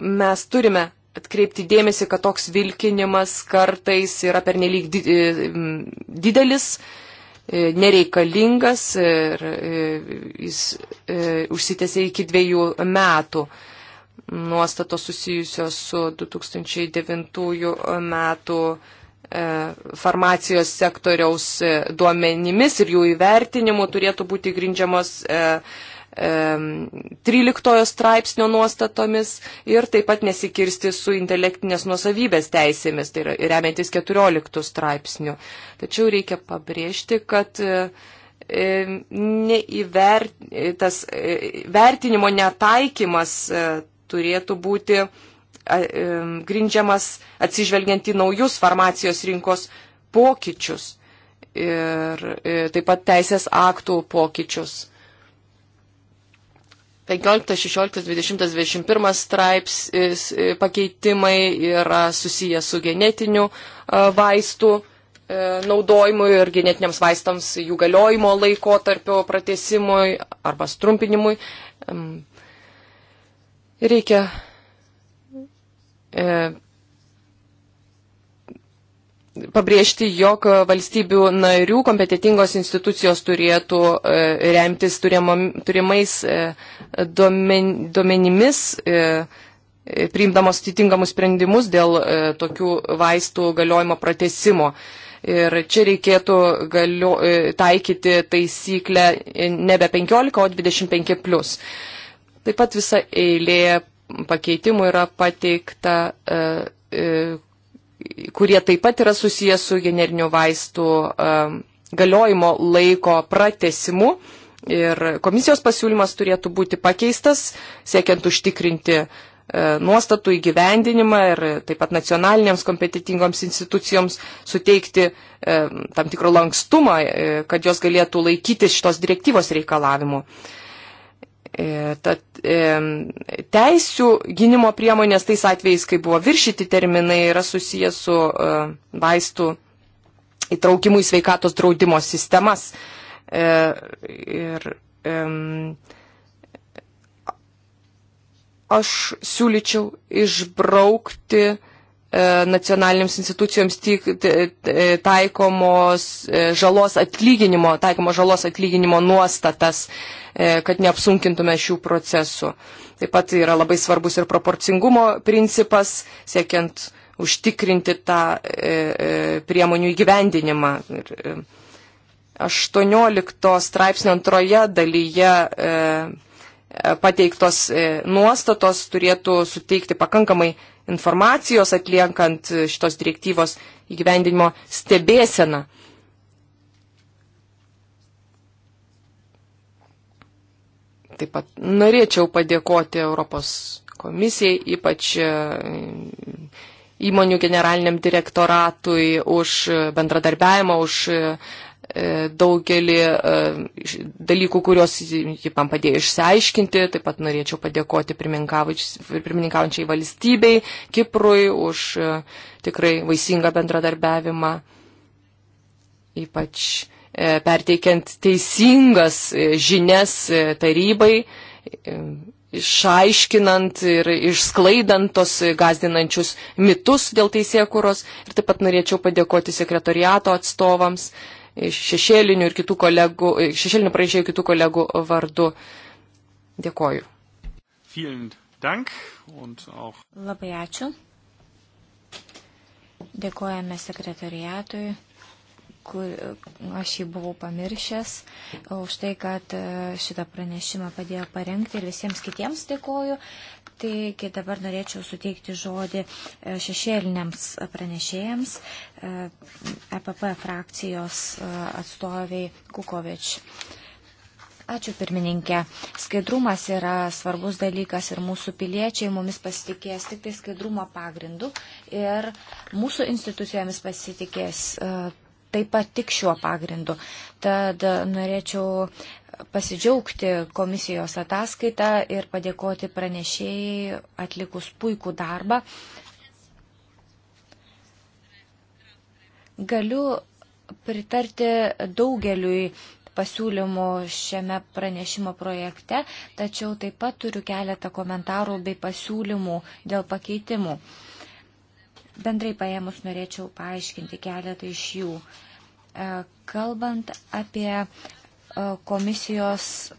mes turime atkreipti dėmesį, kad toks vilkinimas kartais yra pernelyg e, didelis, e, nereikalingas ir e, jis užsitęsė iki dviejų metų. Nuostatos susijusios su 2009 metų farmacijos sektoriaus duomenimis ir jų įvertinimu turėtų būti grindžiamos 13 straipsnio nuostatomis ir taip pat nesikirsti su intelektinės nuosavybės teisėmis, tai yra remiantis 14 straipsnių. Tačiau reikia pabrėžti, kad e, e, neįvertas e, vertinimo netaikymas turėtų būti grindžiamas atsižvelgiant į naujus farmacijos rinkos pokyčius ir taip pat teisės aktų pokyčius. 15, 16, 20, 21 straips pakeitimai yra susiję su genetiniu vaistu e, naudojimui ir genetiniams vaistams jų galiojimo laikotarpio pratesimui arba strumpinimui. Reikia e, pabrėžti, jog valstybių narių kompetitingos institucijos turėtų e, remtis turimais e, duomenimis, e, priimdamos atitinkamus sprendimus dėl tokių vaistų galiojimo pratesimo. Ir čia reikėtų galio, taikyti taisyklę nebe 15, o 25. Plus. Taip pat visa eilė pakeitimų yra pateikta. E, e, kurie taip pat yra susijęs su generinių vaistų um, galiojimo laiko pratesimu. Ir komisijos pasiūlymas turėtų būti pakeistas, siekiant užtikrinti e, nuostatų įgyvendinimą ir taip pat nacionalinėms kompetitingoms institucijoms suteikti e, tam tikro lankstumą, e, kad jos galėtų laikytis šitos direktyvos reikalavimų. E, tad e, teisų gynimo priemonės tais atvejais, kai buvo viršyti terminai, yra susijęs su e, vaistų įtraukimu į sveikatos draudimo sistemas. Ir aš siūlyčiau išbraukti E, nacionalinėms institucijoms tik taikomos e, žalos atlyginimo, taikomo žalos atlyginimo nuostatas, e, kad neapsunkintume šių procesų. Taip pat yra labai svarbus ir proporcingumo principas, siekiant užtikrinti tą priemonių įgyvendinimą. 18 straipsnio antroje dalyje pateiktos nuostatos turėtų suteikti pakankamai informacijos atliekant šitos direktyvos įgyvendinimo stebėseną. Taip pat norėčiau padėkoti Europos komisijai, ypač e, įmonių generaliniam direktoratui už bendradarbiavimą, už e, E, daugelį e, dalykų, kuriuos ji man padėjo išsiaiškinti. Taip pat norėčiau padėkoti pirmininkaujančiai valstybei, Kiprui, už e, tikrai vaisingą bendradarbiavimą, ypač perteikiant teisingas žinias tarybai, išaiškinant ir išsklaidant tos gazdinančius mitus dėl teisėkuros. Ir taip pat norėčiau padėkoti sekretoriato atstovams šešėlinių ir kitų kolegų, šešėlinių pranešėjų kitų kolegų vardu. Dėkoju. Auch... Labai ačiū. Dėkojame sekretariatui, kur aš jį buvau pamiršęs, už tai, kad e, šitą pranešimą padėjo parengti ir visiems kitiems dėkoju. Taigi dabar norėčiau suteikti žodį e, šešėliniams pranešėjams EPP e frakcijos e, atstoviai Kukovič. Ačiū pirmininkė. Skaidrumas yra svarbus dalykas ir mūsų piliečiai mumis pasitikės tik tai skaidrumo pagrindu ir mūsų institucijomis pasitikės taip pat tik šiuo pagrindu. Tad norėčiau pasidžiaugti komisijos ataskaitą ir padėkoti pranešėjai atlikus puikų darbą. Galiu pritarti daugeliui pasiūlymų šiame pranešimo projekte, tačiau taip pat turiu keletą komentarų bei pasiūlymų dėl pakeitimų. Bendrai paėmus norėčiau paaiškinti keletą iš jų. E, kalbant apie komisijos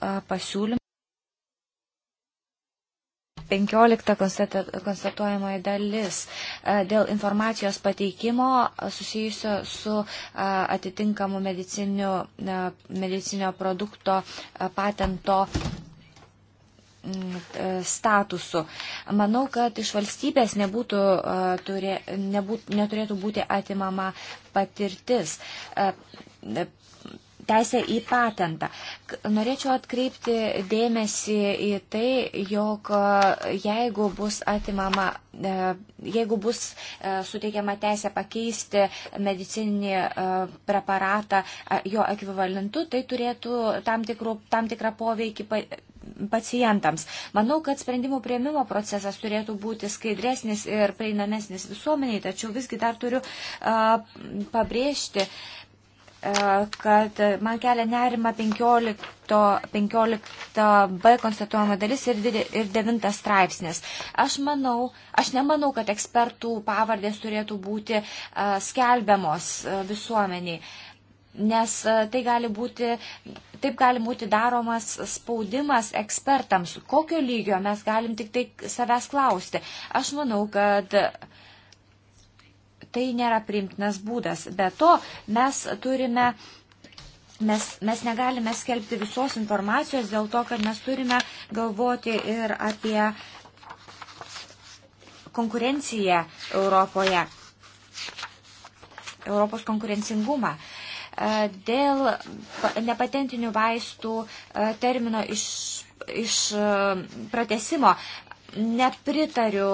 pasiūlymą. 15 konstatuojamoji dalis dėl informacijos pateikimo susijusio su atitinkamu medicinio produkto patento mm, statusu. Manau, kad iš valstybės nebūtų, turė, nebūt, neturėtų būti atimama patirtis teisę į patentą. Norėčiau atkreipti dėmesį į tai, jog e, jeigu bus atimama, e, jeigu bus e, suteikiama teisė pakeisti medicininį preparatą jo ekvivalentu, tai turėtų tam, tikrų, tam tikrą poveikį pacientams. Manau, kad sprendimų prieimimo procesas turėtų būti skaidresnis ir prieinamesnis visuomeniai, tačiau visgi dar turiu uh, pabrėžti, E, kad man kelia nerima 15, 15b konstatuojama dalis ir, ir 9 straipsnis. Aš, manau, aš nemanau, kad ekspertų pavardės turėtų būti e, skelbiamos e, visuomeniai, nes tai gali būti, taip gali būti daromas spaudimas ekspertams, kokio lygio mes galim tik tai savęs klausti. Aš manau, kad tai nėra primtinas būdas. Be to, mes turime mes, mes negalime skelbti visos informacijos dėl to, kad mes turime galvoti ir apie konkurenciją Europoje, Europos konkurencingumą. E, dėl nepatentinių vaistų e, termino iš, iš e, pratesimo nepritariu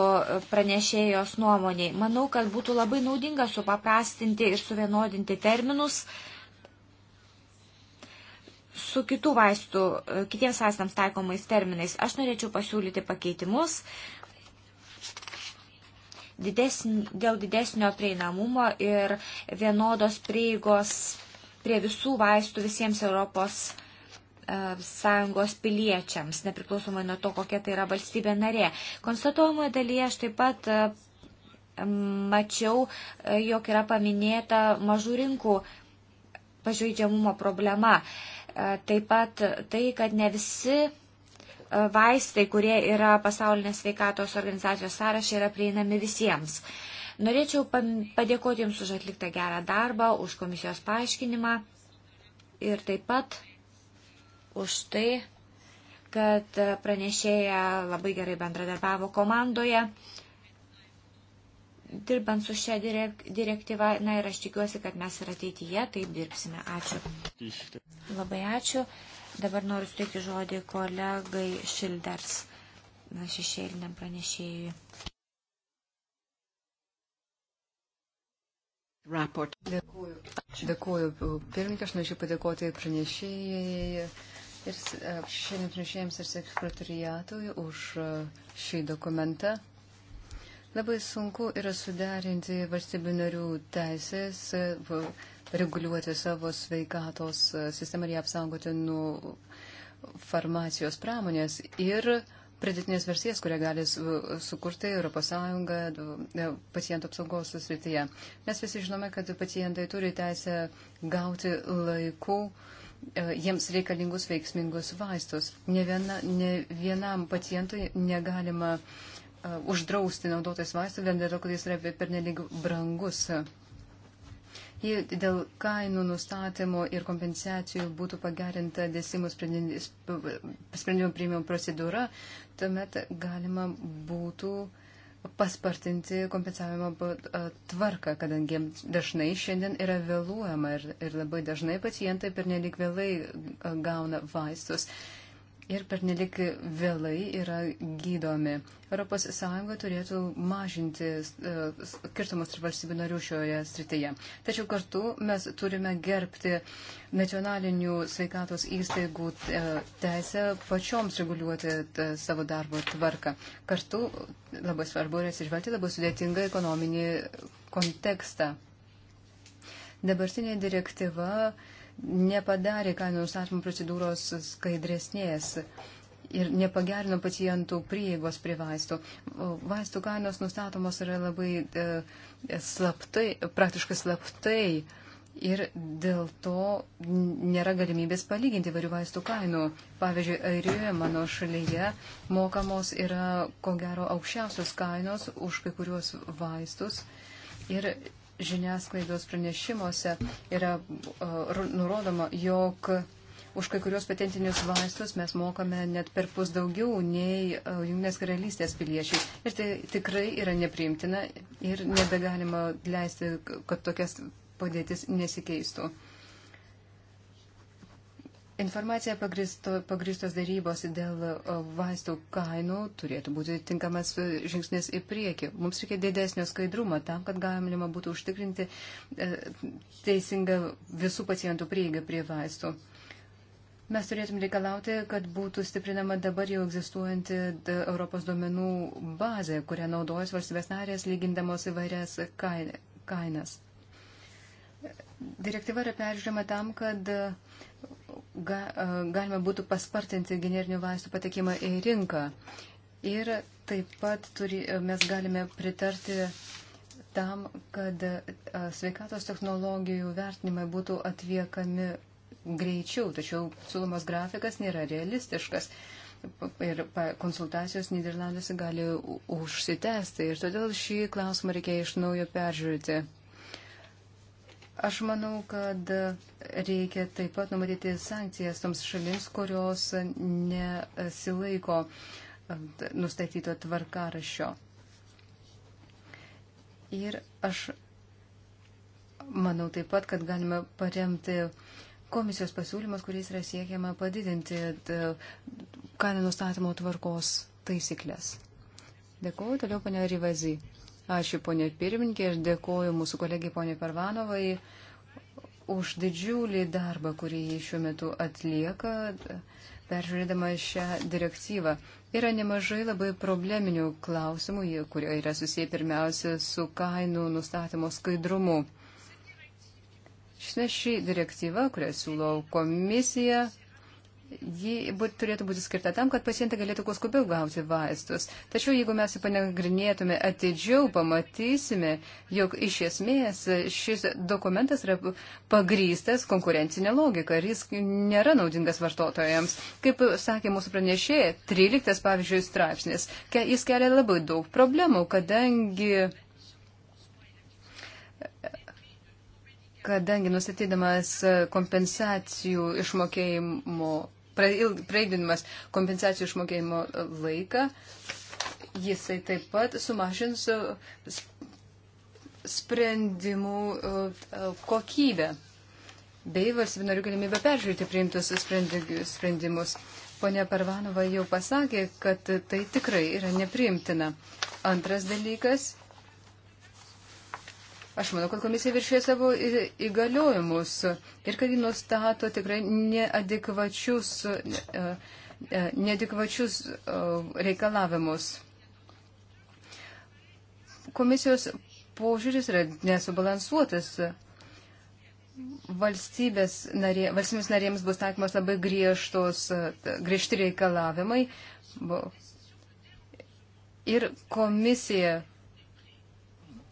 pranešėjos nuomoniai. Manau, kad būtų labai naudinga supaprastinti ir suvienodinti terminus su kitų vaistų, kitiems vaistams taikomais terminais. Aš norėčiau pasiūlyti pakeitimus didesn, dėl didesnio prieinamumo ir vienodos prieigos prie visų vaistų visiems Europos E, sąjungos piliečiams, nepriklausomai nuo to, kokia tai yra valstybė narė. Konstatuojamoje dalyje aš taip pat e, mačiau, e, jog yra paminėta mažų rinkų pažeidžiamumo problema. Taip pat tai, kad ne visi vaistai, kurie yra pasaulinės sveikatos organizacijos sąrašai, yra prieinami visiems. Norėčiau padėkoti Jums už atliktą gerą darbą, už komisijos paaiškinimą ir taip pat už tai, kad pranešėja labai gerai bendradarbiavo komandoje, dirbant su šią direktyvą. Na ir aš tikiuosi, kad mes ir ateityje taip dirbsime. Ačiū. Labai ačiū. Dabar noriu suteikti žodį kolegai Šilders, šešėliniam pranešėjui. Raport. Dėkuoju. Dėkuoju. Pirmininkas, aš norėčiau padėkoti pranešėjai ir e, šiandien pranešėjams ir sekretariatui už e, šį dokumentą. Labai sunku yra suderinti valstybių narių teisės, e, reguliuoti savo sveikatos sistemą ir ją apsaugoti nuo farmacijos pramonės ir pridėtinės versijas, kurią gali sukurti ES pacientų apsaugos srityje. Mes visi žinome, kad pacientai turi teisę gauti laikų uh, E, jiems reikalingus veiksmingus vaistus. Ne, viena, ne vienam pacientui negalima uh, uždrausti naudotis vaistų vien dėl to, kad jis yra pernelyg brangus. Jei dėl kainų nustatymo ir kompensacijų būtų pagerinta desimų sprendimų priimimo procedūra, tuomet galima būtų uh, paspartinti kompensavimo tvarką, kadangi dažnai šiandien yra vėluojama ir, ir labai dažnai pacientai per nelik vėlai gauna vaistus ir pernelik vėlai yra gydomi. ES turėtų mažinti e, skirtumus tarp valstybių narių šioje srityje. Tačiau kartu mes turime gerbti nacionalinių sveikatos įstaigų e, teisę pačioms reguliuoti e, savo darbo tvarką. Kartu labai svarbu yra atsižvelgti labai sudėtingą ekonominį kontekstą. Dabartinė direktyva uh, nepadarė kainų nustatymo procedūros skaidresnės ir nepagerino pacientų prieigos prie vaistų. Vaistų kainos nustatomos yra labai e, slaptai, praktiškai slaptai ir dėl to nėra galimybės palyginti varių vaistų kainų. Pavyzdžiui, Airijoje, mano šalyje, mokamos yra ko gero aukščiausios kainos už kai kuriuos vaistus. Ir žiniasklaidos pranešimuose yra uh, nurodoma, jog už kai kurios patentinius vaistus mes mokame net per pus daugiau nei uh, Junginės karalystės piliečiai. Ir tai tikrai yra nepriimtina ir nebegalima leisti, kad tokias padėtis nesikeistų. Informacija pagristo, pagristos darybos dėl e, vaistų kainų turėtų būti tinkamas e, žingsnis į priekį. Mums reikia didesnio skaidrumo tam, kad galima būtų užtikrinti e, teisingą visų pacientų prieigą prie vaistų. Mes turėtum reikalauti, kad būtų stiprinama dabar jau egzistuojanti Europos duomenų bazė, kurią naudojas valstybės narės lygindamos įvairias kainas. Direktyva yra peržiūrima tam, kad uh, ga, galima būtų paspartinti generinių vaistų patekimą į rinką. Ir taip pat turi, mes galime pritarti tam, kad sveikatos technologijų vertinimai būtų atliekami greičiau, tačiau siūlomas grafikas nėra realistiškas. Ir konsultacijos Niderlanduose gali užsitęsti ir todėl šį klausimą reikia iš naujo peržiūrėti. Aš manau, kad reikia taip pat numatyti sankcijas toms šalims, kurios nesilaiko um, nustatyto tvarkarašio. Ir aš manau taip pat, kad galime paremti komisijos pasiūlymas, kuriais yra siekiama padidinti kainų nustatymo tvarkos taisyklės. Dėkuoju, toliau panė Rivazy. Ačiū, ponė pirmininkė, aš dėkoju mūsų kolegijai ponė Parvanovai už didžiulį darbą, kurį jie šiuo metu atlieka, peržiūrėdama šią direktyvą. Yra nemažai labai probleminių klausimų, kurie yra susiję pirmiausia su kainų nustatymo skaidrumu. Šis ši direktyva, kurią siūlo komisija, ji būt, turėtų būti skirta tam, kad pacientai galėtų kuo skubiau gauti vaistus. Tačiau jeigu mes panagrinėtume atidžiau, pamatysime, jog iš esmės šis dokumentas yra pagrystas konkurencinė logika ir jis nėra naudingas vartotojams. Kaip sakė mūsų pranešė, 13 pavyzdžiui straipsnis, ke, jis kelia labai daug problemų, kadangi kadangi nustatydamas kompensacijų išmokėjimo prailginimas kompensacijų išmokėjimo laiką, jisai taip pat sumažins uh, sprendimų uh, uh, kokybę bei valstybių narių galimybę peržiūrėti priimtus sprendimus. Pone Parvanova jau pasakė, kad tai tikrai yra nepriimtina. Antras dalykas Aš manau, kad komisija viršė savo įgaliojimus ir kad ji nustato tikrai neadekvačius, e, e, neadekvačius e, reikalavimus. Komisijos požiūris yra nesubalansuotas. Valstybės, narė, valstybės narėms bus taikomas labai griežtos, griežti reikalavimai. Ir komisija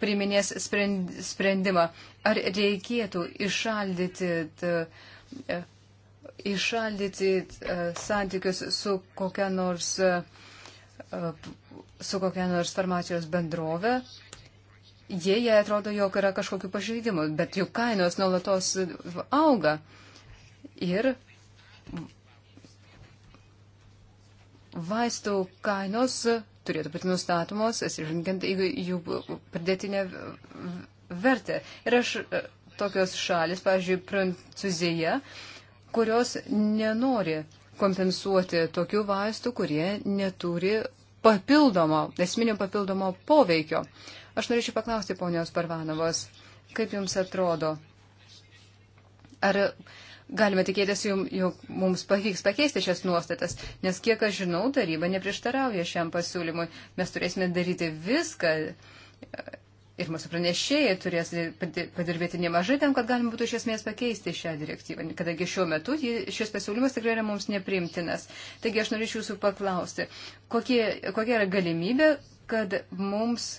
priminės sprendimą, ar reikėtų išaldyti, t, e, išaldyti t, e, santykius su kokia nors, e, su kokia nors farmacijos bendrove, jei jai atrodo, jog yra kažkokių pažeidimų, bet jų kainos nuolatos auga. Ir vaistų kainos turėtų būti nustatomos, atsižvelgiant į jų pridėtinę vertę. Ir aš e, tokios šalis, pavyzdžiui, Prancūzija, kurios nenori kompensuoti tokių vaistų, kurie neturi papildomo, esminio papildomo poveikio. Aš norėčiau paklausti ponios Parvanovos, kaip jums atrodo, ar galime tikėtis, jog mums pavyks pakeisti šias nuostatas, nes kiek aš žinau, taryba neprieštarauja šiam pasiūlymui. Mes turėsime daryti viską ir mūsų pranešėjai turės padirbėti nemažai tam, kad galima būtų iš esmės pakeisti šią direktyvą, kadangi šiuo metu šis pasiūlymas tikrai yra mums neprimtinas. Taigi aš norėčiau jūsų paklausti, kokie, kokia yra galimybė, kad mums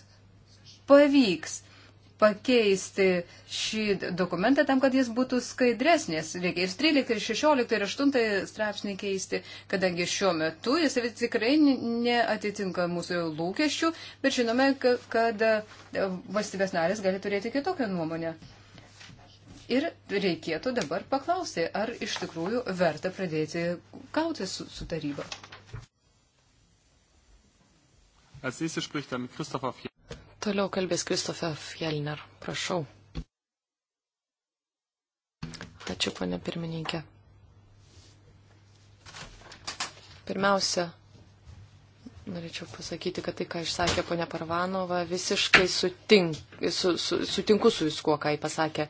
pavyks pakeisti šį dokumentą tam, kad jis būtų skaidresnis. Reikia ir 13, ir 16, ir 8 straipsnį keisti, kadangi šiuo metu jis tikrai neatitinka mūsų lūkesčių, bet žinome, kad e, valstybės narės gali turėti kitokią nuomonę. Ir reikėtų dabar paklausti, ar iš tikrųjų verta pradėti kautis su, su taryba. Als nächstes spricht dann Christopher Fjell. Toliau kalbės Kristofer Fjellner. Prašau. Ačiū, ponė pirmininkė. Pirmiausia, norėčiau pasakyti, kad tai, ką išsakė ponė Parvanova, visiškai sutink, su, su, sutinku su viskuo, ką jį pasakė.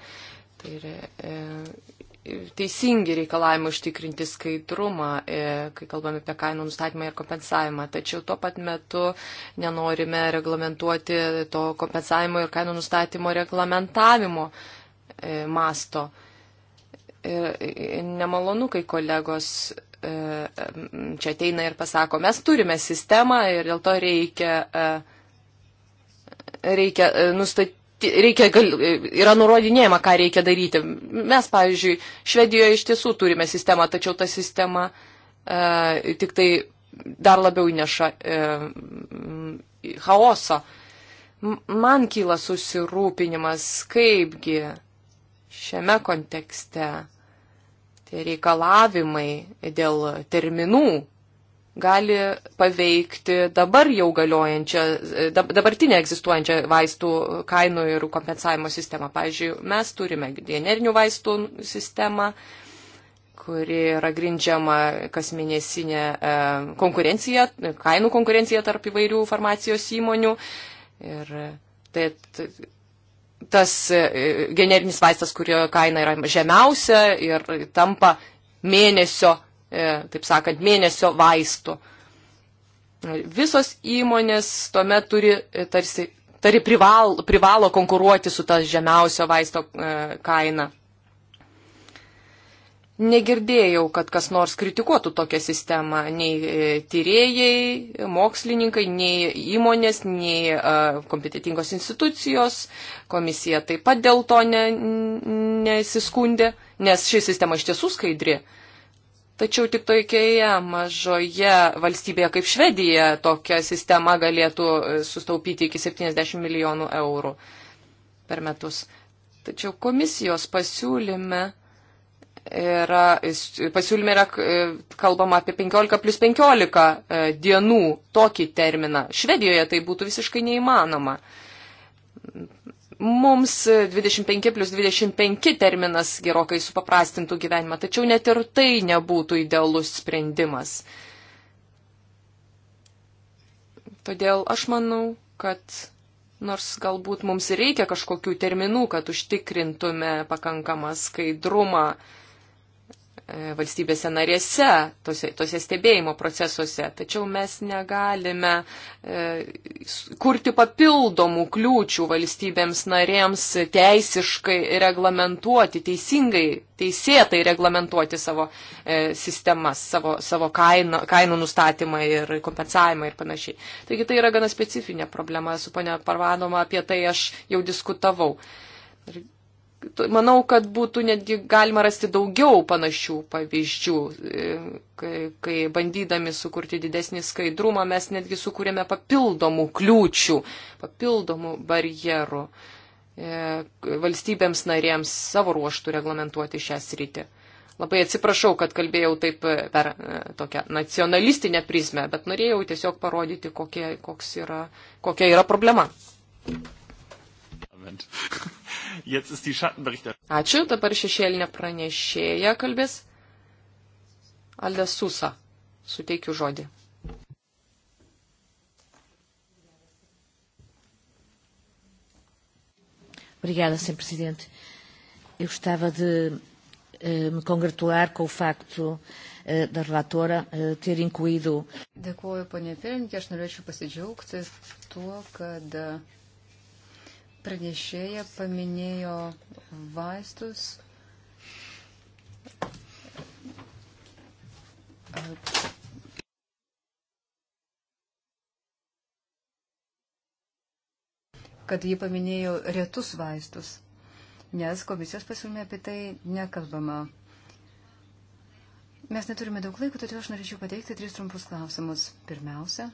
Tai yra e, teisingi reikalavimai užtikrinti skaidrumą, e, kai kalbame apie kainų nustatymą ir kompensavimą. Tačiau tuo pat metu nenorime reglamentuoti to kompensavimo ir kainų nustatymo reglamentavimo e, masto. Ir e, nemalonu, kai kolegos čia ateina ir pasako, mes turime sistemą ir dėl to reikia, reikia nustatyti reikia, gal, yra nurodinėjama, ką reikia daryti. Mes, pavyzdžiui, Švedijoje iš tiesų turime sistemą, tačiau ta sistema e, tik tai dar labiau įneša e, chaosą. Man kyla susirūpinimas, kaipgi šiame kontekste tie reikalavimai dėl terminų gali paveikti dabar jau galiojančią, dabartinę egzistuojančią vaistų kainų ir kompensavimo sistemą. Pavyzdžiui, mes turime generinių vaistų sistemą, kuri yra grindžiama kasmėnesinė e, konkurencija, kainų konkurencija tarp įvairių farmacijos įmonių. Ir tai, tas e, generinis vaistas, kurio kaina yra žemiausia ir tampa mėnesio E, taip sakant, mėnesio vaistų. Visos įmonės tuomet turi e, tarsi tari privalo, privalo konkuruoti su ta žemiausio vaisto e, kaina. Negirdėjau, kad kas nors kritikuotų tokią sistemą, nei e, tyrėjai, mokslininkai, nei įmonės, nei e, kompetitingos institucijos. Komisija taip pat dėl to ne, nesiskundė, nes ši sistema iš tiesų skaidri. E, Tačiau tik tokioje mažoje valstybėje kaip Švedija tokia sistema galėtų e, sustaupyti iki 70 milijonų eurų per metus. Tačiau komisijos pasiūlyme yra, pasiūlyme yra e, kalbama apie 15 plus 15 e, dienų tokį terminą. Švedijoje tai būtų visiškai neįmanoma Mums 25 plus 25 terminas gerokai supaprastintų gyvenimą, tačiau net ir tai nebūtų idealus sprendimas. Todėl aš manau, kad nors galbūt mums reikia kažkokių terminų, kad užtikrintume pakankamą skaidrumą, uh, E, valstybėse narėse, tose, tose stebėjimo procesuose. Tačiau mes negalime e, kurti papildomų kliūčių valstybėms narėms teisiškai reglamentuoti, teisingai, teisėtai reglamentuoti savo e, sistemas, savo, savo kaino, kainų nustatymą ir kompensavimą ir panašiai. Taigi tai yra gana specifinė problema. Su ponia Parvanoma apie tai aš jau diskutavau. Ir manau, kad būtų netgi galima rasti daugiau panašių pavyzdžių, e, kai, kai bandydami sukurti didesnį skaidrumą mes netgi sukūrėme papildomų kliūčių, papildomų barjerų e, valstybėms narėms savo ruoštų reglamentuoti šią sritį. Labai atsiprašau, kad kalbėjau taip e, per tokią nacionalistinę prizmę, bet norėjau tiesiog parodyti, kokie, yra, kokia yra problema. Amen. Ačiū, dabar šešėlinė pranešėja kalbės. Alda Susa, suteikiu žodį. Obrigada, Sr. Presidente. Eu gostava de eh, me congratular com o facto eh, da relatora eh, ter incluído. Dėkuoju, ponė Pirinkė, aš norėčiau pasidžiaugti tuo, kad eh, pranešėja paminėjo vaistus. kad jį paminėjo retus vaistus, nes komisijos pasiūlyme apie tai nekalbama. Mes neturime daug laiko, todėl aš norėčiau pateikti tris trumpus klausimus. Pirmiausia,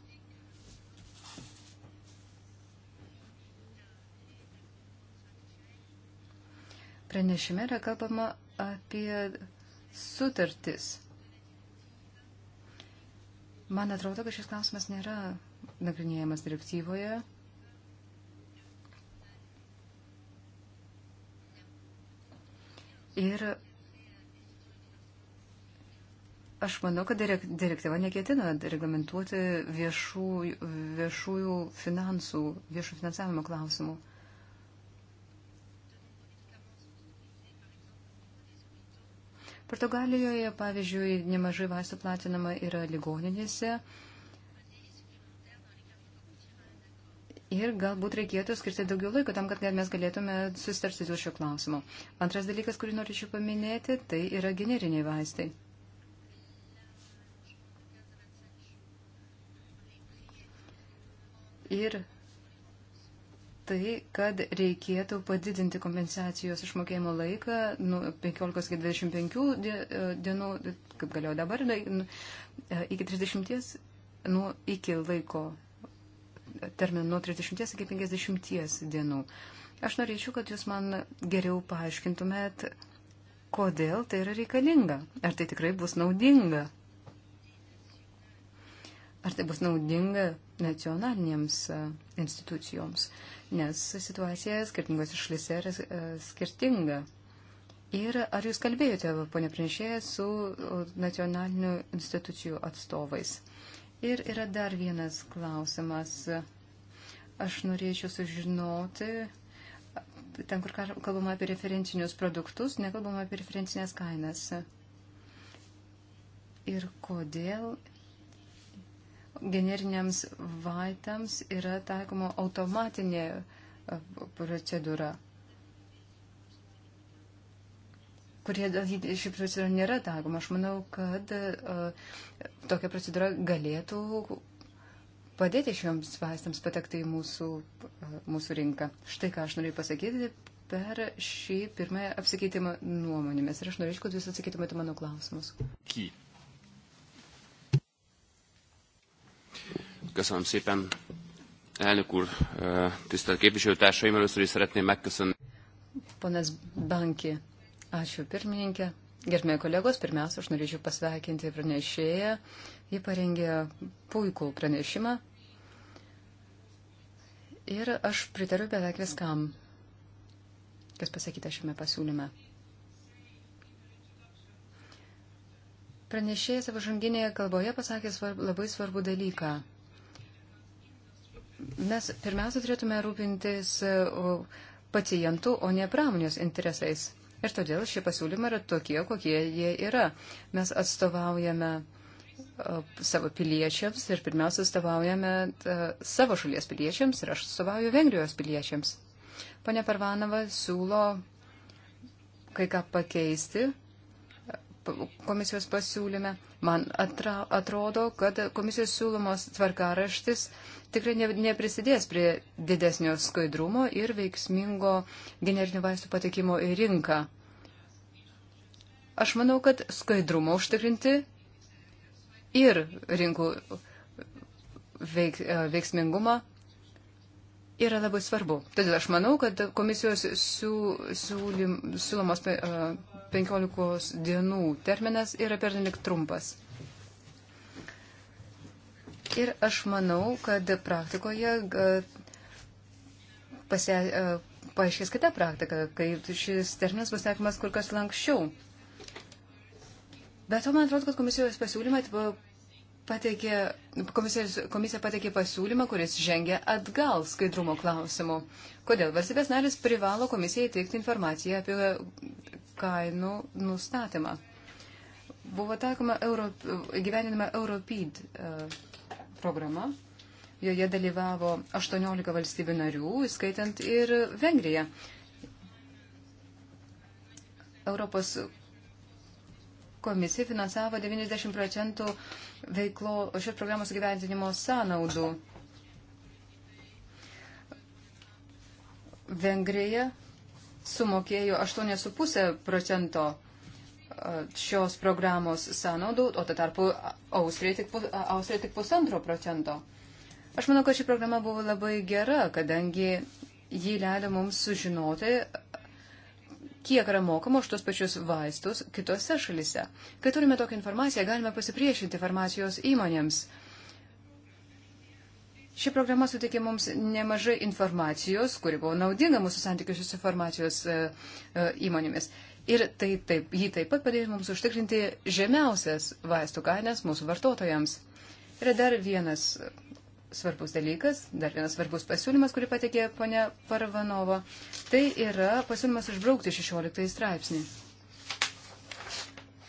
Pranešime yra kalbama apie sutartis. Man atrodo, kad šis klausimas nėra nagrinėjamas direktyvoje. Ir aš manau, kad direktyva neketina reglamentuoti viešų, viešųjų finansų, viešų finansavimo klausimų. Portugalijoje, pavyzdžiui, nemažai vaistų platinama yra ligoninėse. Ir galbūt reikėtų skirti daugiau laiko tam, kad mes galėtume susitarti dėl šio klausimo. Antras dalykas, kurį norėčiau paminėti, tai yra generiniai vaistai. Ir tai, kad reikėtų padidinti kompensacijos išmokėjimo laiką nuo 15 iki 25 e, dienų, kaip galėjo dabar, nu, e, iki 30, nuo iki laiko e, terminų nuo 30 iki 50 dienų. Aš norėčiau, kad jūs man geriau paaiškintumėt, kodėl tai yra reikalinga. Ar tai tikrai bus naudinga? Ar tai bus naudinga nacionalinėms e, institucijoms, nes situacija skirtingose šalyse yra e, skirtinga. Ir ar jūs kalbėjote, ponė pranešėja, su e, nacionalinių institucijų atstovais? Ir yra dar vienas klausimas. Aš norėčiau sužinoti, ten, kur kalbama apie referencinius produktus, nekalbama apie referencinės kainas. Ir kodėl generiniams vaitams yra taikoma automatinė e, procedūra, kurie ši procedūra nėra taikoma. Aš manau, kad e, tokia procedūra galėtų padėti šioms vaistams patekti į mūsų, e, mūsų rinką. Štai ką aš norėjau pasakyti per šį pirmąją apsikeitimą nuomonėmis. Ir aš norėčiau, kad jūs atsakytumėte mano klausimus. Key. Köszönöm szépen. Elnök úr, tisztelt képviselőtársaim, először is szeretném megköszönni. Ponas Banki, ačiū pirmininkė. Gerbėjai kolegos, pirmiausia, aš norėčiau pasveikinti pranešėją. Ji parengė puikų pranešimą. Ir aš pritariu beveik viskam, kas pasakyta šiame pasiūlyme. Pranešėjas savo žanginėje kalboje pasakė svarb, labai svarbų dalyką mes pirmiausia turėtume rūpintis pacientų, o ne pramonės interesais. Ir todėl šie pasiūlymai yra tokie, kokie jie yra. Mes atstovaujame savo piliečiams ir pirmiausia atstovaujame e, savo šalies piliečiams ir aš atstovauju Vengrijos piliečiams. Pane Parvanova siūlo kai ką pakeisti komisijos pasiūlyme. Man atra, atrodo, kad komisijos siūlomos tvarkaraštis tikrai ne, neprisidės prie didesnio skaidrumo ir veiksmingo generinių vaistų patekimo į rinką. Aš manau, kad skaidrumo užtikrinti ir rinkų veik, e, veiksmingumą yra labai svarbu. Todėl aš manau, kad komisijos siūlomas 15 dienų terminas yra pernelik trumpas. Ir aš manau, kad praktikoje pasia, paaiškės kita praktika, kai šis terminas bus taikomas kur kas lankščiau. Bet to man atrodo, kad komisijos pasiūlymai pateikė, komisija pateikė pasiūlymą, kuris žengia atgal skaidrumo klausimu. Kodėl valstybės narės privalo komisijai teikti informaciją apie kainų nustatymą? Buvo taikoma Euro, gyveninama Europid e, programa. Joje dalyvavo 18 valstybių narių, įskaitant ir Vengriją. Europos komisija finansavo 90 procentų veiklo šios programos gyventinimo sąnaudų. Vengrija sumokėjo 8,5 procento šios programos sąnaudų, o tuo tarpu Austrija tik, Austrija tik pusantro procento. Aš manau, kad ši programa buvo labai gera, kadangi jį leido mums sužinoti kiek yra mokama už tos pačius vaistus kitose šalise. Kai turime tokią informaciją, galime pasipriešinti farmacijos įmonėms. Ši programa suteikė mums nemažai informacijos, kuri buvo naudinga mūsų santykiuose su farmacijos e, e, įmonėmis. Ir tai taip, jį taip pat padėjo mums užtikrinti žemiausias vaistų kainas mūsų vartotojams. Yra dar vienas svarbus dalykas, dar vienas svarbus pasiūlymas, kurį patikė ponia Parvanova, tai yra pasiūlymas išbraukti 16 straipsnį.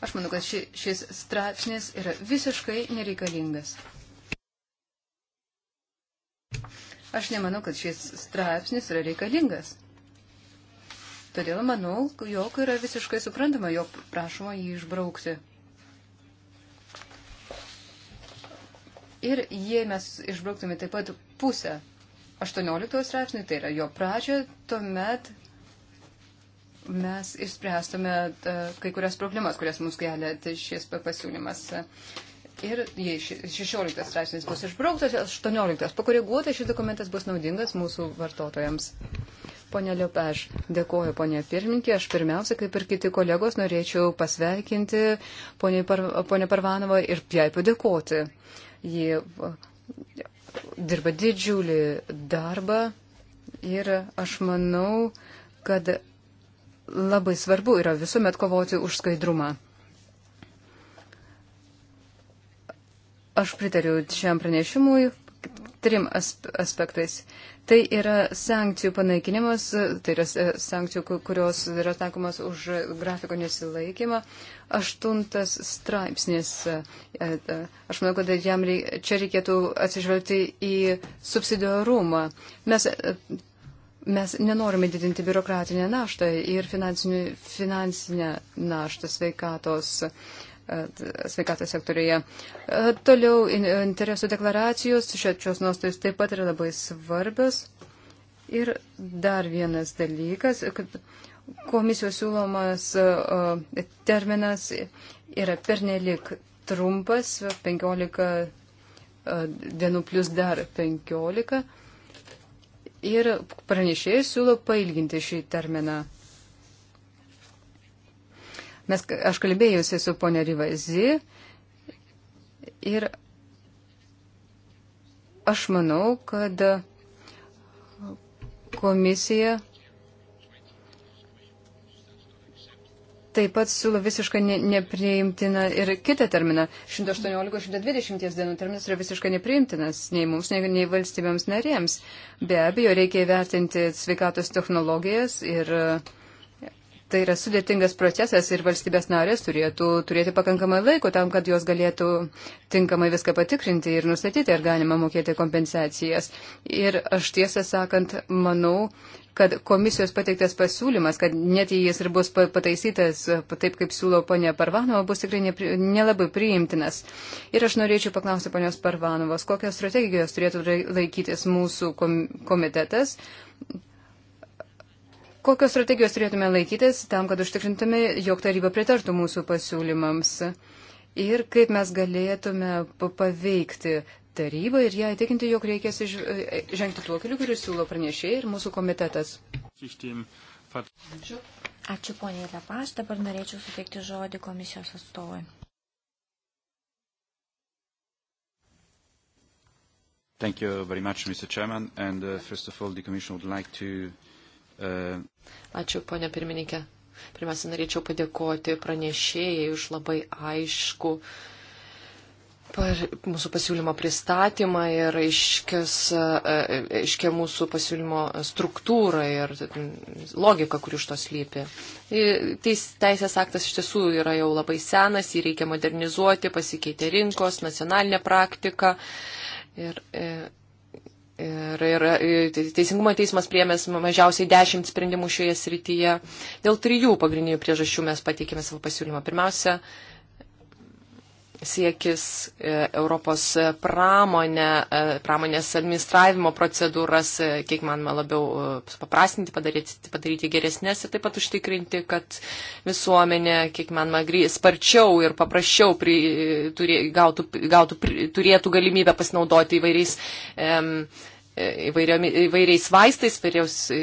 Aš manau, kad ši, šis straipsnis yra visiškai nereikalingas. Aš nemanau, kad šis straipsnis yra reikalingas. Todėl manau, jog yra visiškai suprantama, jog prašoma jį išbraukti. Ir jei mes išbrauktume taip pat pusę 18 straipsnių, tai yra jo pradžia, tuomet mes išspręstume e, kai kurias problemas, kurias mums kelia tai šis pasiūlymas. Ir jei 16 straipsnis bus išbrauktas, 18 pakoreguotas, šis dokumentas bus naudingas mūsų vartotojams. Pone Liopeš, dėkoju, ponė pirmininkė. Aš pirmiausia, kaip ir kiti kolegos, norėčiau pasveikinti ponė, Par, ponė Parvanovą ir jai padėkoti. Uh, Ji e, dirba didžiulį darbą ir aš manau, kad labai svarbu yra visuomet kovoti už skaidrumą. Aš pritariu šiam pranešimui trim aspektais. Tai yra sankcijų panaikinimas, tai yra sankcijų, kurios yra taikomos už grafiko nesilaikymą. Aštuntas straipsnis. E, e, e, aš manau, kad jam reik, čia reikėtų atsižvelgti į subsidiarumą. Mes, mes nenorime didinti biurokratinę naštą ir finansinę naštą sveikatos. Uh, sveikatos sektorėje. Toliau interesų deklaracijos, šios nuostojus taip pat yra labai svarbios. Ir dar vienas dalykas, kad komisijos siūlomas terminas yra pernelik trumpas, 15 dienų plus dar 15. Ir pranešėjai siūlo pailginti šį terminą. Mes, aš kalbėjusi su ponia Rivazi ir aš manau, kad komisija taip pat siūlo visiškai ne, nepriimtiną ir kitą terminą. 118-120 dienų terminas yra visiškai nepriimtinas nei mums, nei, nei valstybėms narėms. Be abejo, reikia įvertinti sveikatos technologijas ir uh, tai yra sudėtingas procesas ir valstybės narės turėtų turėti pakankamai laiko tam, kad jos galėtų tinkamai viską patikrinti ir nustatyti, ar galima mokėti kompensacijas. Ir aš tiesą sakant, manau, kad komisijos pateiktas pasiūlymas, kad net jei jis ir bus pataisytas taip, kaip siūlo ponia Parvanova, bus tikrai nelabai priimtinas. Ir aš norėčiau paklausti ponios Parvanovos, kokios strategijos turėtų laikytis mūsų komitetas Kokios strategijos turėtume laikytis tam, kad užtikrintume, jog taryba pritartų mūsų pasiūlymams? Ir kaip mes galėtume paveikti tarybą ir ją įtikinti, jog reikės e, e, žengti tuo keliu, kurį siūlo pranešėjai ir mūsų komitetas? Ačiū. Ačiū poniai Lepaš, dabar norėčiau suteikti žodį komisijos atstovui. Thank you very much, Mr. Chairman. And uh, first of all, the Commission would like to uh, Ačiū, ponė pirmininkė. Pirmiausia, norėčiau padėkoti pranešėjai už labai aišku par, mūsų pasiūlymo pristatymą ir e, aiškia mūsų pasiūlymo struktūrą ir mm, logiką, kur iš to slypi. Teis, teisės aktas iš tiesų yra jau labai senas, jį reikia modernizuoti, pasikeitė rinkos, nacionalinė praktika. Ir, e, Ir, ir Teisingumo teismas priemės mažiausiai dešimt sprendimų šioje srityje. Dėl trijų pagrindinių priežasčių mes pateikėme savo pasiūlymą. Pirmiausia, siekis e, Europos pramonę, e, pramonės administravimo procedūras, e, kiek manoma labiau paprastinti, padaryti, padaryti geresnės ir taip pat užtikrinti, kad visuomenė, kiek manoma, sparčiau ir paprasčiau pri, turė, gautų, gautų, pri, turėtų galimybę pasinaudoti įvairiais. Um, e, įvairiais vaistais, įvairiaus e,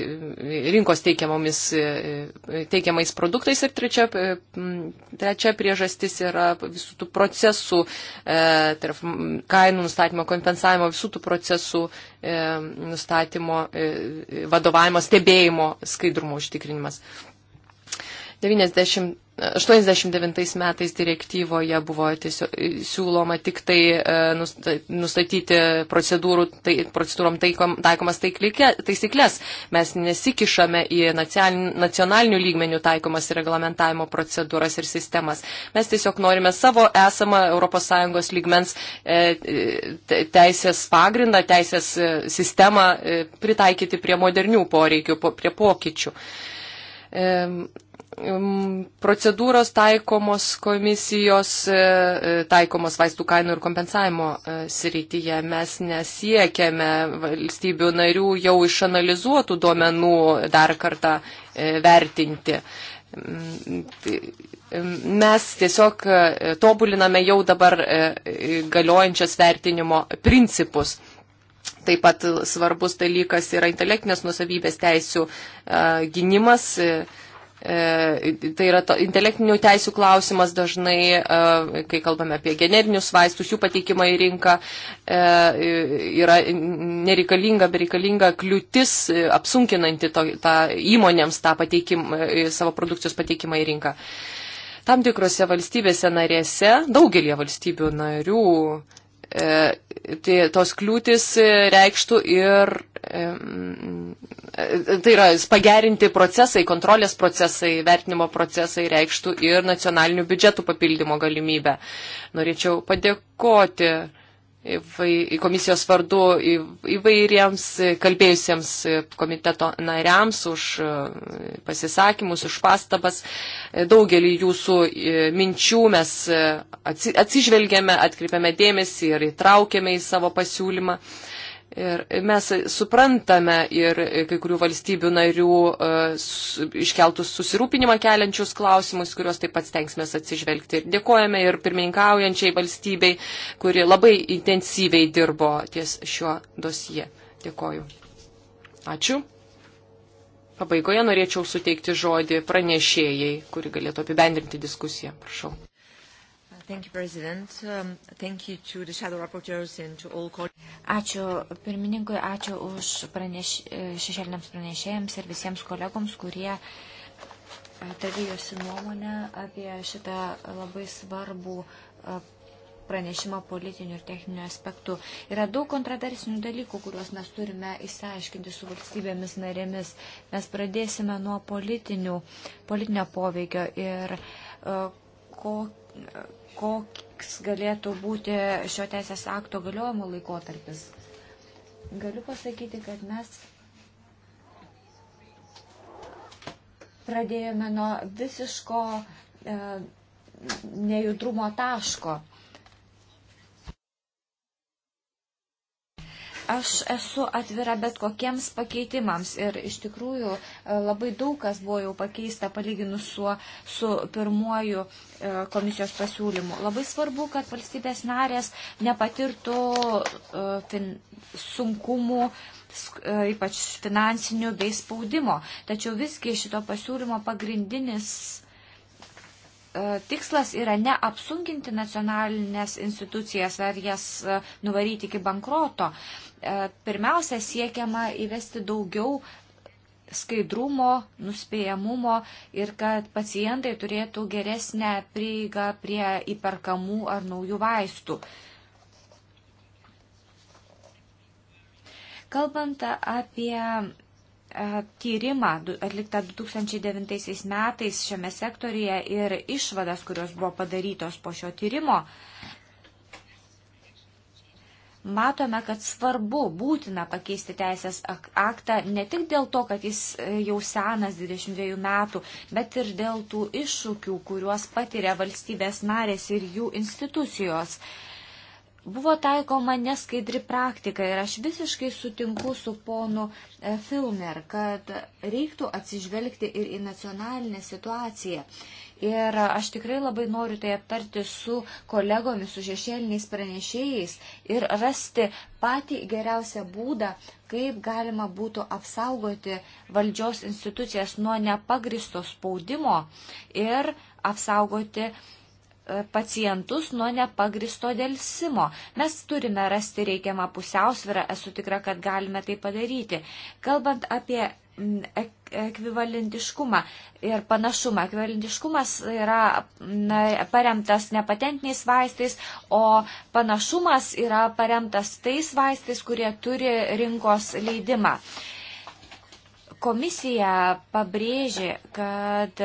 rinkos e, e, teikiamais produktais. Ir trečia, trečia priežastis yra visų tų procesų, tarp kainų nustatymo, kompensavimo, visų tų procesų nustatymo, vadovavimo, stebėjimo skaidrumo užtikrinimas. 90 89 metais direktyvoje buvo tiesiog siūloma tik tai e, nustatyti procedūrų, tai, procedūrom taikom, taikomas taisyklės. Mes nesikišame į nacionalinių lygmenių taikomas reglamentavimo procedūras ir sistemas. Mes tiesiog norime savo esamą ES lygmens e, teisės pagrindą, teisės e, sistemą pritaikyti prie modernių poreikių, prie pokyčių procedūros taikomos komisijos, e, e, taikomos vaistų kainų ir kompensavimo e, srityje. Mes nesiekiame valstybių narių jau išanalizuotų duomenų dar kartą vertinti. Mes tiesiog tobuliname jau dabar galiojančias vertinimo principus. Taip pat svarbus dalykas yra intelektinės nusavybės teisų gynimas. E, E, tai yra to, intelektinių teisų klausimas dažnai, e, kai kalbame apie generinius vaistus, jų pateikimą į rinką, e, yra nereikalinga, bereikalinga kliūtis apsunkinanti to, tą įmonėms tą pateikim, savo produkcijos pateikimą į rinką. Tam tikrose valstybėse narėse, daugelie valstybių narių, tai tos kliūtis reikštų ir tai yra pagerinti procesai, kontrolės procesai, vertinimo procesai reikštų ir nacionalinių biudžetų papildymo galimybę. Norėčiau padėkoti komisijos vardu įvairiems kalbėjusiems komiteto nariams už pasisakymus, už pastabas. Daugelį jūsų e, minčių mes atsižvelgėme, atkreipiame dėmesį ir įtraukėme į savo pasiūlymą. Ir mes suprantame ir kai kurių valstybių narių e, iškeltus susirūpinimą keliančius klausimus, kuriuos taip pat stengsime atsižvelgti. Ir dėkojame ir pirmininkaujančiai valstybei, kuri labai intensyviai dirbo ties šiuo dosie. Dėkoju. Ačiū. Pabaigoje norėčiau suteikti žodį pranešėjai, kuri galėtų apibendrinti diskusiją. Prašau. Thank you, President. Um, thank you to the shadow rapporteurs and to all colleagues. Ačiū pirmininkui, ačiū už praneš, šešėliniams pranešėjams ir visiems kolegoms, kurie e, dalyjosi nuomonę apie šitą labai svarbų e, pranešimą politinių ir techninių aspektų. Yra daug kontradarsinių dalykų, kuriuos mes turime įsiaiškinti su valstybėmis narėmis. Mes pradėsime nuo politinių, politinio poveikio ir uh, ko, uh, koks galėtų būti šio teisės akto galiojimo laikotarpis. Galiu pasakyti, kad mes pradėjome nuo visiško e, nejudrumo taško. Aš esu atvira bet kokiems pakeitimams ir iš tikrųjų e, labai daug kas buvo jau pakeista palyginus su, su pirmuoju e, komisijos pasiūlymu. Labai svarbu, kad valstybės narės nepatirtų e, fin, sunkumų ypač finansinių bei spaudimo. Tačiau visgi šito pasiūlymo pagrindinis tikslas yra ne apsunkinti nacionalinės institucijas ar jas nuvaryti iki bankroto, E, pirmiausia siekiama įvesti daugiau skaidrumo, nuspėjamumo ir kad pacientai turėtų geresnę prieigą prie įperkamų ar naujų vaistų. Kalbant apie e, tyrimą atliktą 2009 metais šiame sektorija ir išvadas, kurios buvo padarytos po šio tyrimo, matome, kad svarbu būtina pakeisti teisės aktą ne tik dėl to, kad jis e, jau senas 22 metų, bet ir dėl tų iššūkių, kuriuos patiria valstybės narės ir jų institucijos. Buvo taikoma neskaidri praktika ir aš visiškai sutinku su ponu e, Filner, kad reiktų atsižvelgti ir į nacionalinę situaciją. Ir aš tikrai labai noriu tai aptarti su kolegomis, su šešėliniais pranešėjais ir rasti patį geriausią būdą, kaip galima būtų apsaugoti valdžios institucijas nuo nepagristo spaudimo ir apsaugoti e, pacientus nuo nepagristo dėlsimo. Mes turime rasti reikiamą pusiausvyrą, esu tikra, kad galime tai padaryti. Kalbant apie ekvivalentiškumą ir panašumą. Ekvivalentiškumas yra na, paremtas ne patentiniais vaistais, o panašumas yra paremtas tais vaistais, kurie turi rinkos leidimą. Komisija pabrėžė, kad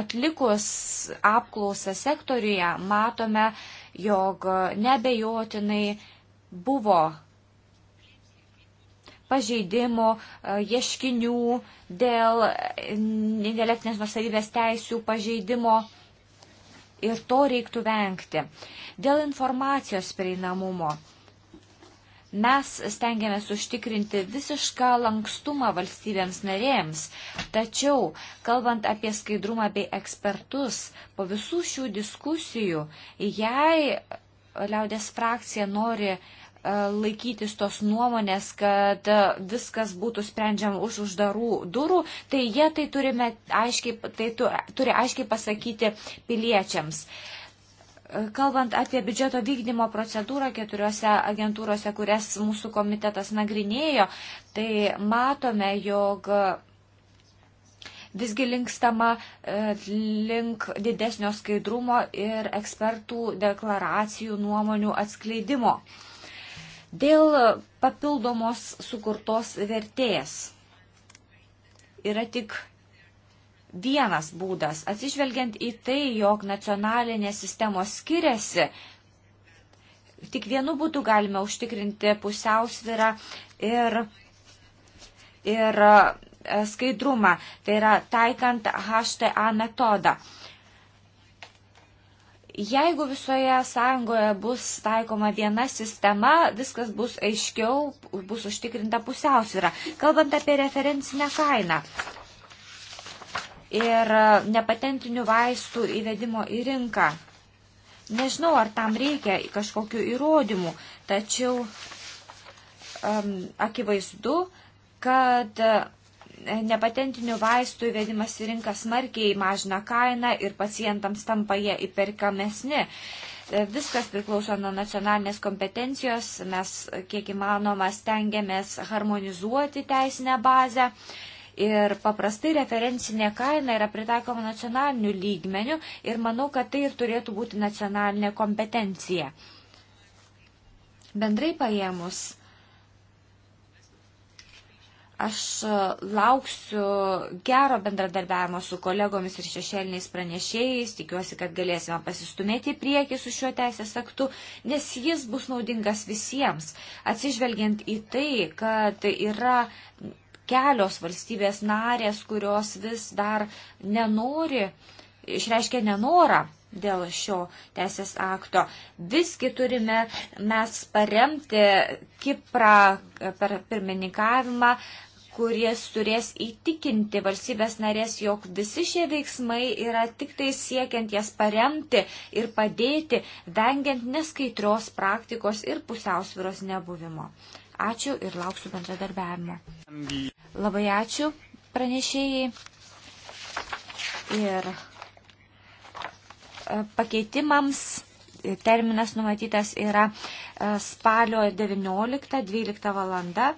atlikus apklausą sektoriuje matome, jog nebejotinai buvo pažeidimų, e, ieškinių dėl intelektinės nusavybės teisių pažeidimo ir to reiktų vengti. Dėl informacijos prieinamumo. Mes stengiamės užtikrinti visišką lankstumą valstybėms narėms, tačiau, kalbant apie skaidrumą bei ekspertus, po visų šių diskusijų, jei liaudės frakcija nori uh, E, laikytis tos nuomonės, kad e, viskas būtų sprendžiama už uždarų durų, tai jie tai, turime, aiškiai, tai tu, turi aiškiai pasakyti piliečiams. E, kalbant apie biudžeto vykdymo procedūrą keturiose agentūrose, kurias mūsų komitetas nagrinėjo, tai matome, jog visgi linkstama link didesnio skaidrumo ir ekspertų deklaracijų nuomonių atskleidimo. Dėl papildomos sukurtos vertės yra tik vienas būdas, atsižvelgiant į tai, jog nacionalinės sistemos skiriasi, tik vienu būdu galime užtikrinti pusiausvirą ir, ir e, skaidrumą, tai yra taikant HTA metodą. Jeigu visoje sąjungoje bus taikoma viena sistema, viskas bus aiškiau, bus užtikrinta pusiausvyra. Kalbant apie referencinę kainą ir nepatentinių vaistų įvedimo į rinką. Nežinau, ar tam reikia kažkokių įrodymų, tačiau um, akivaizdu, kad uh, nepatentinių vaistų įvedimas į rinką smarkiai mažina kainą ir pacientams tampa jie įperkamesni. E, viskas priklauso nuo nacionalinės kompetencijos, mes kiek įmanoma stengiamės harmonizuoti teisinę bazę. Ir paprastai referencinė kaina yra pritaikoma nacionaliniu lygmeniu ir manau, kad tai ir turėtų būti nacionalinė kompetencija. Bendrai paėmus, Aš e, lauksiu gero bendradarbiavimo su kolegomis ir šešėliniais pranešėjais, tikiuosi, kad galėsime pasistumėti į priekį su šiuo teisės aktu, nes jis bus naudingas visiems, atsižvelgiant į tai, kad yra kelios valstybės narės, kurios vis dar nenori, išreiškia nenorą dėl šio teisės akto. Visgi turime mes paremti Kiprą per pirmininkavimą, kuris turės įtikinti valstybės narės, jog visi šie veiksmai yra tik tai siekiant jas paremti ir padėti, vengiant neskaitrios praktikos ir pusiausviros nebuvimo. Ačiū ir lauksiu bendradarbiavimo. Labai ačiū pranešėjai. Ir e, pakeitimams e, terminas numatytas yra e, spalio 19-12 valanda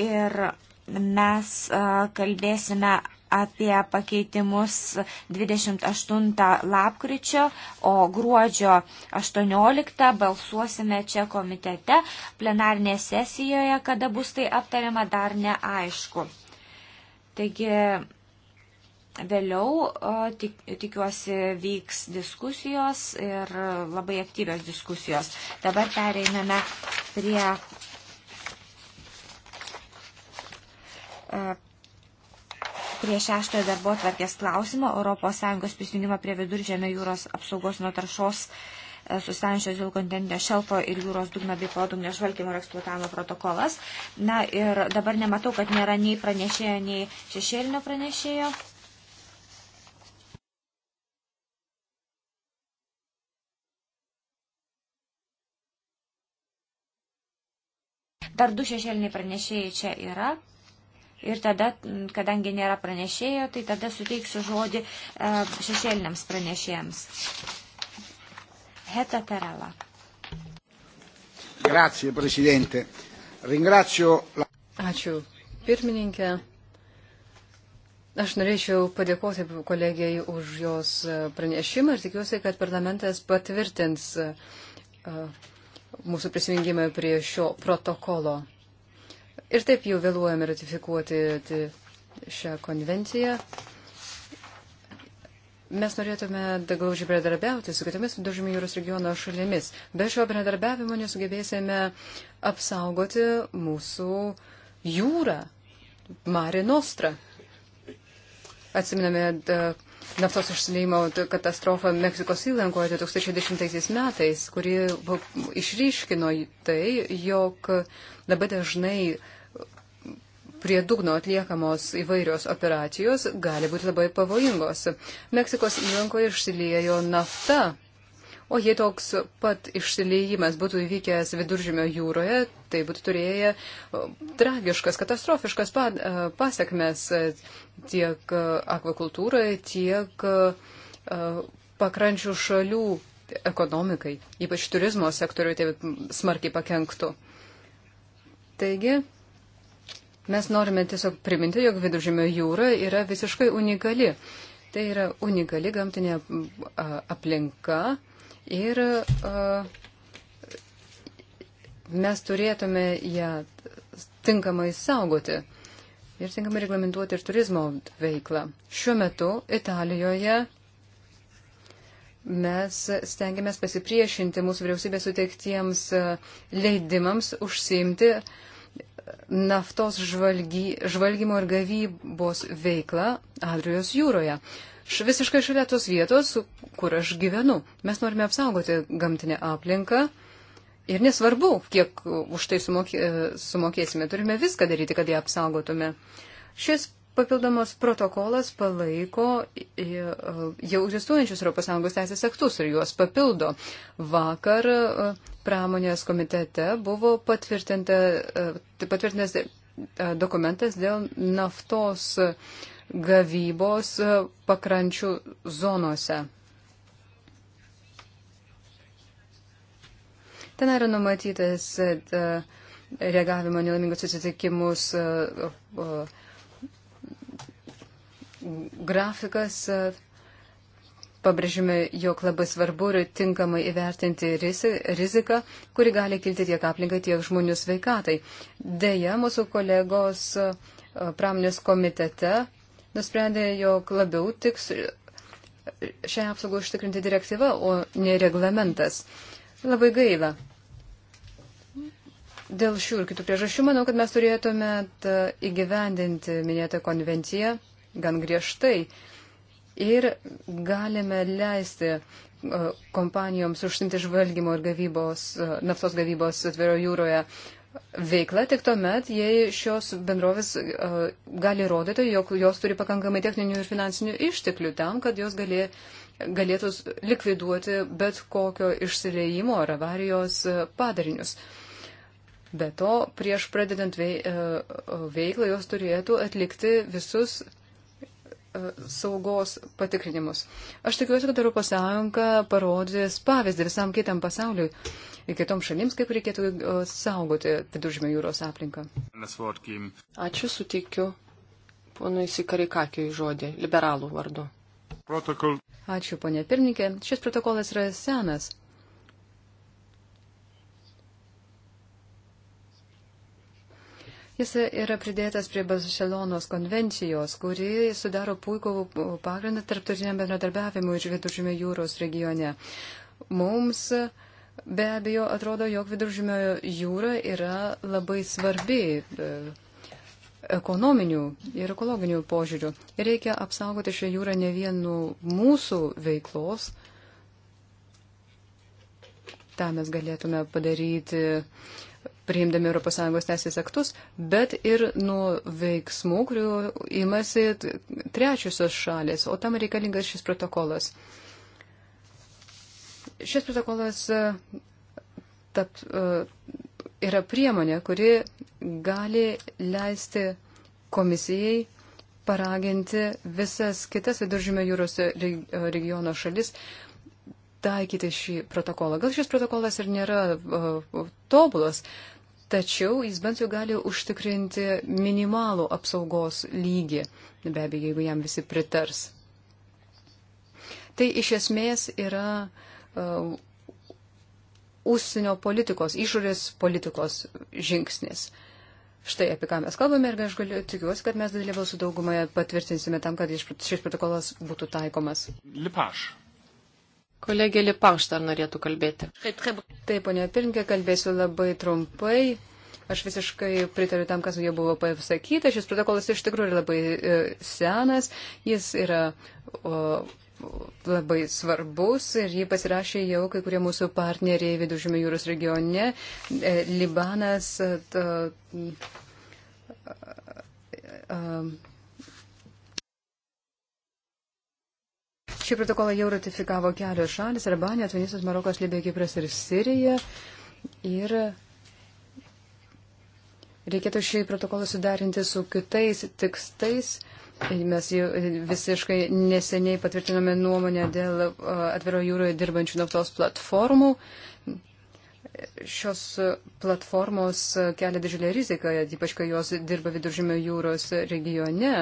ir mes kalbėsime apie pakeitimus 28 lapkričio, o gruodžio 18 balsuosime čia komitete, plenarnėje sesijoje, kada bus tai aptariama, dar neaišku. Taigi vėliau tik, tikiuosi vyks diskusijos ir labai aktyvios diskusijos. Dabar pereiname prie E, prie šeštojo darbo atvarkės klausimo ES prisijungimo prie viduržėmio jūros apsaugos nuo taršos e, sustančios dėl kontinentinio šelfo ir jūros dugno bei podugnio žvalgymo ir eksploatavimo protokolas. Na ir dabar nematau, kad nėra nei pranešėjo, nei šešėlinio pranešėjo. Dar du šešėliniai pranešėjai čia yra. Ir tada, kadangi nėra pranešėjo, tai tada suteiksiu žodį e, šešėliniams pranešėjams. Heta Perela. Grazie, Presidente. Ringrazio. La... Ačiū, pirmininkė. Aš norėčiau padėkoti kolegijai už jos e, pranešimą ir tikiuosi, kad parlamentas patvirtins e, mūsų prisijungimą prie šio protokolo. Ir taip jau vėluojame ratifikuoti šią konvenciją. Mes norėtume glaužiai bendradarbiauti su kitomis Dužmių jūros regiono šalimis. Be šio bendradarbiavimo nesugebėsime apsaugoti mūsų jūrą, Mare Nostra. Atsiminame, naftos užsileimo katastrofą Meksikos įlankoje 2010 metais, kuri išryškino tai, jog labai dažnai prie dugno atliekamos įvairios operacijos gali būti labai pavojingos. Meksikos įlankoje išsiliejo nafta O jei toks pat išsileimas būtų įvykęs viduržymio jūroje, tai būtų turėję tragiškas, katastrofiškas pasiekmes tiek akvakultūrai, tiek pakrančių šalių ekonomikai, ypač turizmo sektoriui, tai smarkiai pakenktų. Taigi, mes norime tiesiog priminti, jog viduržėmio jūra yra visiškai unikali. Tai yra unikali gamtinė aplinka, ir e, mes turėtume ją tinkamai saugoti ir tinkamai reglamentuoti ir turizmo veiklą. Šiuo metu Italijoje mes stengiamės pasipriešinti mūsų vyriausybės suteiktiems e, leidimams užsiimti e, naftos žvalgy, žvalgymo ir gavybos veiklą Adrijos jūroje visiškai šalia tos vietos, kur aš gyvenu. Mes norime apsaugoti gamtinę aplinką. Ir nesvarbu, kiek už tai sumokė, e, sumokėsime, turime viską daryti, kad ją apsaugotume. Šis papildomas protokolas palaiko e, jau egzistuojančius ES teisės aktus ir juos papildo. Vakar e, pramonės komitete buvo patvirtintas dokumentas dėl naftos uh, gavybos e, pakrančių zonose. Ten yra numatytas e, reagavimo nelaimingus atsitikimus e, grafikas. Pabrėžime, jog labai svarbu yra tinkamai įvertinti riziką, kuri gali kilti tiek aplinkai, tiek žmonių sveikatai. Deja, mūsų kolegos pramonės komitete nusprendė, jog labiau tiks šią apsaugą užtikrinti direktyva, o ne reglamentas. Labai gaila. Dėl šių ir kitų priežasčių manau, kad mes turėtume e, įgyvendinti minėtą konvenciją gan griežtai ir galime leisti e, kompanijoms užsimti žvalgymo ir gavybos, e, naftos gavybos atviro jūroje veiklą tik tuomet, jei šios bendrovės uh, gali rodyti, jog jos turi pakankamai techninių ir finansinių išteklių tam, kad jos galė, galėtų likviduoti bet kokio išsileimo ar avarijos e, padarinius. Be to, prieš pradedant e, veiklą, jos turėtų atlikti visus saugos patikrinimus. Aš tikiuosi, kad Europos Sąjunga parodys pavyzdį visam kitam pasauliui ir kitoms šalims, kaip reikėtų e, saugoti viduržmio jūros aplinką. Ačiū sutikiu ponui Sikarikakiui žodį, liberalų vardu. Protokol. Ačiū, ponė pirmininkė. Šis protokolas yra senas. Jis yra pridėtas prie Barcelonos konvencijos, kuri sudaro puikų pagrindą tarptautiniam bendradarbiavimui iš Viduržymio jūros regione. Mums be abejo atrodo, jog Viduržymio jūra yra labai svarbi e, ekonominių ir ekologinių požiūrių. Ir reikia apsaugoti šią jūrą ne vien nuo mūsų veiklos, tą mes galėtume padaryti uh, priimdami ES teisės aktus, bet ir nuo veiksmų, kurių imasi trečiosios šalės, o tam reikalingas šis protokolas. Šis protokolas e, tap, e, yra priemonė, kuri gali leisti komisijai paraginti visas kitas viduržymio jūros regiono šalis uh, taikyti šį protokolą. Gal šis protokolas ir nėra uh, tobulas, tačiau jis bent jau gali užtikrinti minimalų apsaugos lygį, be abejo, jeigu jam visi pritars. Tai iš esmės yra uh, užsienio politikos, išorės politikos žingsnis. Štai apie ką mes kalbame ir aš galiu, tikiuosi, kad mes didelį balsų daugumą patvirtinsime tam, kad šis protokolas būtų taikomas. Lipaš. Kolegė Lipauš dar norėtų kalbėti. Taip, ponė Pirinkė, kalbėsiu labai trumpai. Aš visiškai pritariu tam, kas jau buvo pasakyta. Šis protokolas iš tikrųjų yra labai e, senas. Jis yra o, labai svarbus ir jį pasirašė jau kai kurie mūsų partneriai Vidužymio jūros regione. E, Libanas. T, t, t, t, t, t, t, Šį protokolą jau ratifikavo kelios šalis - Arbanija, Tunisas, Marokas, Libija, Kipras ir Sirija. Ir reikėtų šį protokolą sudarinti su kitais tikstais. Mes jau visiškai neseniai patvirtinome nuomonę dėl atviro jūroje dirbančių naftos platformų. Šios platformos kelia didžiulę riziką, ypač kai jos dirba viduržymio jūros regione.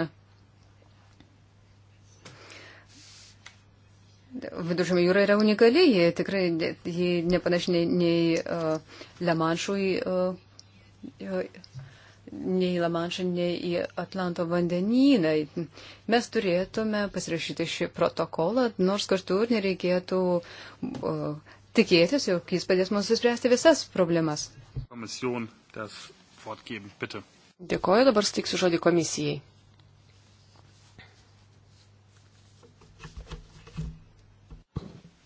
Viduržėmio jūra yra unikali, ji tikrai ji nepanaši nei, nei uh, Lemanšui, uh, nei Lemanšui, nei į Atlanto vandenyną. Mes turėtume pasirašyti šį protokolą, nors kartu ir nereikėtų uh, tikėtis, jog jis padės mums suspręsti visas problemas. Dėkoju, dabar stiksiu žodį komisijai.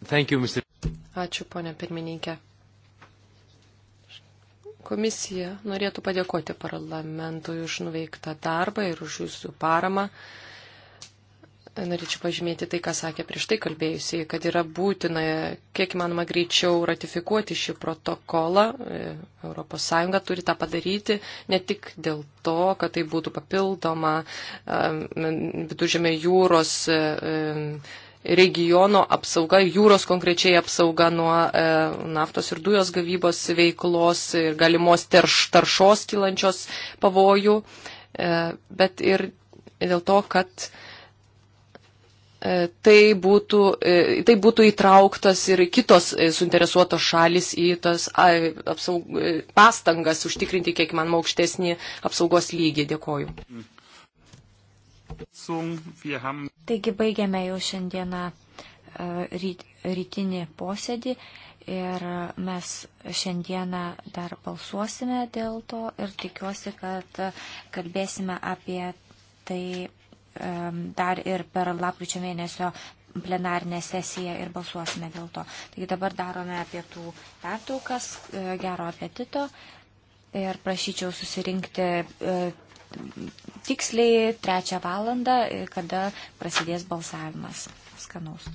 Thank you, Mr. Ačiū, ponė pirmininkė. Komisija norėtų padėkoti parlamentui už nuveiktą darbą ir už jūsų paramą norėčiau pažymėti tai, ką sakė prieš tai kalbėjusiai, kad yra būtina, kiek įmanoma greičiau ratifikuoti šį protokolą. ES turi tą padaryti ne tik dėl to, kad tai būtų papildoma um, viduržėmė jūros um, regiono apsauga, jūros konkrečiai apsauga nuo e, naftos ir dujos gavybos veiklos ir galimos terš, taršos kilančios pavojų, e, bet ir dėl to, kad e, tai būtų, e, tai būtų įtrauktas ir kitos e, suinteresuotos šalis į tas apsaug, pastangas užtikrinti kiek man aukštesnį apsaugos lygį. Dėkoju. Mm. Taigi baigiame jau šiandieną e, ryt, rytinį posėdį ir mes šiandieną dar balsuosime dėl to ir tikiuosi, kad kalbėsime apie tai e, dar ir per lapkričio mėnesio plenarinę sesiją ir balsuosime dėl to. Taigi dabar darome apie tų pertraukas, e, gero apetito ir prašyčiau susirinkti tiksliai trečią valandą, e, kada prasidės balsavimas. Skanaus.